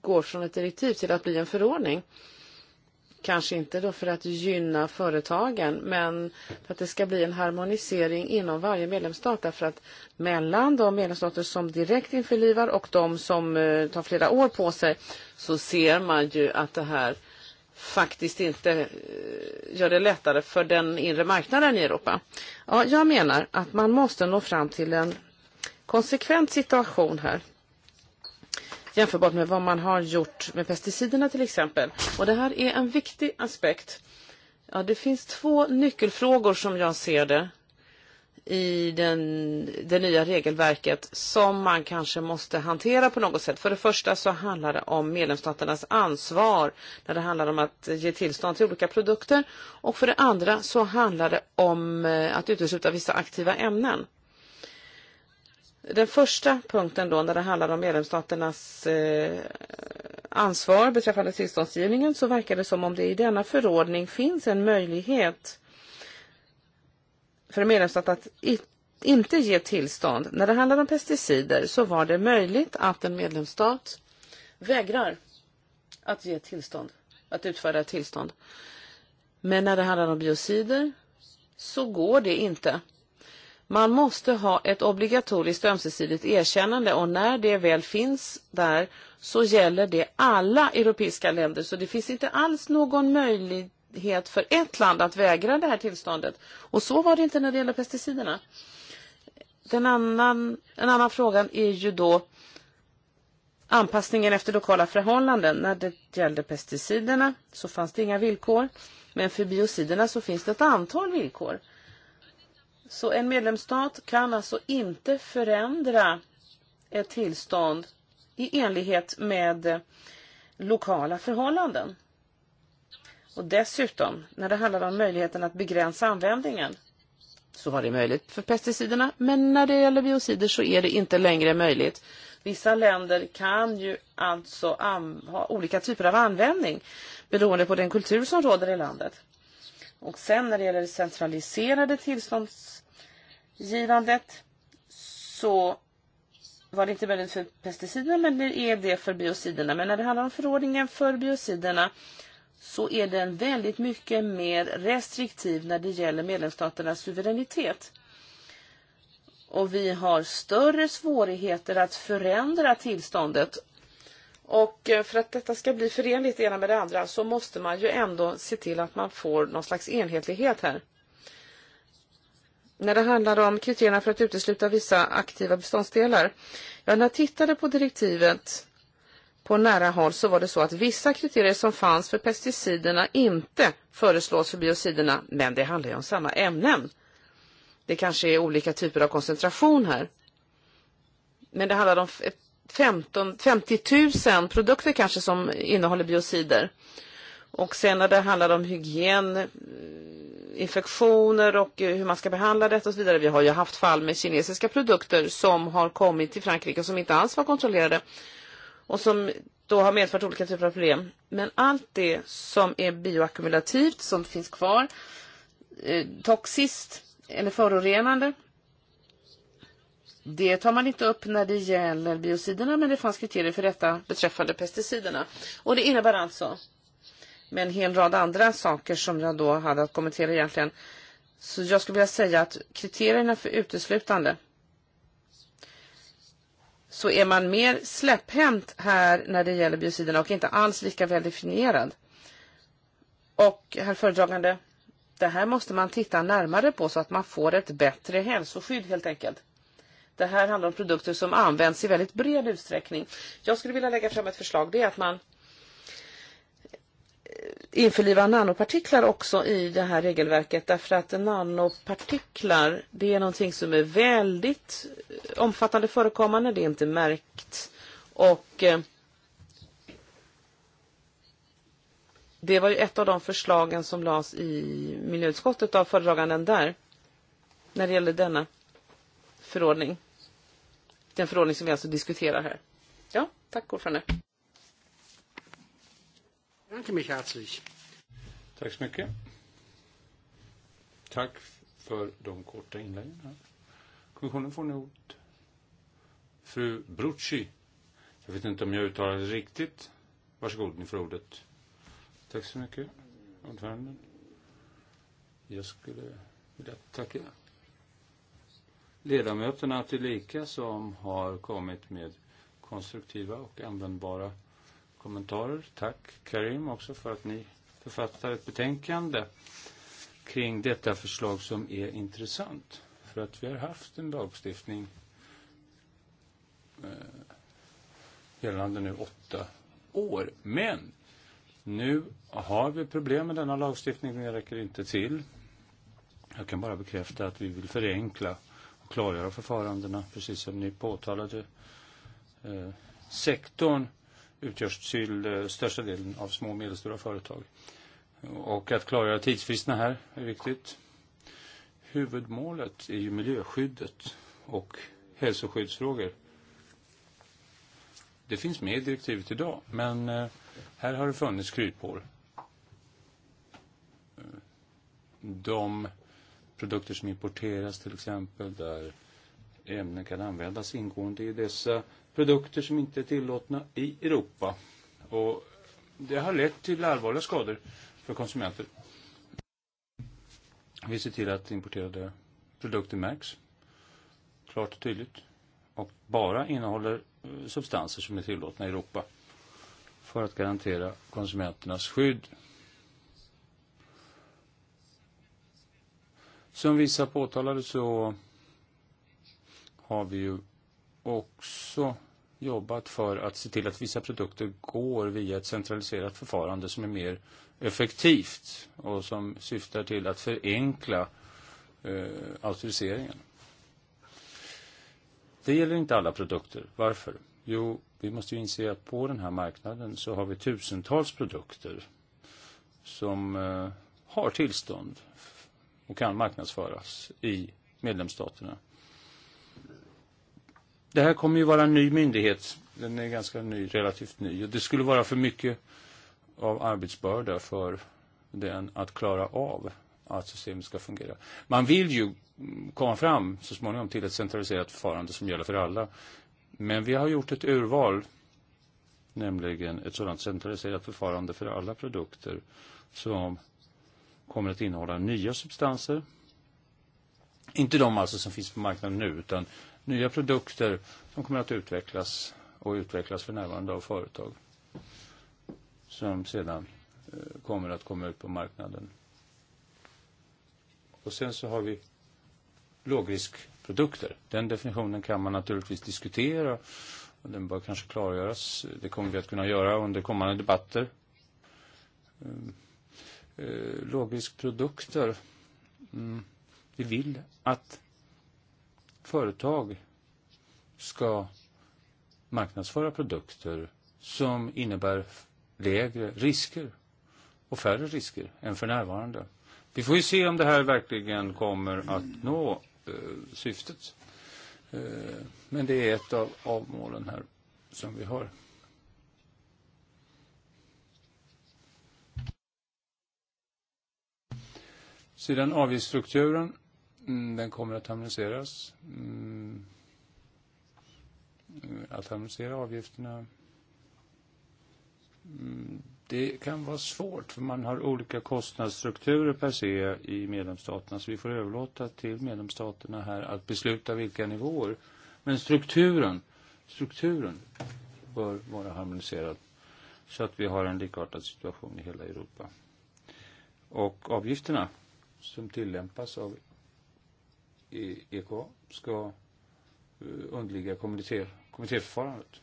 går från ett direktiv till att bli en förordning. Kanske inte då för att gynna företagen, men för att det ska bli en harmonisering inom varje medlemsstat. Därför att mellan de medlemsstater som direkt införlivar och de som eh, tar flera år på sig så ser man ju att det här faktiskt inte eh, gör det lättare för den inre marknaden i Europa. Ja, jag menar att man måste nå fram till en konsekvent situation här jämförbart med vad man har gjort med pesticiderna till exempel. Och det här är en viktig aspekt. Ja, det finns två nyckelfrågor som jag ser det i den, det nya regelverket som man kanske måste hantera på något sätt. För det första så handlar det om medlemsstaternas ansvar när det handlar om att ge tillstånd till olika produkter. Och för det andra så handlar det om eh, att utesluta vissa aktiva ämnen. Den första punkten då, när det handlar om medlemsstaternas eh, ansvar beträffande tillståndsgivningen så verkar det som om det i denna förordning finns en möjlighet för en medlemsstat att inte ge tillstånd. När det handlar om pesticider så var det möjligt att en medlemsstat vägrar att ge tillstånd, att utfärda tillstånd. Men när det handlar om biocider så går det inte Man måste ha ett obligatoriskt ömsesidigt erkännande och när det väl finns där så gäller det alla europeiska länder. Så det finns inte alls någon möjlighet för ett land att vägra det här tillståndet. Och så var det inte när det gäller pesticiderna. Den annan, en annan frågan är ju då anpassningen efter lokala förhållanden. När det gällde pesticiderna så fanns det inga villkor. Men för biociderna så finns det ett antal villkor. Så en medlemsstat kan alltså inte förändra ett tillstånd i enlighet med lokala förhållanden. Och dessutom, när det handlade om möjligheten att begränsa användningen, så var det möjligt för pesticiderna, men när det gäller biocider så är det inte längre möjligt. Vissa länder kan ju alltså ha olika typer av användning beroende på den kultur som råder i landet. Och sen när det gäller det centraliserade tillstånds givandet så var det inte möjligt för pesticiderna, men det är det för biociderna. Men när det handlar om förordningen för biociderna så är den väldigt mycket mer restriktiv när det gäller medlemsstaternas suveränitet. Och vi har större svårigheter att förändra tillståndet. Och eh, för att detta ska bli förenligt det ena med det andra så måste man ju ändå se till att man får någon slags enhetlighet här när det handlar om kriterierna för att utesluta vissa aktiva beståndsdelar. Ja, när jag tittade på direktivet på nära håll så var det så att vissa kriterier som fanns för pesticiderna inte föreslås för biociderna, men det handlar ju om samma ämnen. Det kanske är olika typer av koncentration här. Men det handlar om 15, 50 000 produkter kanske som innehåller biocider. Och sen när det handlar om hygien, infektioner och eh, hur man ska behandla detta och så vidare. Vi har ju haft fall med kinesiska produkter som har kommit till Frankrike och som inte alls var kontrollerade och som då har medfört olika typer av problem. Men allt det som är bioackumulativt, som finns kvar, eh, toxiskt eller förorenande, det tar man inte upp när det gäller biociderna, men det fanns kriterier för detta beträffande pesticiderna. Och det innebär alltså med en hel rad andra saker som jag då hade att kommentera egentligen. Så jag skulle vilja säga att kriterierna för uteslutande så är man mer släpphänt här när det gäller biociderna och inte alls lika väl definierad. Och herr föredragande, det här måste man titta närmare på så att man får ett bättre hälsoskydd helt enkelt. Det här handlar om produkter som används i väldigt bred utsträckning. Jag skulle vilja lägga fram ett förslag, det är att man införliva nanopartiklar också i det här regelverket därför att nanopartiklar det är någonting som är väldigt eh, omfattande förekommande, det är inte märkt och eh, det var ju ett av de förslagen som lades i miljöutskottet av föredraganden där när det gäller denna förordning. Den förordning som vi alltså diskuterar här. Ja, tack ordförande. Danke mich herzlich. Tack så mycket. Tack för de korta inläggen. Kommissionen får nu ordet. Fru Brucci. Jag vet inte om jag uttalade det riktigt. Varsågod, ni får ordet. Tack så mycket, ordföranden. Jag skulle vilja tacka ledamöterna tillika som har kommit med konstruktiva och användbara kommentarer. Tack Karim också för att ni författar ett betänkande kring detta förslag som är intressant. För att vi har haft en lagstiftning eh, gällande nu åtta år. Men nu har vi problem med denna lagstiftning. Den räcker inte till. Jag kan bara bekräfta att vi vill förenkla och klargöra förfarandena, precis som ni påtalade. Eh, sektorn utgörs till eh, största delen av små och medelstora företag. Och att klara tidsfristerna här är viktigt. Huvudmålet är ju miljöskyddet och hälsoskyddsfrågor. Det finns med i direktivet idag, men eh, här har det funnits kryphål. De produkter som importeras till exempel, där ämnen kan användas ingående i dessa produkter som inte är tillåtna i Europa. Och det har lett till allvarliga skador för konsumenter. Vi ser till att importerade produkter märks klart och tydligt och bara innehåller eh, substanser som är tillåtna i Europa för att garantera konsumenternas skydd. Som vissa påtalade så har vi ju också jobbat för att se till att vissa produkter går via ett centraliserat förfarande som är mer effektivt och som syftar till att förenkla eh, autoriseringen. Det gäller inte alla produkter. Varför? Jo, vi måste ju inse att på den här marknaden så har vi tusentals produkter som eh, har tillstånd och kan marknadsföras i medlemsstaterna. Det här kommer ju vara en ny myndighet. Den är ganska ny, relativt ny. Och det skulle vara för mycket av arbetsbörda för den att klara av att systemet ska fungera. Man vill ju komma fram så småningom till ett centraliserat förfarande som gäller för alla. Men vi har gjort ett urval, nämligen ett sådant centraliserat förfarande för alla produkter som kommer att innehålla nya substanser. Inte de alltså som finns på marknaden nu, utan nya produkter som kommer att utvecklas och utvecklas för närvarande av företag som sedan eh, kommer att komma ut på marknaden. Och sen så har vi lågriskprodukter. Den definitionen kan man naturligtvis diskutera och den bör kanske klargöras. Det kommer vi att kunna göra under kommande debatter. Ehm, eh, lågriskprodukter. Mm, vi vill att företag ska marknadsföra produkter som innebär lägre risker och färre risker än för närvarande. Vi får ju se om det här verkligen kommer att nå eh, syftet. Eh, men det är ett av, av målen här som vi har. Sedan avgiftsstrukturen Mm, den kommer att harmoniseras. Mm, att harmonisera avgifterna mm, det kan vara svårt för man har olika kostnadsstrukturer per se i medlemsstaterna så vi får överlåta till medlemsstaterna här att besluta vilka nivåer. Men strukturen, strukturen bör vara harmoniserad så att vi har en likartad situation i hela Europa. Och avgifterna som tillämpas av EK ska eh, undvika kommittéförfarandet.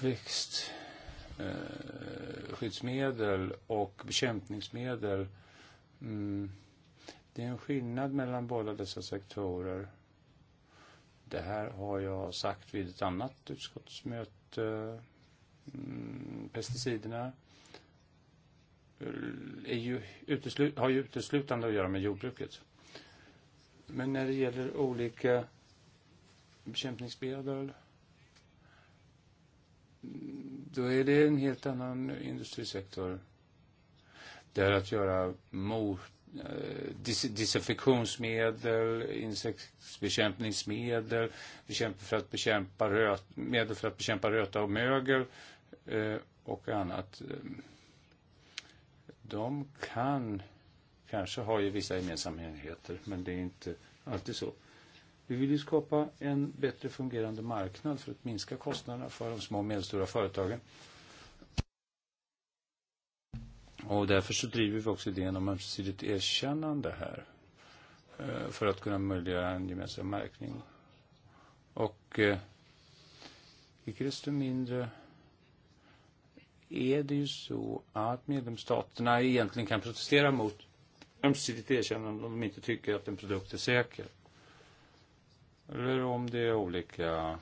Växt eh, skyddsmedel och bekämpningsmedel. Mm. Det är en skillnad mellan båda dessa sektorer. Det här har jag sagt vid ett annat utskottsmöte. Mm, pesticiderna är ju uteslut, har ju uteslutande att göra med jordbruket. Men när det gäller olika bekämpningsmedel då är det en helt annan industrisektor. Det är att göra mot, eh, dis disinfektionsmedel, insektsbekämpningsmedel, bekämpa för att bekämpa röt, medel för att bekämpa röta och mögel eh, och annat. Eh, De kan kanske har ju vissa gemensamheter, men det är inte alltid så. Vi vill ju skapa en bättre fungerande marknad för att minska kostnaderna för de små och medelstora företagen. Och därför så driver vi också idén om ömsesidigt erkännande här eh, för att kunna möjliggöra en gemensam märkning. Och eh, icke desto mindre är det ju så att medlemsstaterna egentligen kan protestera mot ömsesidigt erkännande om de inte tycker att en produkt är säker. Eller om det är olika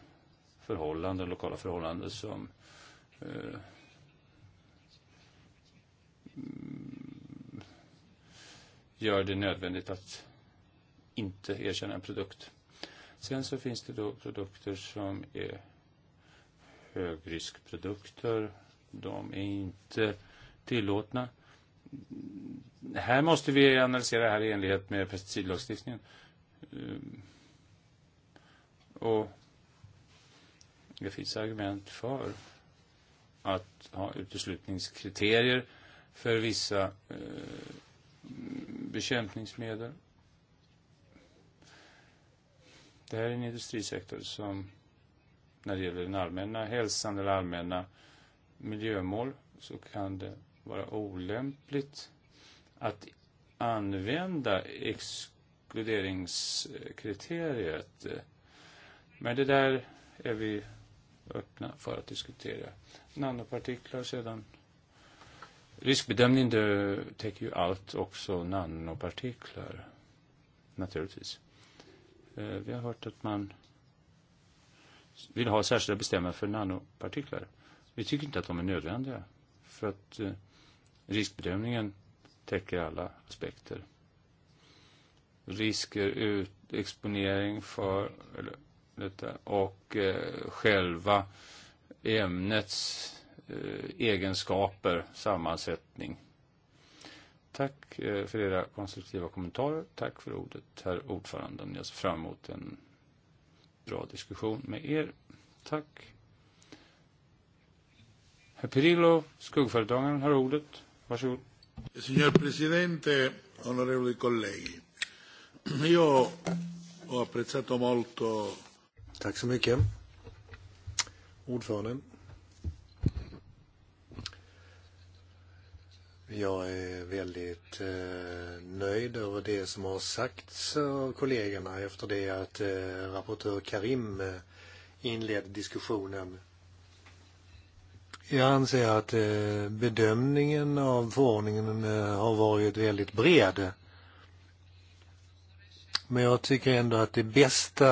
förhållanden, lokala förhållanden som eh, gör det nödvändigt att inte erkänna en produkt. Sen så finns det då produkter som är högriskprodukter de är inte tillåtna. Här måste vi analysera det här i enlighet med pesticidlagstiftningen. Eh, och det finns argument för att ha uteslutningskriterier för vissa eh, bekämpningsmedel. Det här är en industrisektor som när det gäller den allmänna hälsan eller allmänna miljömål så kan det vara olämpligt att använda exkluderingskriteriet. Men det där är vi öppna för att diskutera. Nanopartiklar sedan. Riskbedömning det täcker ju allt, också nanopartiklar naturligtvis. Eh, vi har hört att man vill ha särskilda bestämmelser för nanopartiklar. Vi tycker inte att de är nödvändiga för att eh, riskbedömningen täcker alla aspekter. Risker, ut, exponering för eller, detta, och eh, själva ämnets eh, egenskaper, sammansättning. Tack eh, för era konstruktiva kommentarer. Tack för ordet, herr ordföranden. Jag ser fram emot en bra diskussion med er. Tack. Pirillo, skuggföredraganden har ordet. Varsågod. Signor Presidente, onorevoli colleghi. Io ho apprezzato molto... Tack så mycket. Ordföranden. Jag är väldigt eh, nöjd över det som har sagts av kollegorna efter det att eh, rapportör Karim eh, inledde diskussionen Jag anser att eh, bedömningen av förordningen eh, har varit väldigt bred. Men jag tycker ändå att det bästa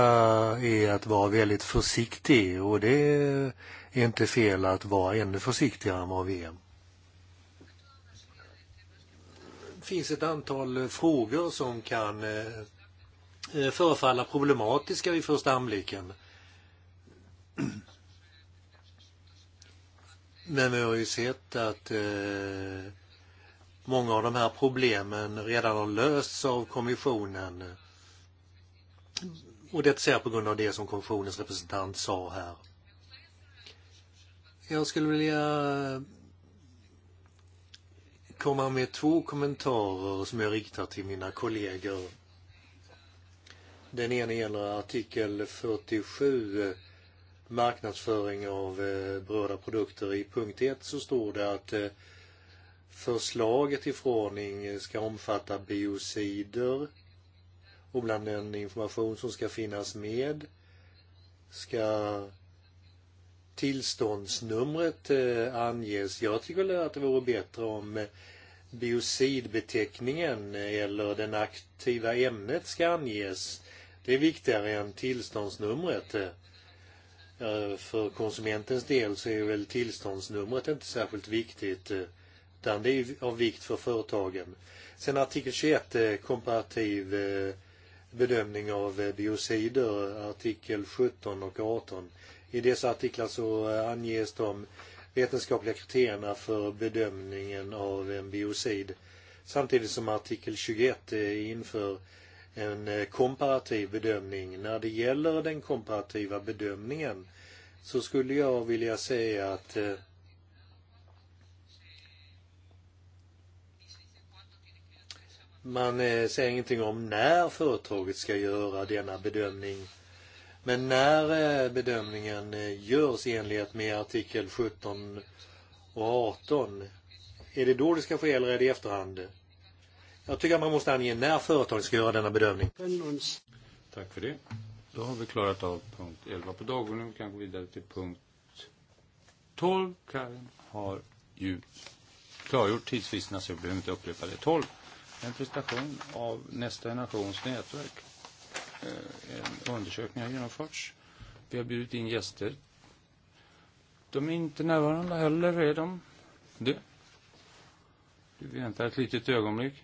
är att vara väldigt försiktig och det är inte fel att vara ännu försiktigare än vad vi är. Det finns ett antal eh, frågor som kan förefalla problematiska vid första anblicken. Men vi har ju sett att eh, många av de här problemen redan har lösts av kommissionen. Och det ser jag på grund av det som kommissionens representant sa här. Jag skulle vilja eh, komma med två kommentarer som jag riktar till mina kollegor. Den ena gäller artikel 47 marknadsföring av berörda eh, produkter. I punkt 1 så står det att eh, förslaget till förordning eh, ska omfatta biocider och bland den information som ska finnas med ska tillståndsnumret anges. Jag tycker att det vore bättre om biocidbeteckningen eller den aktiva ämnet ska anges. Det är viktigare än tillståndsnumret. Eh, för konsumentens del så är väl tillståndsnumret inte särskilt viktigt eh, utan det är av vikt för företagen. Sen artikel 21, eh, komparativ bedömning av biocider, artikel 17 och 18. I dessa artiklar så anges de vetenskapliga kriterierna för bedömningen av en biocid samtidigt som artikel 21 inför en eh, komparativ bedömning. När det gäller den komparativa bedömningen så skulle jag vilja säga att eh, man eh, säger ingenting om när företaget ska göra denna bedömning. Men när bedömningen görs i enlighet med artikel 17 och 18, är det då det ska ske eller är det i efterhand? Jag tycker man måste ange när företaget ska göra denna bedömning. Tack för det. Då har vi klarat av punkt 11 på dagordningen. Vi kan gå vidare till punkt 12. Karin har ju klargjort tidsfristerna så jag behöver inte upprepa det. 12. En presentation av nästa generations nätverk. Eh, en undersökning har genomförts. Vi har bjudit in gäster. De är inte närvarande heller, är de? Det. Vi väntar ett litet ögonblick.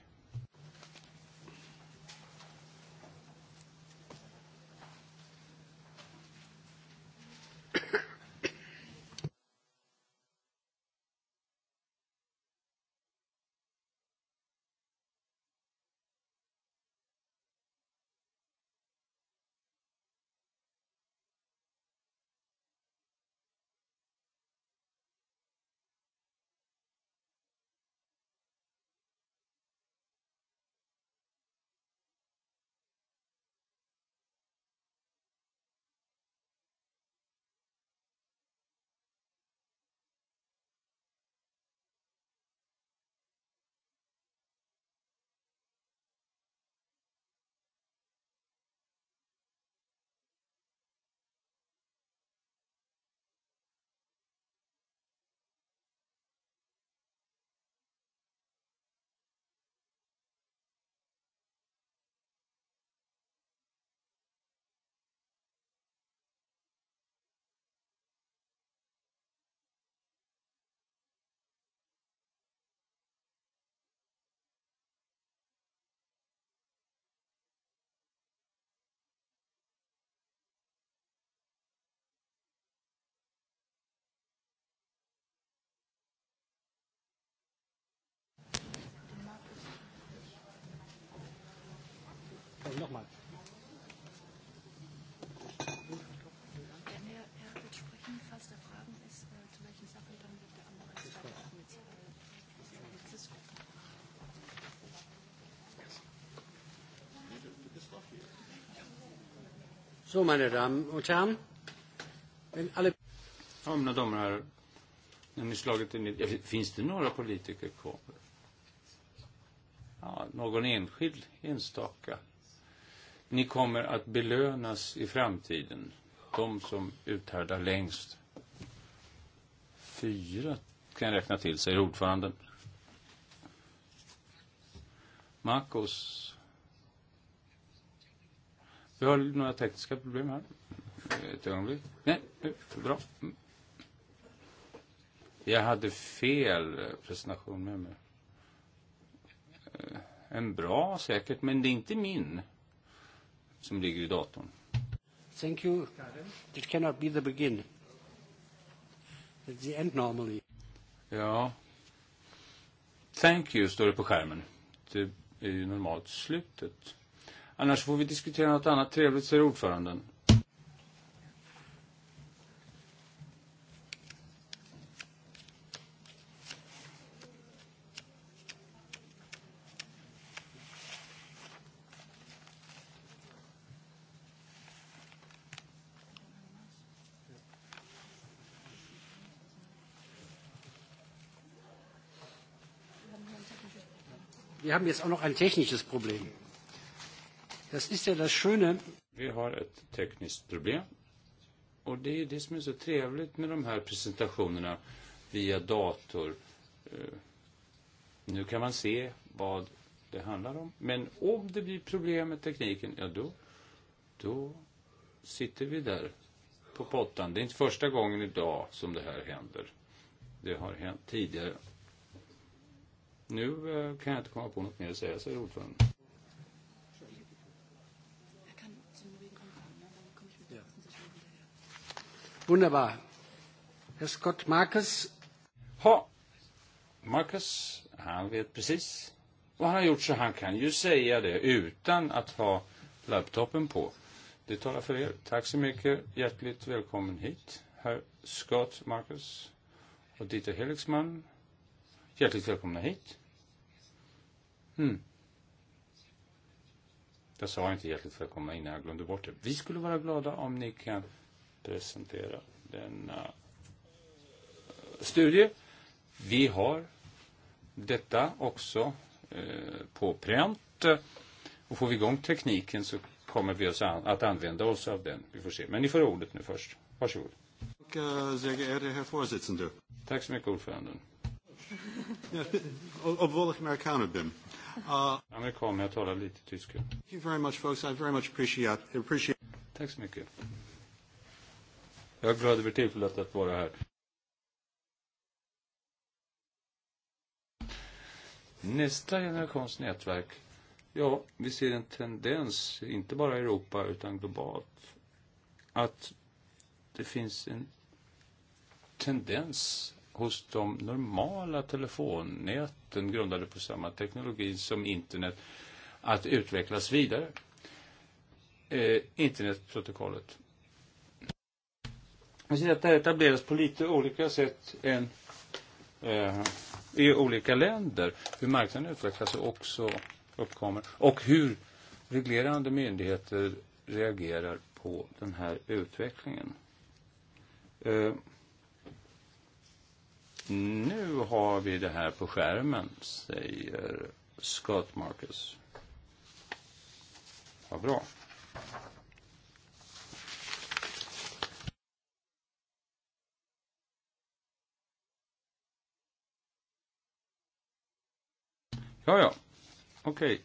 nochmal. So, meine Damen und Herren, wenn alle... Om och domar, när ni slagit er ner, finns det några politiker kvar? Ja, någon enskild enstaka Ni kommer att belönas i framtiden, de som uthärdar längst. Fyra kan jag räkna till, säger ordföranden. Makos. Vi har några tekniska problem här. Ett ögonblick. Nej, nu, bra. Jag hade fel presentation med mig. Eh, en bra säkert, men det är inte min som ligger i datorn. Thank you. It cannot be the begin. It's the end normally. Ja. Thank you står det på skärmen. Det är ju normalt slutet. Annars får vi diskutera något annat trevligt, säger ordföranden. wir haben jetzt auch noch ein technisches Problem. Das ist ja das Schöne. Vi har ett tekniskt problem. Och det är det som är så trevligt med de här presentationerna via dator. Eh, nu kan man se vad det handlar om. Men om det blir problem med tekniken, ja då, då sitter vi där på pottan. Det är inte första gången idag som det här händer. Det har hänt tidigare Nu eh, kan jag inte komma på något mer att säga, säger ordföranden. Wunderbar. Herr Scott Marcus. Ha. Marcus, han vet precis vad han har gjort, så han kan ju säga det utan att ha laptopen på. Det talar för er. Tack så mycket. Hjärtligt välkommen hit, herr Scott Marcus och Dieter Helixman. Tja tlitt välkomna hit. Hmm. Jag sa inte hjärtligt välkomna innan jag glömde bort det. Vi skulle vara glada om ni kan presentera denna eh, studie. Vi har detta också eh, på pränt. Och får vi igång tekniken så kommer vi oss an, att använda oss av den. Vi får se. Men ni får ordet nu först. Varsågod. Tack, sehr geehrte Herr Vorsitzende. Tack så mycket, ordföranden. Avval americano bim. Uh, Amerikom jag talar lite tyska. Thank you very much folks. I very much appreciate, appreciate... Tack så mycket. Jag är glad över tillfället att vara här. Nästa generations nätverk. Ja, vi ser en tendens, inte bara i Europa utan globalt, att det finns en tendens hos de normala telefonnäten grundade på samma teknologi som internet att utvecklas vidare. Eh, internetprotokollet. Men detta etableras på lite olika sätt än eh, i olika länder. Hur marknaden utvecklas och också uppkommer och hur reglerande myndigheter reagerar på den här utvecklingen. Eh, Nu har vi det här på skärmen, säger Scott Marcus. Vad bra. Ja, ja. Okej.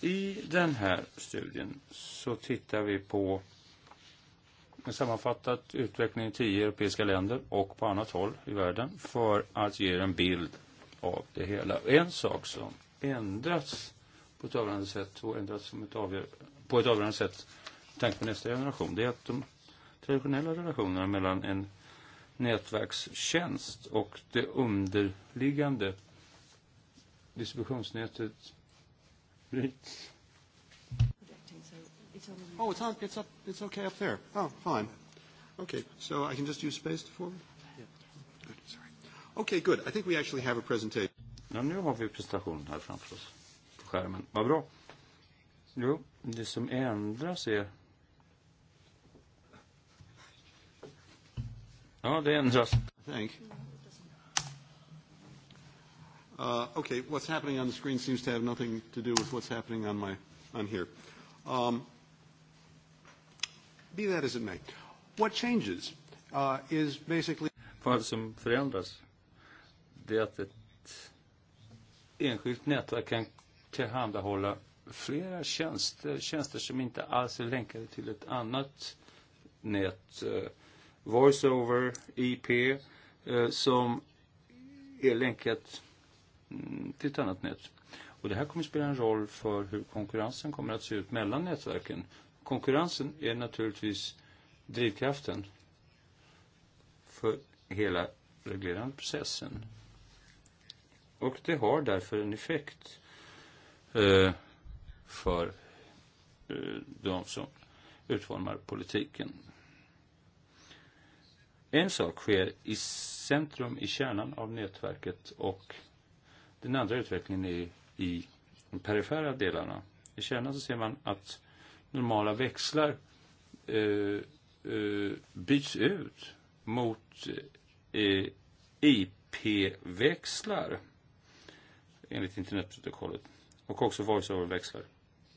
I den här studien så tittar vi på sammanfattat utvecklingen i tio europeiska länder och på annat håll i världen för att ge er en bild av det hela. En sak som ändrats på ett avgörande sätt och ändrats som ett avgör, på ett avgörande sätt tanke på nästa generation det är att de traditionella relationerna mellan en nätverkstjänst och det underliggande distributionsnätet bryts it's on. Oh, it's on. It's up. It's okay up there. Oh, fine. Okay, so I can just use space to forward. Yeah. Good. Sorry. Okay, good. I think we actually have a presentation. Ja, nu har vi presentationen här framför oss på skärmen. Vad bra. Jo, det som ändras är... Ja, det ändras. Thank. Uh, okay, what's happening on the screen seems to have nothing to do with what's happening on my on here. Um, Be that as it may, what changes uh, is basically... Vad som förändras det är att ett enskilt nätverk kan tillhandahålla flera tjänster, tjänster som inte alls är länkade till ett annat nät. Eh, voiceover, IP, eh, som är länkat mm, till ett annat nät. Och det här kommer att spela en roll för hur konkurrensen kommer att se ut mellan nätverken Konkurrensen är naturligtvis drivkraften för hela reglerande processen. Och det har därför en effekt eh, för eh, de som utformar politiken. En sak sker i centrum, i kärnan av nätverket och den andra utvecklingen är i de perifera delarna. I kärnan så ser man att normala växlar eh, eh, byts ut mot eh, IP-växlar enligt internetprotokollet och också voice-over-växlar.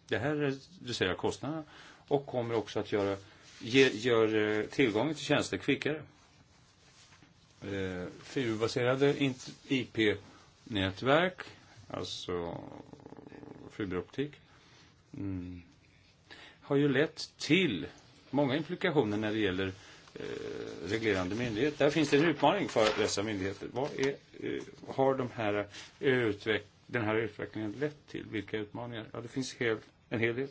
Det här reducerar kostnaderna och kommer också att göra ge, gör eh, tillgången till tjänster kvickare. Eh, fiberbaserade IP-nätverk, alltså fiberoptik, mm, har ju lett till många implikationer när det gäller eh, reglerande myndighet. Där finns det en utmaning för dessa myndigheter. Vad är, eh, har de här utveck den här utvecklingen lett till? Vilka utmaningar? Ja, det finns hel, en hel del.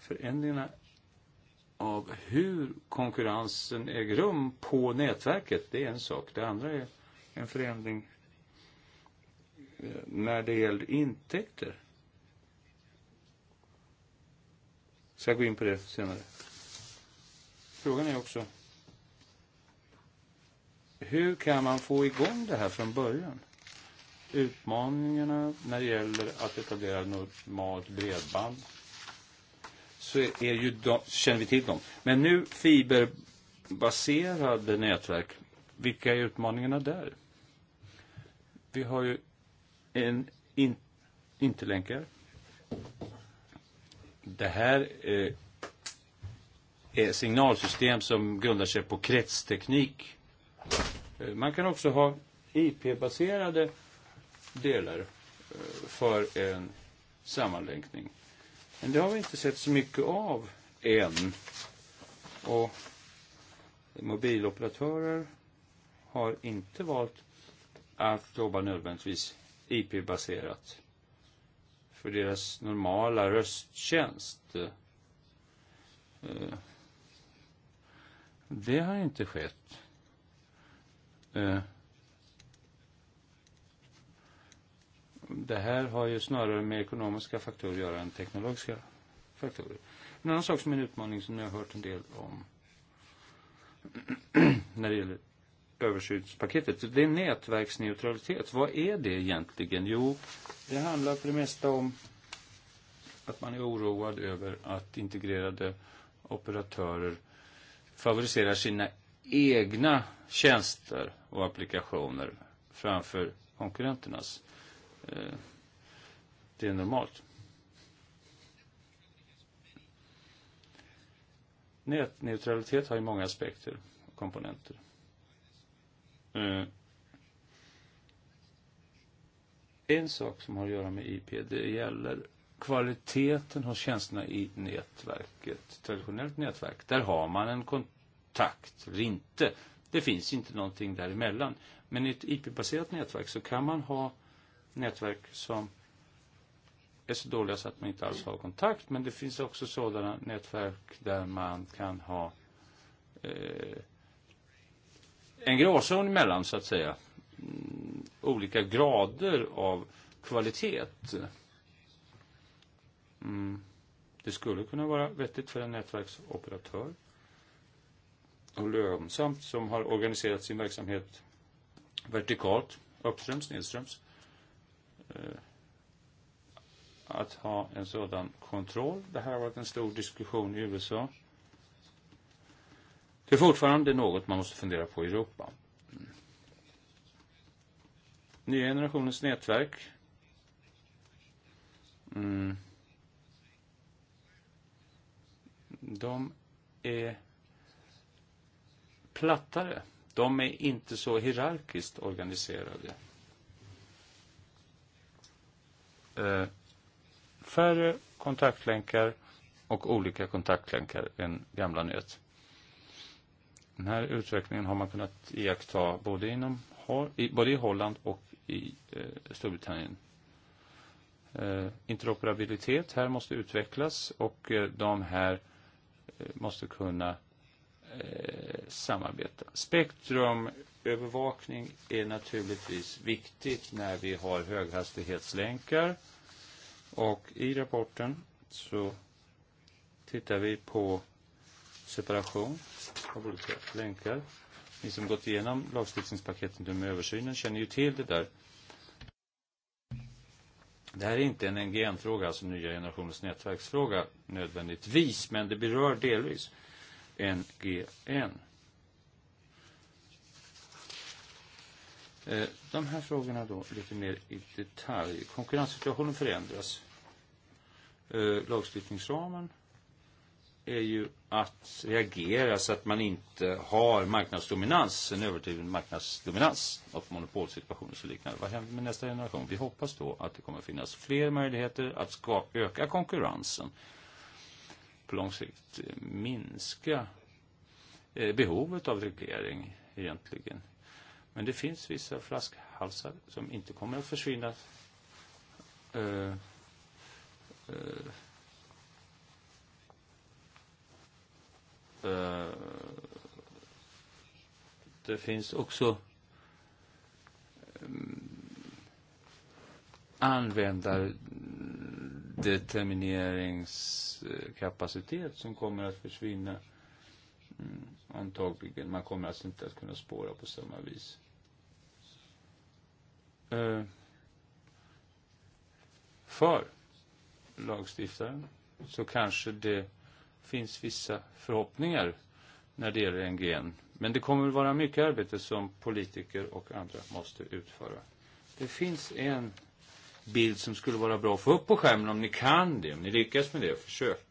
Förändringarna av hur konkurrensen äger rum på nätverket, det är en sak. Det andra är en förändring eh, när det gäller intäkter. Сега го им прие senare. Frågan är också hur kan man få igång det här från början? Utmaningarna när det gäller att etablera normalt bredband så är ju de, känner vi till dem. Men nu fiberbaserade nätverk, vilka är utmaningarna där? Vi har ju en in, inte länkar Det här eh, är signalsystem som grundar sig på kretsteknik. Eh, man kan också ha IP-baserade delar eh, för en sammanlänkning. Men det har vi inte sett så mycket av än. Och mobiloperatörer har inte valt att jobba nödvändigtvis IP-baserat för deras normala rösttjänst. Eh, det har inte skett. Eh, det här har ju snarare med ekonomiska faktorer att göra än teknologiska faktorer. En annan sak som är en utmaning som jag har hört en del om *clears throat* när det gäller översynspaketet, det är nätverksneutralitet. Vad är det egentligen? Jo, det handlar för det mesta om att man är oroad över att integrerade operatörer favoriserar sina egna tjänster och applikationer framför konkurrenternas. Eh, det är normalt. Nätneutralitet har ju många aspekter och komponenter. Eh, en sak som har att göra med IP, det gäller kvaliteten hos tjänsterna i nätverket, traditionellt nätverk. Där har man en kontakt eller inte. Det finns inte någonting däremellan. Men i ett IP-baserat nätverk så kan man ha nätverk som är så dåliga så att man inte alls har kontakt. Men det finns också sådana nätverk där man kan ha eh, en gråzon mellan så att säga mm, olika grader av kvalitet. Mm. Det skulle kunna vara vettigt för en nätverksoperatör och lönsamt som har organiserat sin verksamhet vertikalt, uppströms, nedströms. Eh, att ha en sådan kontroll. Det här har varit en stor diskussion i USA. Det är fortfarande något man måste fundera på i Europa. Nya generationens nätverk. Mm. De är plattare. De är inte så hierarkiskt organiserade. Eh, färre kontaktlänkar och olika kontaktlänkar än gamla nät. Den här utvecklingen har man kunnat iaktta både, inom, både i Holland och i eh, Storbritannien. Eh, interoperabilitet här måste utvecklas och eh, de här eh, måste kunna eh, samarbeta. Spektrumövervakning är naturligtvis viktigt när vi har höghastighetslänkar. Och i rapporten så tittar vi på separation. Av olika länkar. Ni som gått igenom lagstiftningspaketet med översynen känner ju till det där. Det här är inte en NGN-fråga, alltså nya generationens nätverksfråga nödvändigtvis, men det berör delvis NGN. Eh, de här frågorna då lite mer i detalj. Konkurrenssituationen förändras. Eh, lagstiftningsramen är ju att reagera så att man inte har marknadsdominans, en överdriven marknadsdominans och monopolsituationer och liknande. Vad händer med nästa generation? Vi hoppas då att det kommer att finnas fler möjligheter att ska öka konkurrensen på lång sikt, eh, minska eh, behovet av reglering egentligen. Men det finns vissa flaskhalsar som inte kommer att försvinna. Uh, uh, Eh, det finns också mm, användardetermineringskapacitet som kommer att försvinna mm, antagligen. Man kommer alltså inte att kunna spåra på samma vis. Eh, för lagstiftaren så kanske det finns vissa förhoppningar när det gäller NGN. Men det kommer att vara mycket arbete som politiker och andra måste utföra. Det finns en bild som skulle vara bra att få upp på skärmen om ni kan det, om ni lyckas med det. Försök,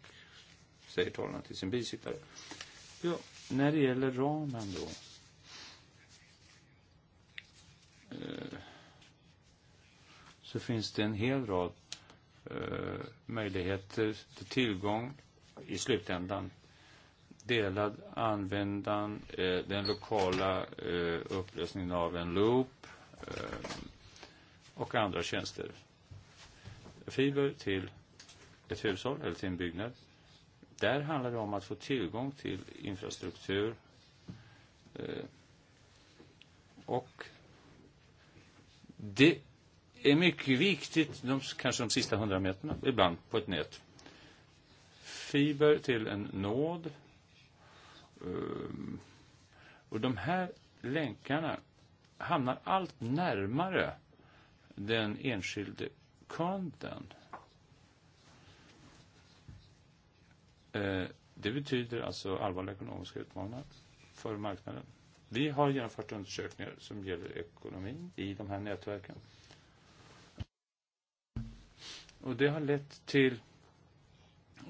säger talarna till sin bisittare. Ja, när det gäller ramen då. Eh, så finns det en hel rad eh, möjligheter till tillgång i slutändan delad användan, eh, den lokala eh, upplösningen av en loop eh, och andra tjänster. Fiber till ett hushåll eller till en byggnad. Där handlar det om att få tillgång till infrastruktur eh, och det är mycket viktigt, de, kanske de sista hundra meterna ibland på ett nät fiber till en nåd. Ehm, och de här länkarna hamnar allt närmare den enskilde kunden. Ehm, det betyder alltså allvarliga ekonomiska utmaningar för marknaden. Vi har genomfört undersökningar som gäller ekonomin i de här nätverken. Och det har lett till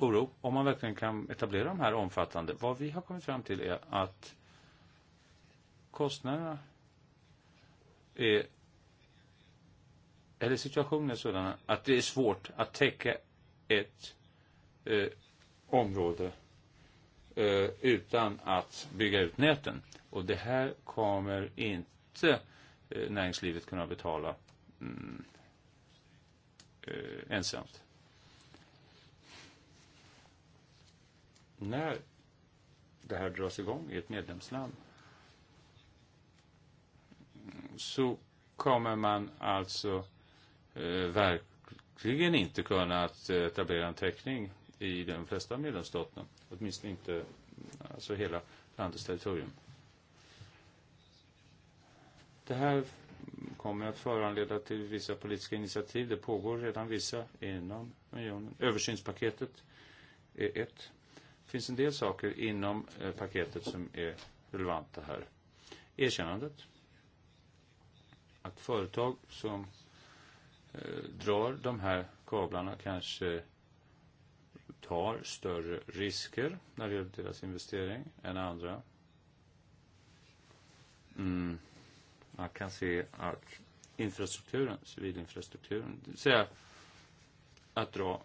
oro om man verkligen kan etablera de här omfattande. Vad vi har kommit fram till är att kostnaderna är, eller situationen är sådan att det är svårt att täcka ett eh, område eh, utan att bygga ut näten. Och det här kommer inte eh, näringslivet kunna betala mm, eh, ensamt. när det här dras igång i ett medlemsland så kommer man alltså eh, verkligen inte kunna att etablera en täckning i de flesta medlemsstaterna. Åtminstone inte alltså hela landets territorium. Det här kommer att föranleda till vissa politiska initiativ. Det pågår redan vissa inom unionen. Översynspaketet är ett. Det finns en del saker inom eh, paketet som är relevanta här. Erkännandet. Att företag som eh, drar de här kablarna kanske tar större risker när det gäller deras investering än andra. Mm. Man kan se att infrastrukturen, civilinfrastrukturen, det vill säga att dra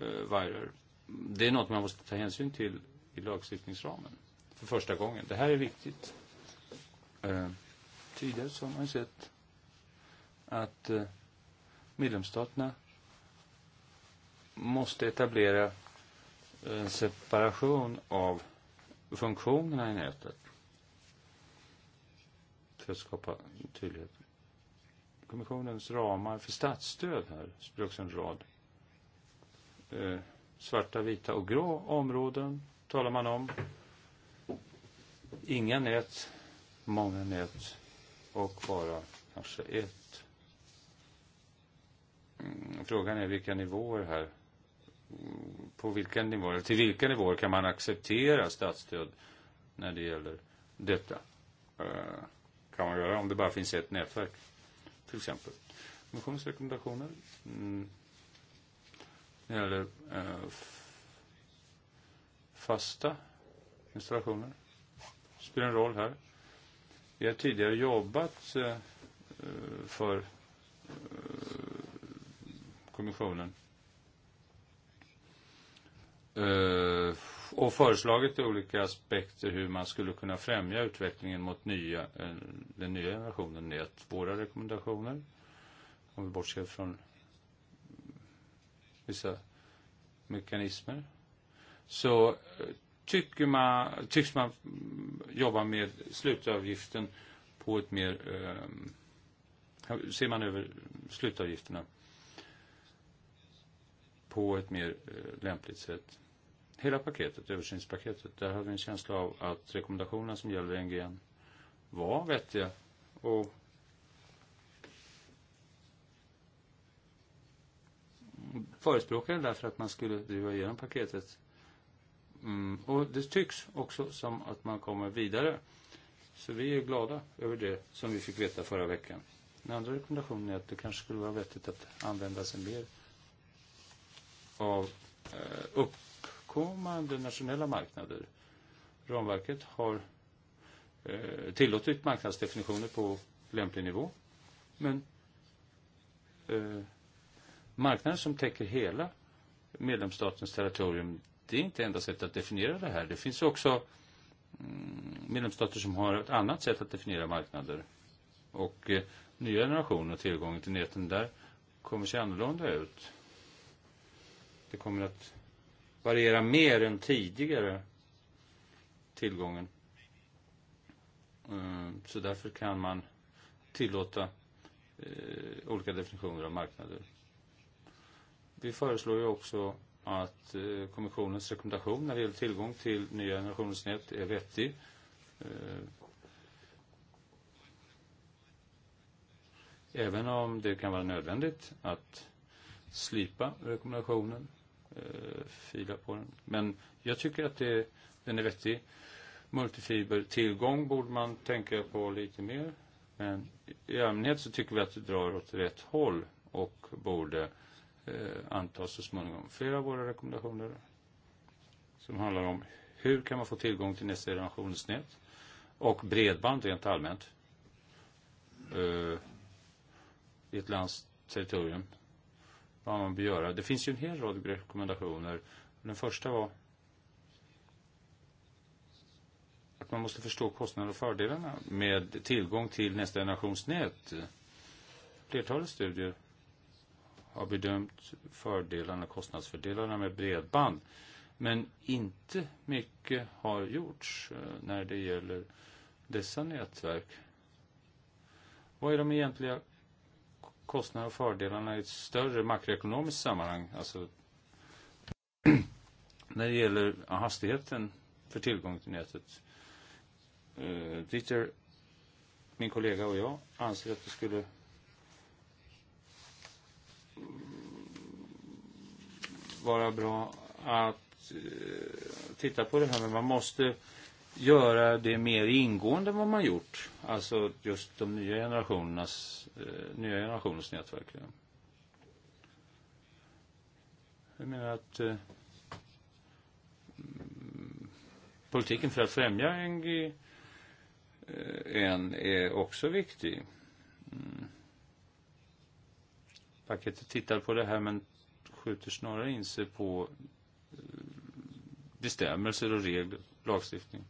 eh, wirer det är något man måste ta hänsyn till i lagstiftningsramen för första gången. Det här är viktigt. Eh, tidigare så har man sett att eh, medlemsstaterna måste etablera en separation av funktionerna i nätet för att skapa tydlighet. Kommissionens ramar för statsstöd här spelar också en rad eh, svarta, vita och grå områden talar man om. Inga nät, många nät och bara kanske ett. Mm, frågan är vilka nivåer här på vilka nivåer, till vilka nivåer kan man acceptera statsstöd när det gäller detta? Eh, kan man göra om det bara finns ett nätverk till exempel. Kommissionens rekommendationer. Mm, előbb eh, fasta installationer, spelar en roll här. Vi har tidigare jobbat eh, för eh, kommissionen och föreslagit olika aspekter hur man skulle kunna främja utvecklingen mot nya, den nya generationen nät. Våra rekommendationer, om vi bortser från vissa mekanismer. Så eh, tycker man, tycks man jobba med slutavgiften på ett mer... Eh, ser man över slutavgifterna på ett mer eh, lämpligt sätt. Hela paketet, översynspaketet, där har vi en känsla av att rekommendationerna som gäller NGN var vettiga och förespråkade därför att man skulle driva igenom paketet. Mm, och det tycks också som att man kommer vidare. Så vi är glada över det som vi fick veta förra veckan. Den andra rekommendationen är att det kanske skulle vara vettigt att använda sig mer av eh, uppkommande nationella marknader. Ramverket har eh, tillåtit marknadsdefinitioner på lämplig nivå. Men eh, Marknaden som täcker hela medlemsstatens territorium, det är inte enda sättet att definiera det här. Det finns också mm, medlemsstater som har ett annat sätt att definiera marknader. Och eh, nya generationer och tillgången till näten där kommer se annorlunda ut. Det kommer att variera mer än tidigare tillgången. Mm, så därför kan man tillåta eh, olika definitioner av marknader. Vi föreslår ju också att eh, kommissionens rekommendation när det gäller tillgång till nya generationens nät är vettig. Eh, även om det kan vara nödvändigt att slipa rekommendationen, eh, fila på den. Men jag tycker att det, den är vettig. Multifibertillgång borde man tänka på lite mer. Men i allmänhet så tycker vi att det drar åt rätt håll och borde eh, Eh, antas så småningom. Flera av våra rekommendationer som handlar om hur kan man få tillgång till nästa generationsnät och bredband rent allmänt eh, i ett lands territorium. Vad man bör göra. Det finns ju en hel rad rekommendationer. Den första var att man måste förstå kostnader och fördelarna med tillgång till nästa generationsnät. Flertalet studier har bedömt fördelarna och kostnadsfördelarna med bredband. Men inte mycket har gjorts eh, när det gäller dessa nätverk. Vad är de egentliga kostnaderna och fördelarna i ett större makroekonomiskt sammanhang? Alltså *clears throat* när det gäller hastigheten för tillgång till nätet. Eh, Dieter, min kollega och jag anser att det skulle vara bra att eh, titta på det här, men man måste göra det mer ingående än vad man gjort. Alltså just de nya generationernas, eh, nya generationens nätverk. Jag menar att eh, mm, politiken för att främja NG, en eh, är också viktig. Mm paketet tittar på det här men skjuter snarare in sig på eh, bestämmelser och regler, lagstiftning.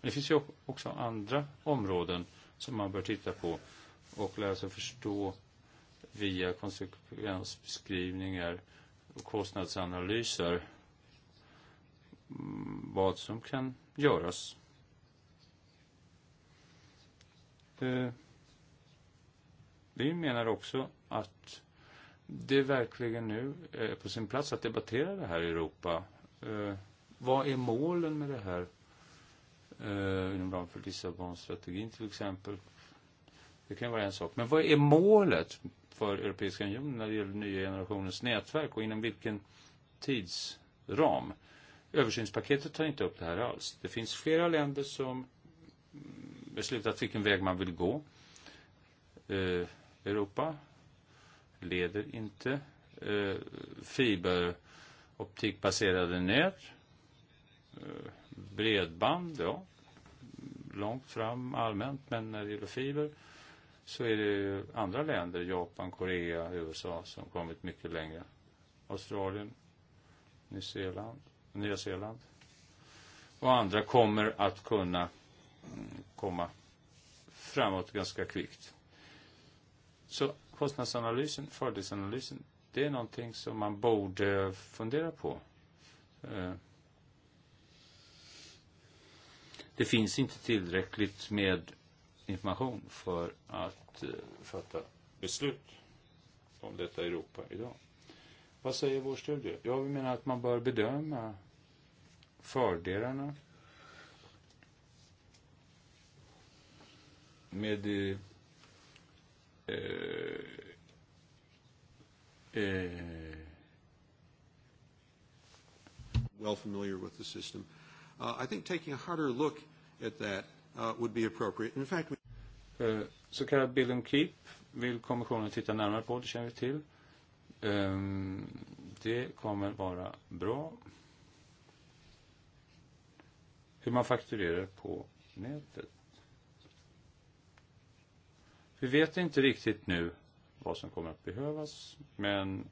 Men det finns ju också andra områden som man bör titta på och lära sig förstå via konsekvensbeskrivningar och kostnadsanalyser mm, vad som kan göras. Eh, vi menar också att det är verkligen nu eh, på sin plats att debattera det här i Europa. Eh, vad är målen med det här eh, inom ramen för Lissabonstrategin till exempel? Det kan vara en sak. Men vad är målet för Europeiska unionen när det gäller nya generationens nätverk och inom vilken tidsram? Översynspaketet tar inte upp det här alls. Det finns flera länder som beslutat vilken väg man vill gå. Europa leder inte eh, fiberoptikbaserade nät, eh, bredband, ja, långt fram allmänt, men när det gäller fiber så är det ju andra länder, Japan, Korea, USA, som kommit mycket längre. Australien, Nya Zeeland, Nya Zeeland och andra kommer att kunna mm, komma framåt ganska kvickt. Så kostnadsanalysen, fördelsanalysen, det är någonting som man borde fundera på. Eh. Det finns inte tillräckligt med information för att eh, fatta beslut om detta i Europa idag. Vad säger vår studie? Ja, vi menar att man bör bedöma fördelarna med eh, Uh, uh, well familiar with the system. Uh, I think taking a harder look at that uh, would be appropriate. In fact, we uh, så kallad Bill and Keep vill kommissionen titta närmare på, det känner vi till. Um, det kommer vara bra. Hur man fakturerar på nätet. Vi vet inte riktigt nu vad som kommer att behövas, men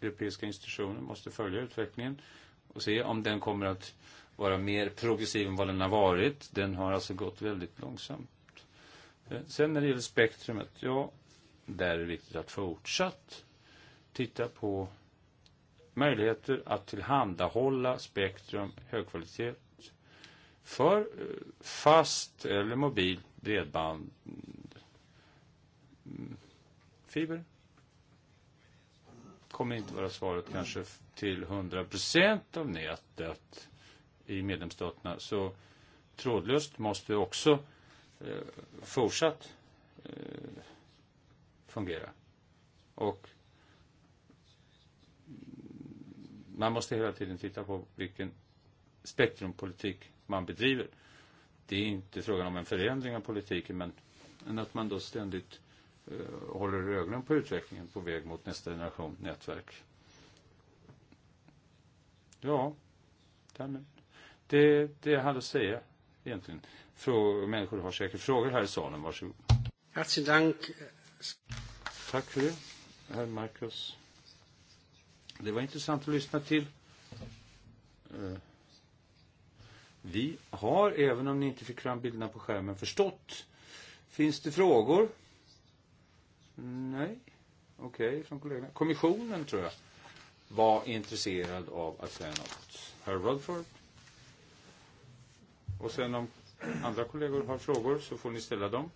Europeiska institutioner måste följa utvecklingen och se om den kommer att vara mer progressiv än vad den har varit. Den har alltså gått väldigt långsamt. Eh, sen när det gäller spektrumet, ja, där är det viktigt att fortsatt titta på möjligheter att tillhandahålla spektrum högkvalitet för eh, fast eller mobilt bredband fiber kommer inte vara svaret kanske till 100% av nätet i medlemsstaterna. Så trådlöst måste också eh, fortsatt eh, fungera. Och man måste hela tiden titta på vilken spektrumpolitik man bedriver. Det är inte frågan om en förändring av politiken, men att man då ständigt eh, Eh, håller ögonen på utvecklingen på väg mot nästa generation nätverk. Ja, därmed. Det, det jag hade att säga egentligen. Frå, människor har säkert frågor här i salen. Varsågod. Herzlichen Dank. Tack för det, herr Marcus. Det var intressant att lyssna till. Eh, vi har, även om ni inte fick fram bilderna på skärmen, förstått. Finns det frågor? Nej, okej, okay, från kollegorna. Kommissionen tror jag var intresserad av att säga något. Herr Rudford. Och sen om andra kollegor har frågor så får ni ställa dem.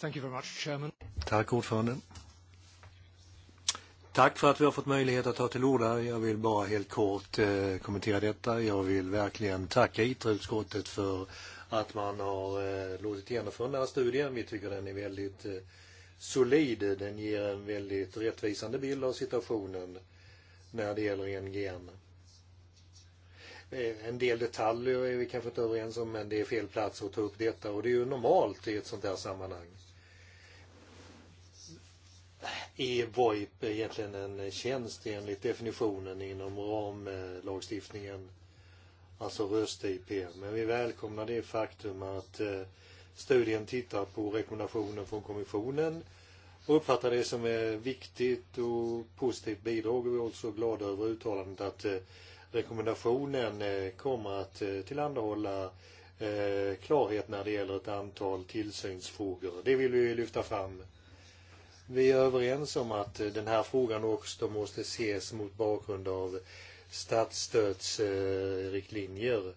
Thank you very much, Chairman. Tack ordförande. Tack för att vi har fått möjlighet att ta till orda. Jag vill bara helt kort eh, kommentera detta. Jag vill verkligen tacka IT-utskottet för att man har eh, låtit genomföra den här studien. Vi tycker den är väldigt eh, solid. Den ger en väldigt rättvisande bild av situationen när det gäller NGN. Eh, en del detaljer är vi kanske inte överens om, men det är fel plats att ta upp detta och det är ju normalt i ett sånt här sammanhang. Är VoIP egentligen en tjänst enligt definitionen inom ramlagstiftningen? alltså rösta IP. Men vi välkomnar det faktum att eh, studien tittar på rekommendationer från kommissionen och uppfattar det som ett eh, viktigt och positivt bidrag. Vi är också glada över uttalandet att eh, rekommendationen kommer att tillhandahålla klarhet när det gäller ett antal tillsynsfrågor. Det vill vi lyfta fram. Vi är överens om att den här frågan också måste ses mot bakgrund av statsstödsriktlinjer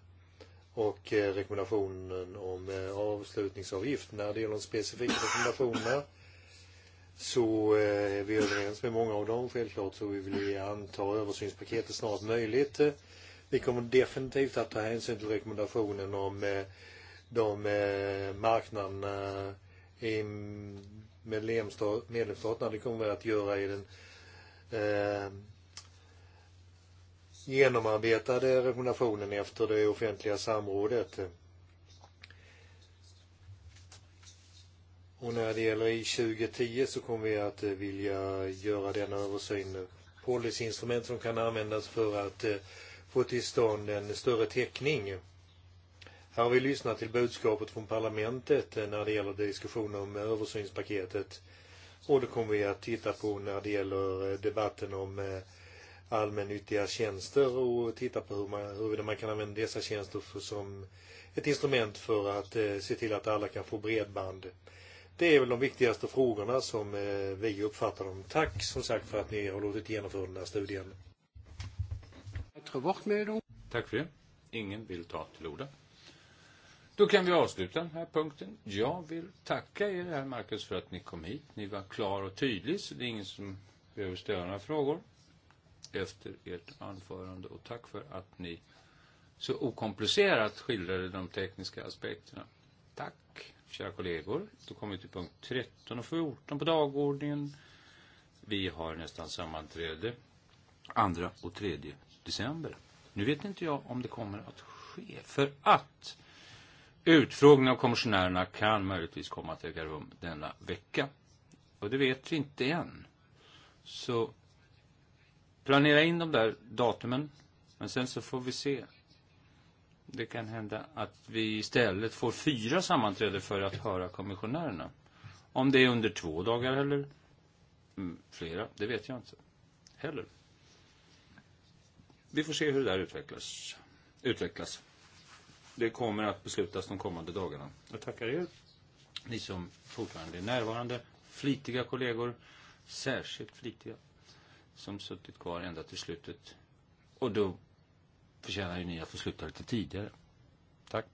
och eh, rekommendationen om eh, avslutningsavgift. När det gäller de specifika rekommendationerna så eh, är vi överens med många av dem. Självklart så vill vi anta översynspaketet snart möjligt. Vi kommer definitivt att ta hänsyn till rekommendationen om de marknaderna i medlemsstaterna. Det kommer vi att göra i den genomarbetade rekommendationen efter det offentliga samrådet. Och när det gäller i 2010 så kommer vi att eh, vilja göra denna översyn policyinstrument som kan användas för att eh, få till stånd en större täckning. Här har vi lyssnat till budskapet från parlamentet eh, när det gäller diskussioner om översynspaketet. Och då kommer vi att titta på när det gäller debatten om allmännyttiga tjänster och titta på hur man, huruvida man kan använda dessa tjänster för, som ett instrument för att eh, se till att alla kan få bredband. Det är väl de viktigaste frågorna som eh, vi uppfattar dem. Tack som sagt för att ni har låtit genomföra den här studien. Tack för det. Ingen vill ta till orda. Då kan vi avsluta den här punkten. Jag vill tacka er, herr Marcus, för att ni kom hit. Ni var klar och tydlig, så det är ingen som behöver ställa några frågor efter ert anförande och tack för att ni så okomplicerat skildrade de tekniska aspekterna. Tack, kära kollegor. Då kommer vi till punkt 13 och 14 på dagordningen. Vi har nästan sammanträde 2 och 3 december. Nu vet inte jag om det kommer att ske, för att utfrågningen av kommissionärerna kan möjligtvis komma att äga rum denna vecka. Och det vet vi inte än. Så Planera in de där datumen, men sen så får vi se. Det kan hända att vi istället får fyra sammanträden för att höra kommissionärerna. Om det är under två dagar eller mm, flera, det vet jag inte heller. Vi får se hur det där utvecklas. utvecklas. Det kommer att beslutas de kommande dagarna. Jag tackar er, ni som fortfarande är närvarande, flitiga kollegor, särskilt flitiga som suttit kvar ända till slutet. Och då förtjänar ju ni att få sluta lite tidigare. Tack.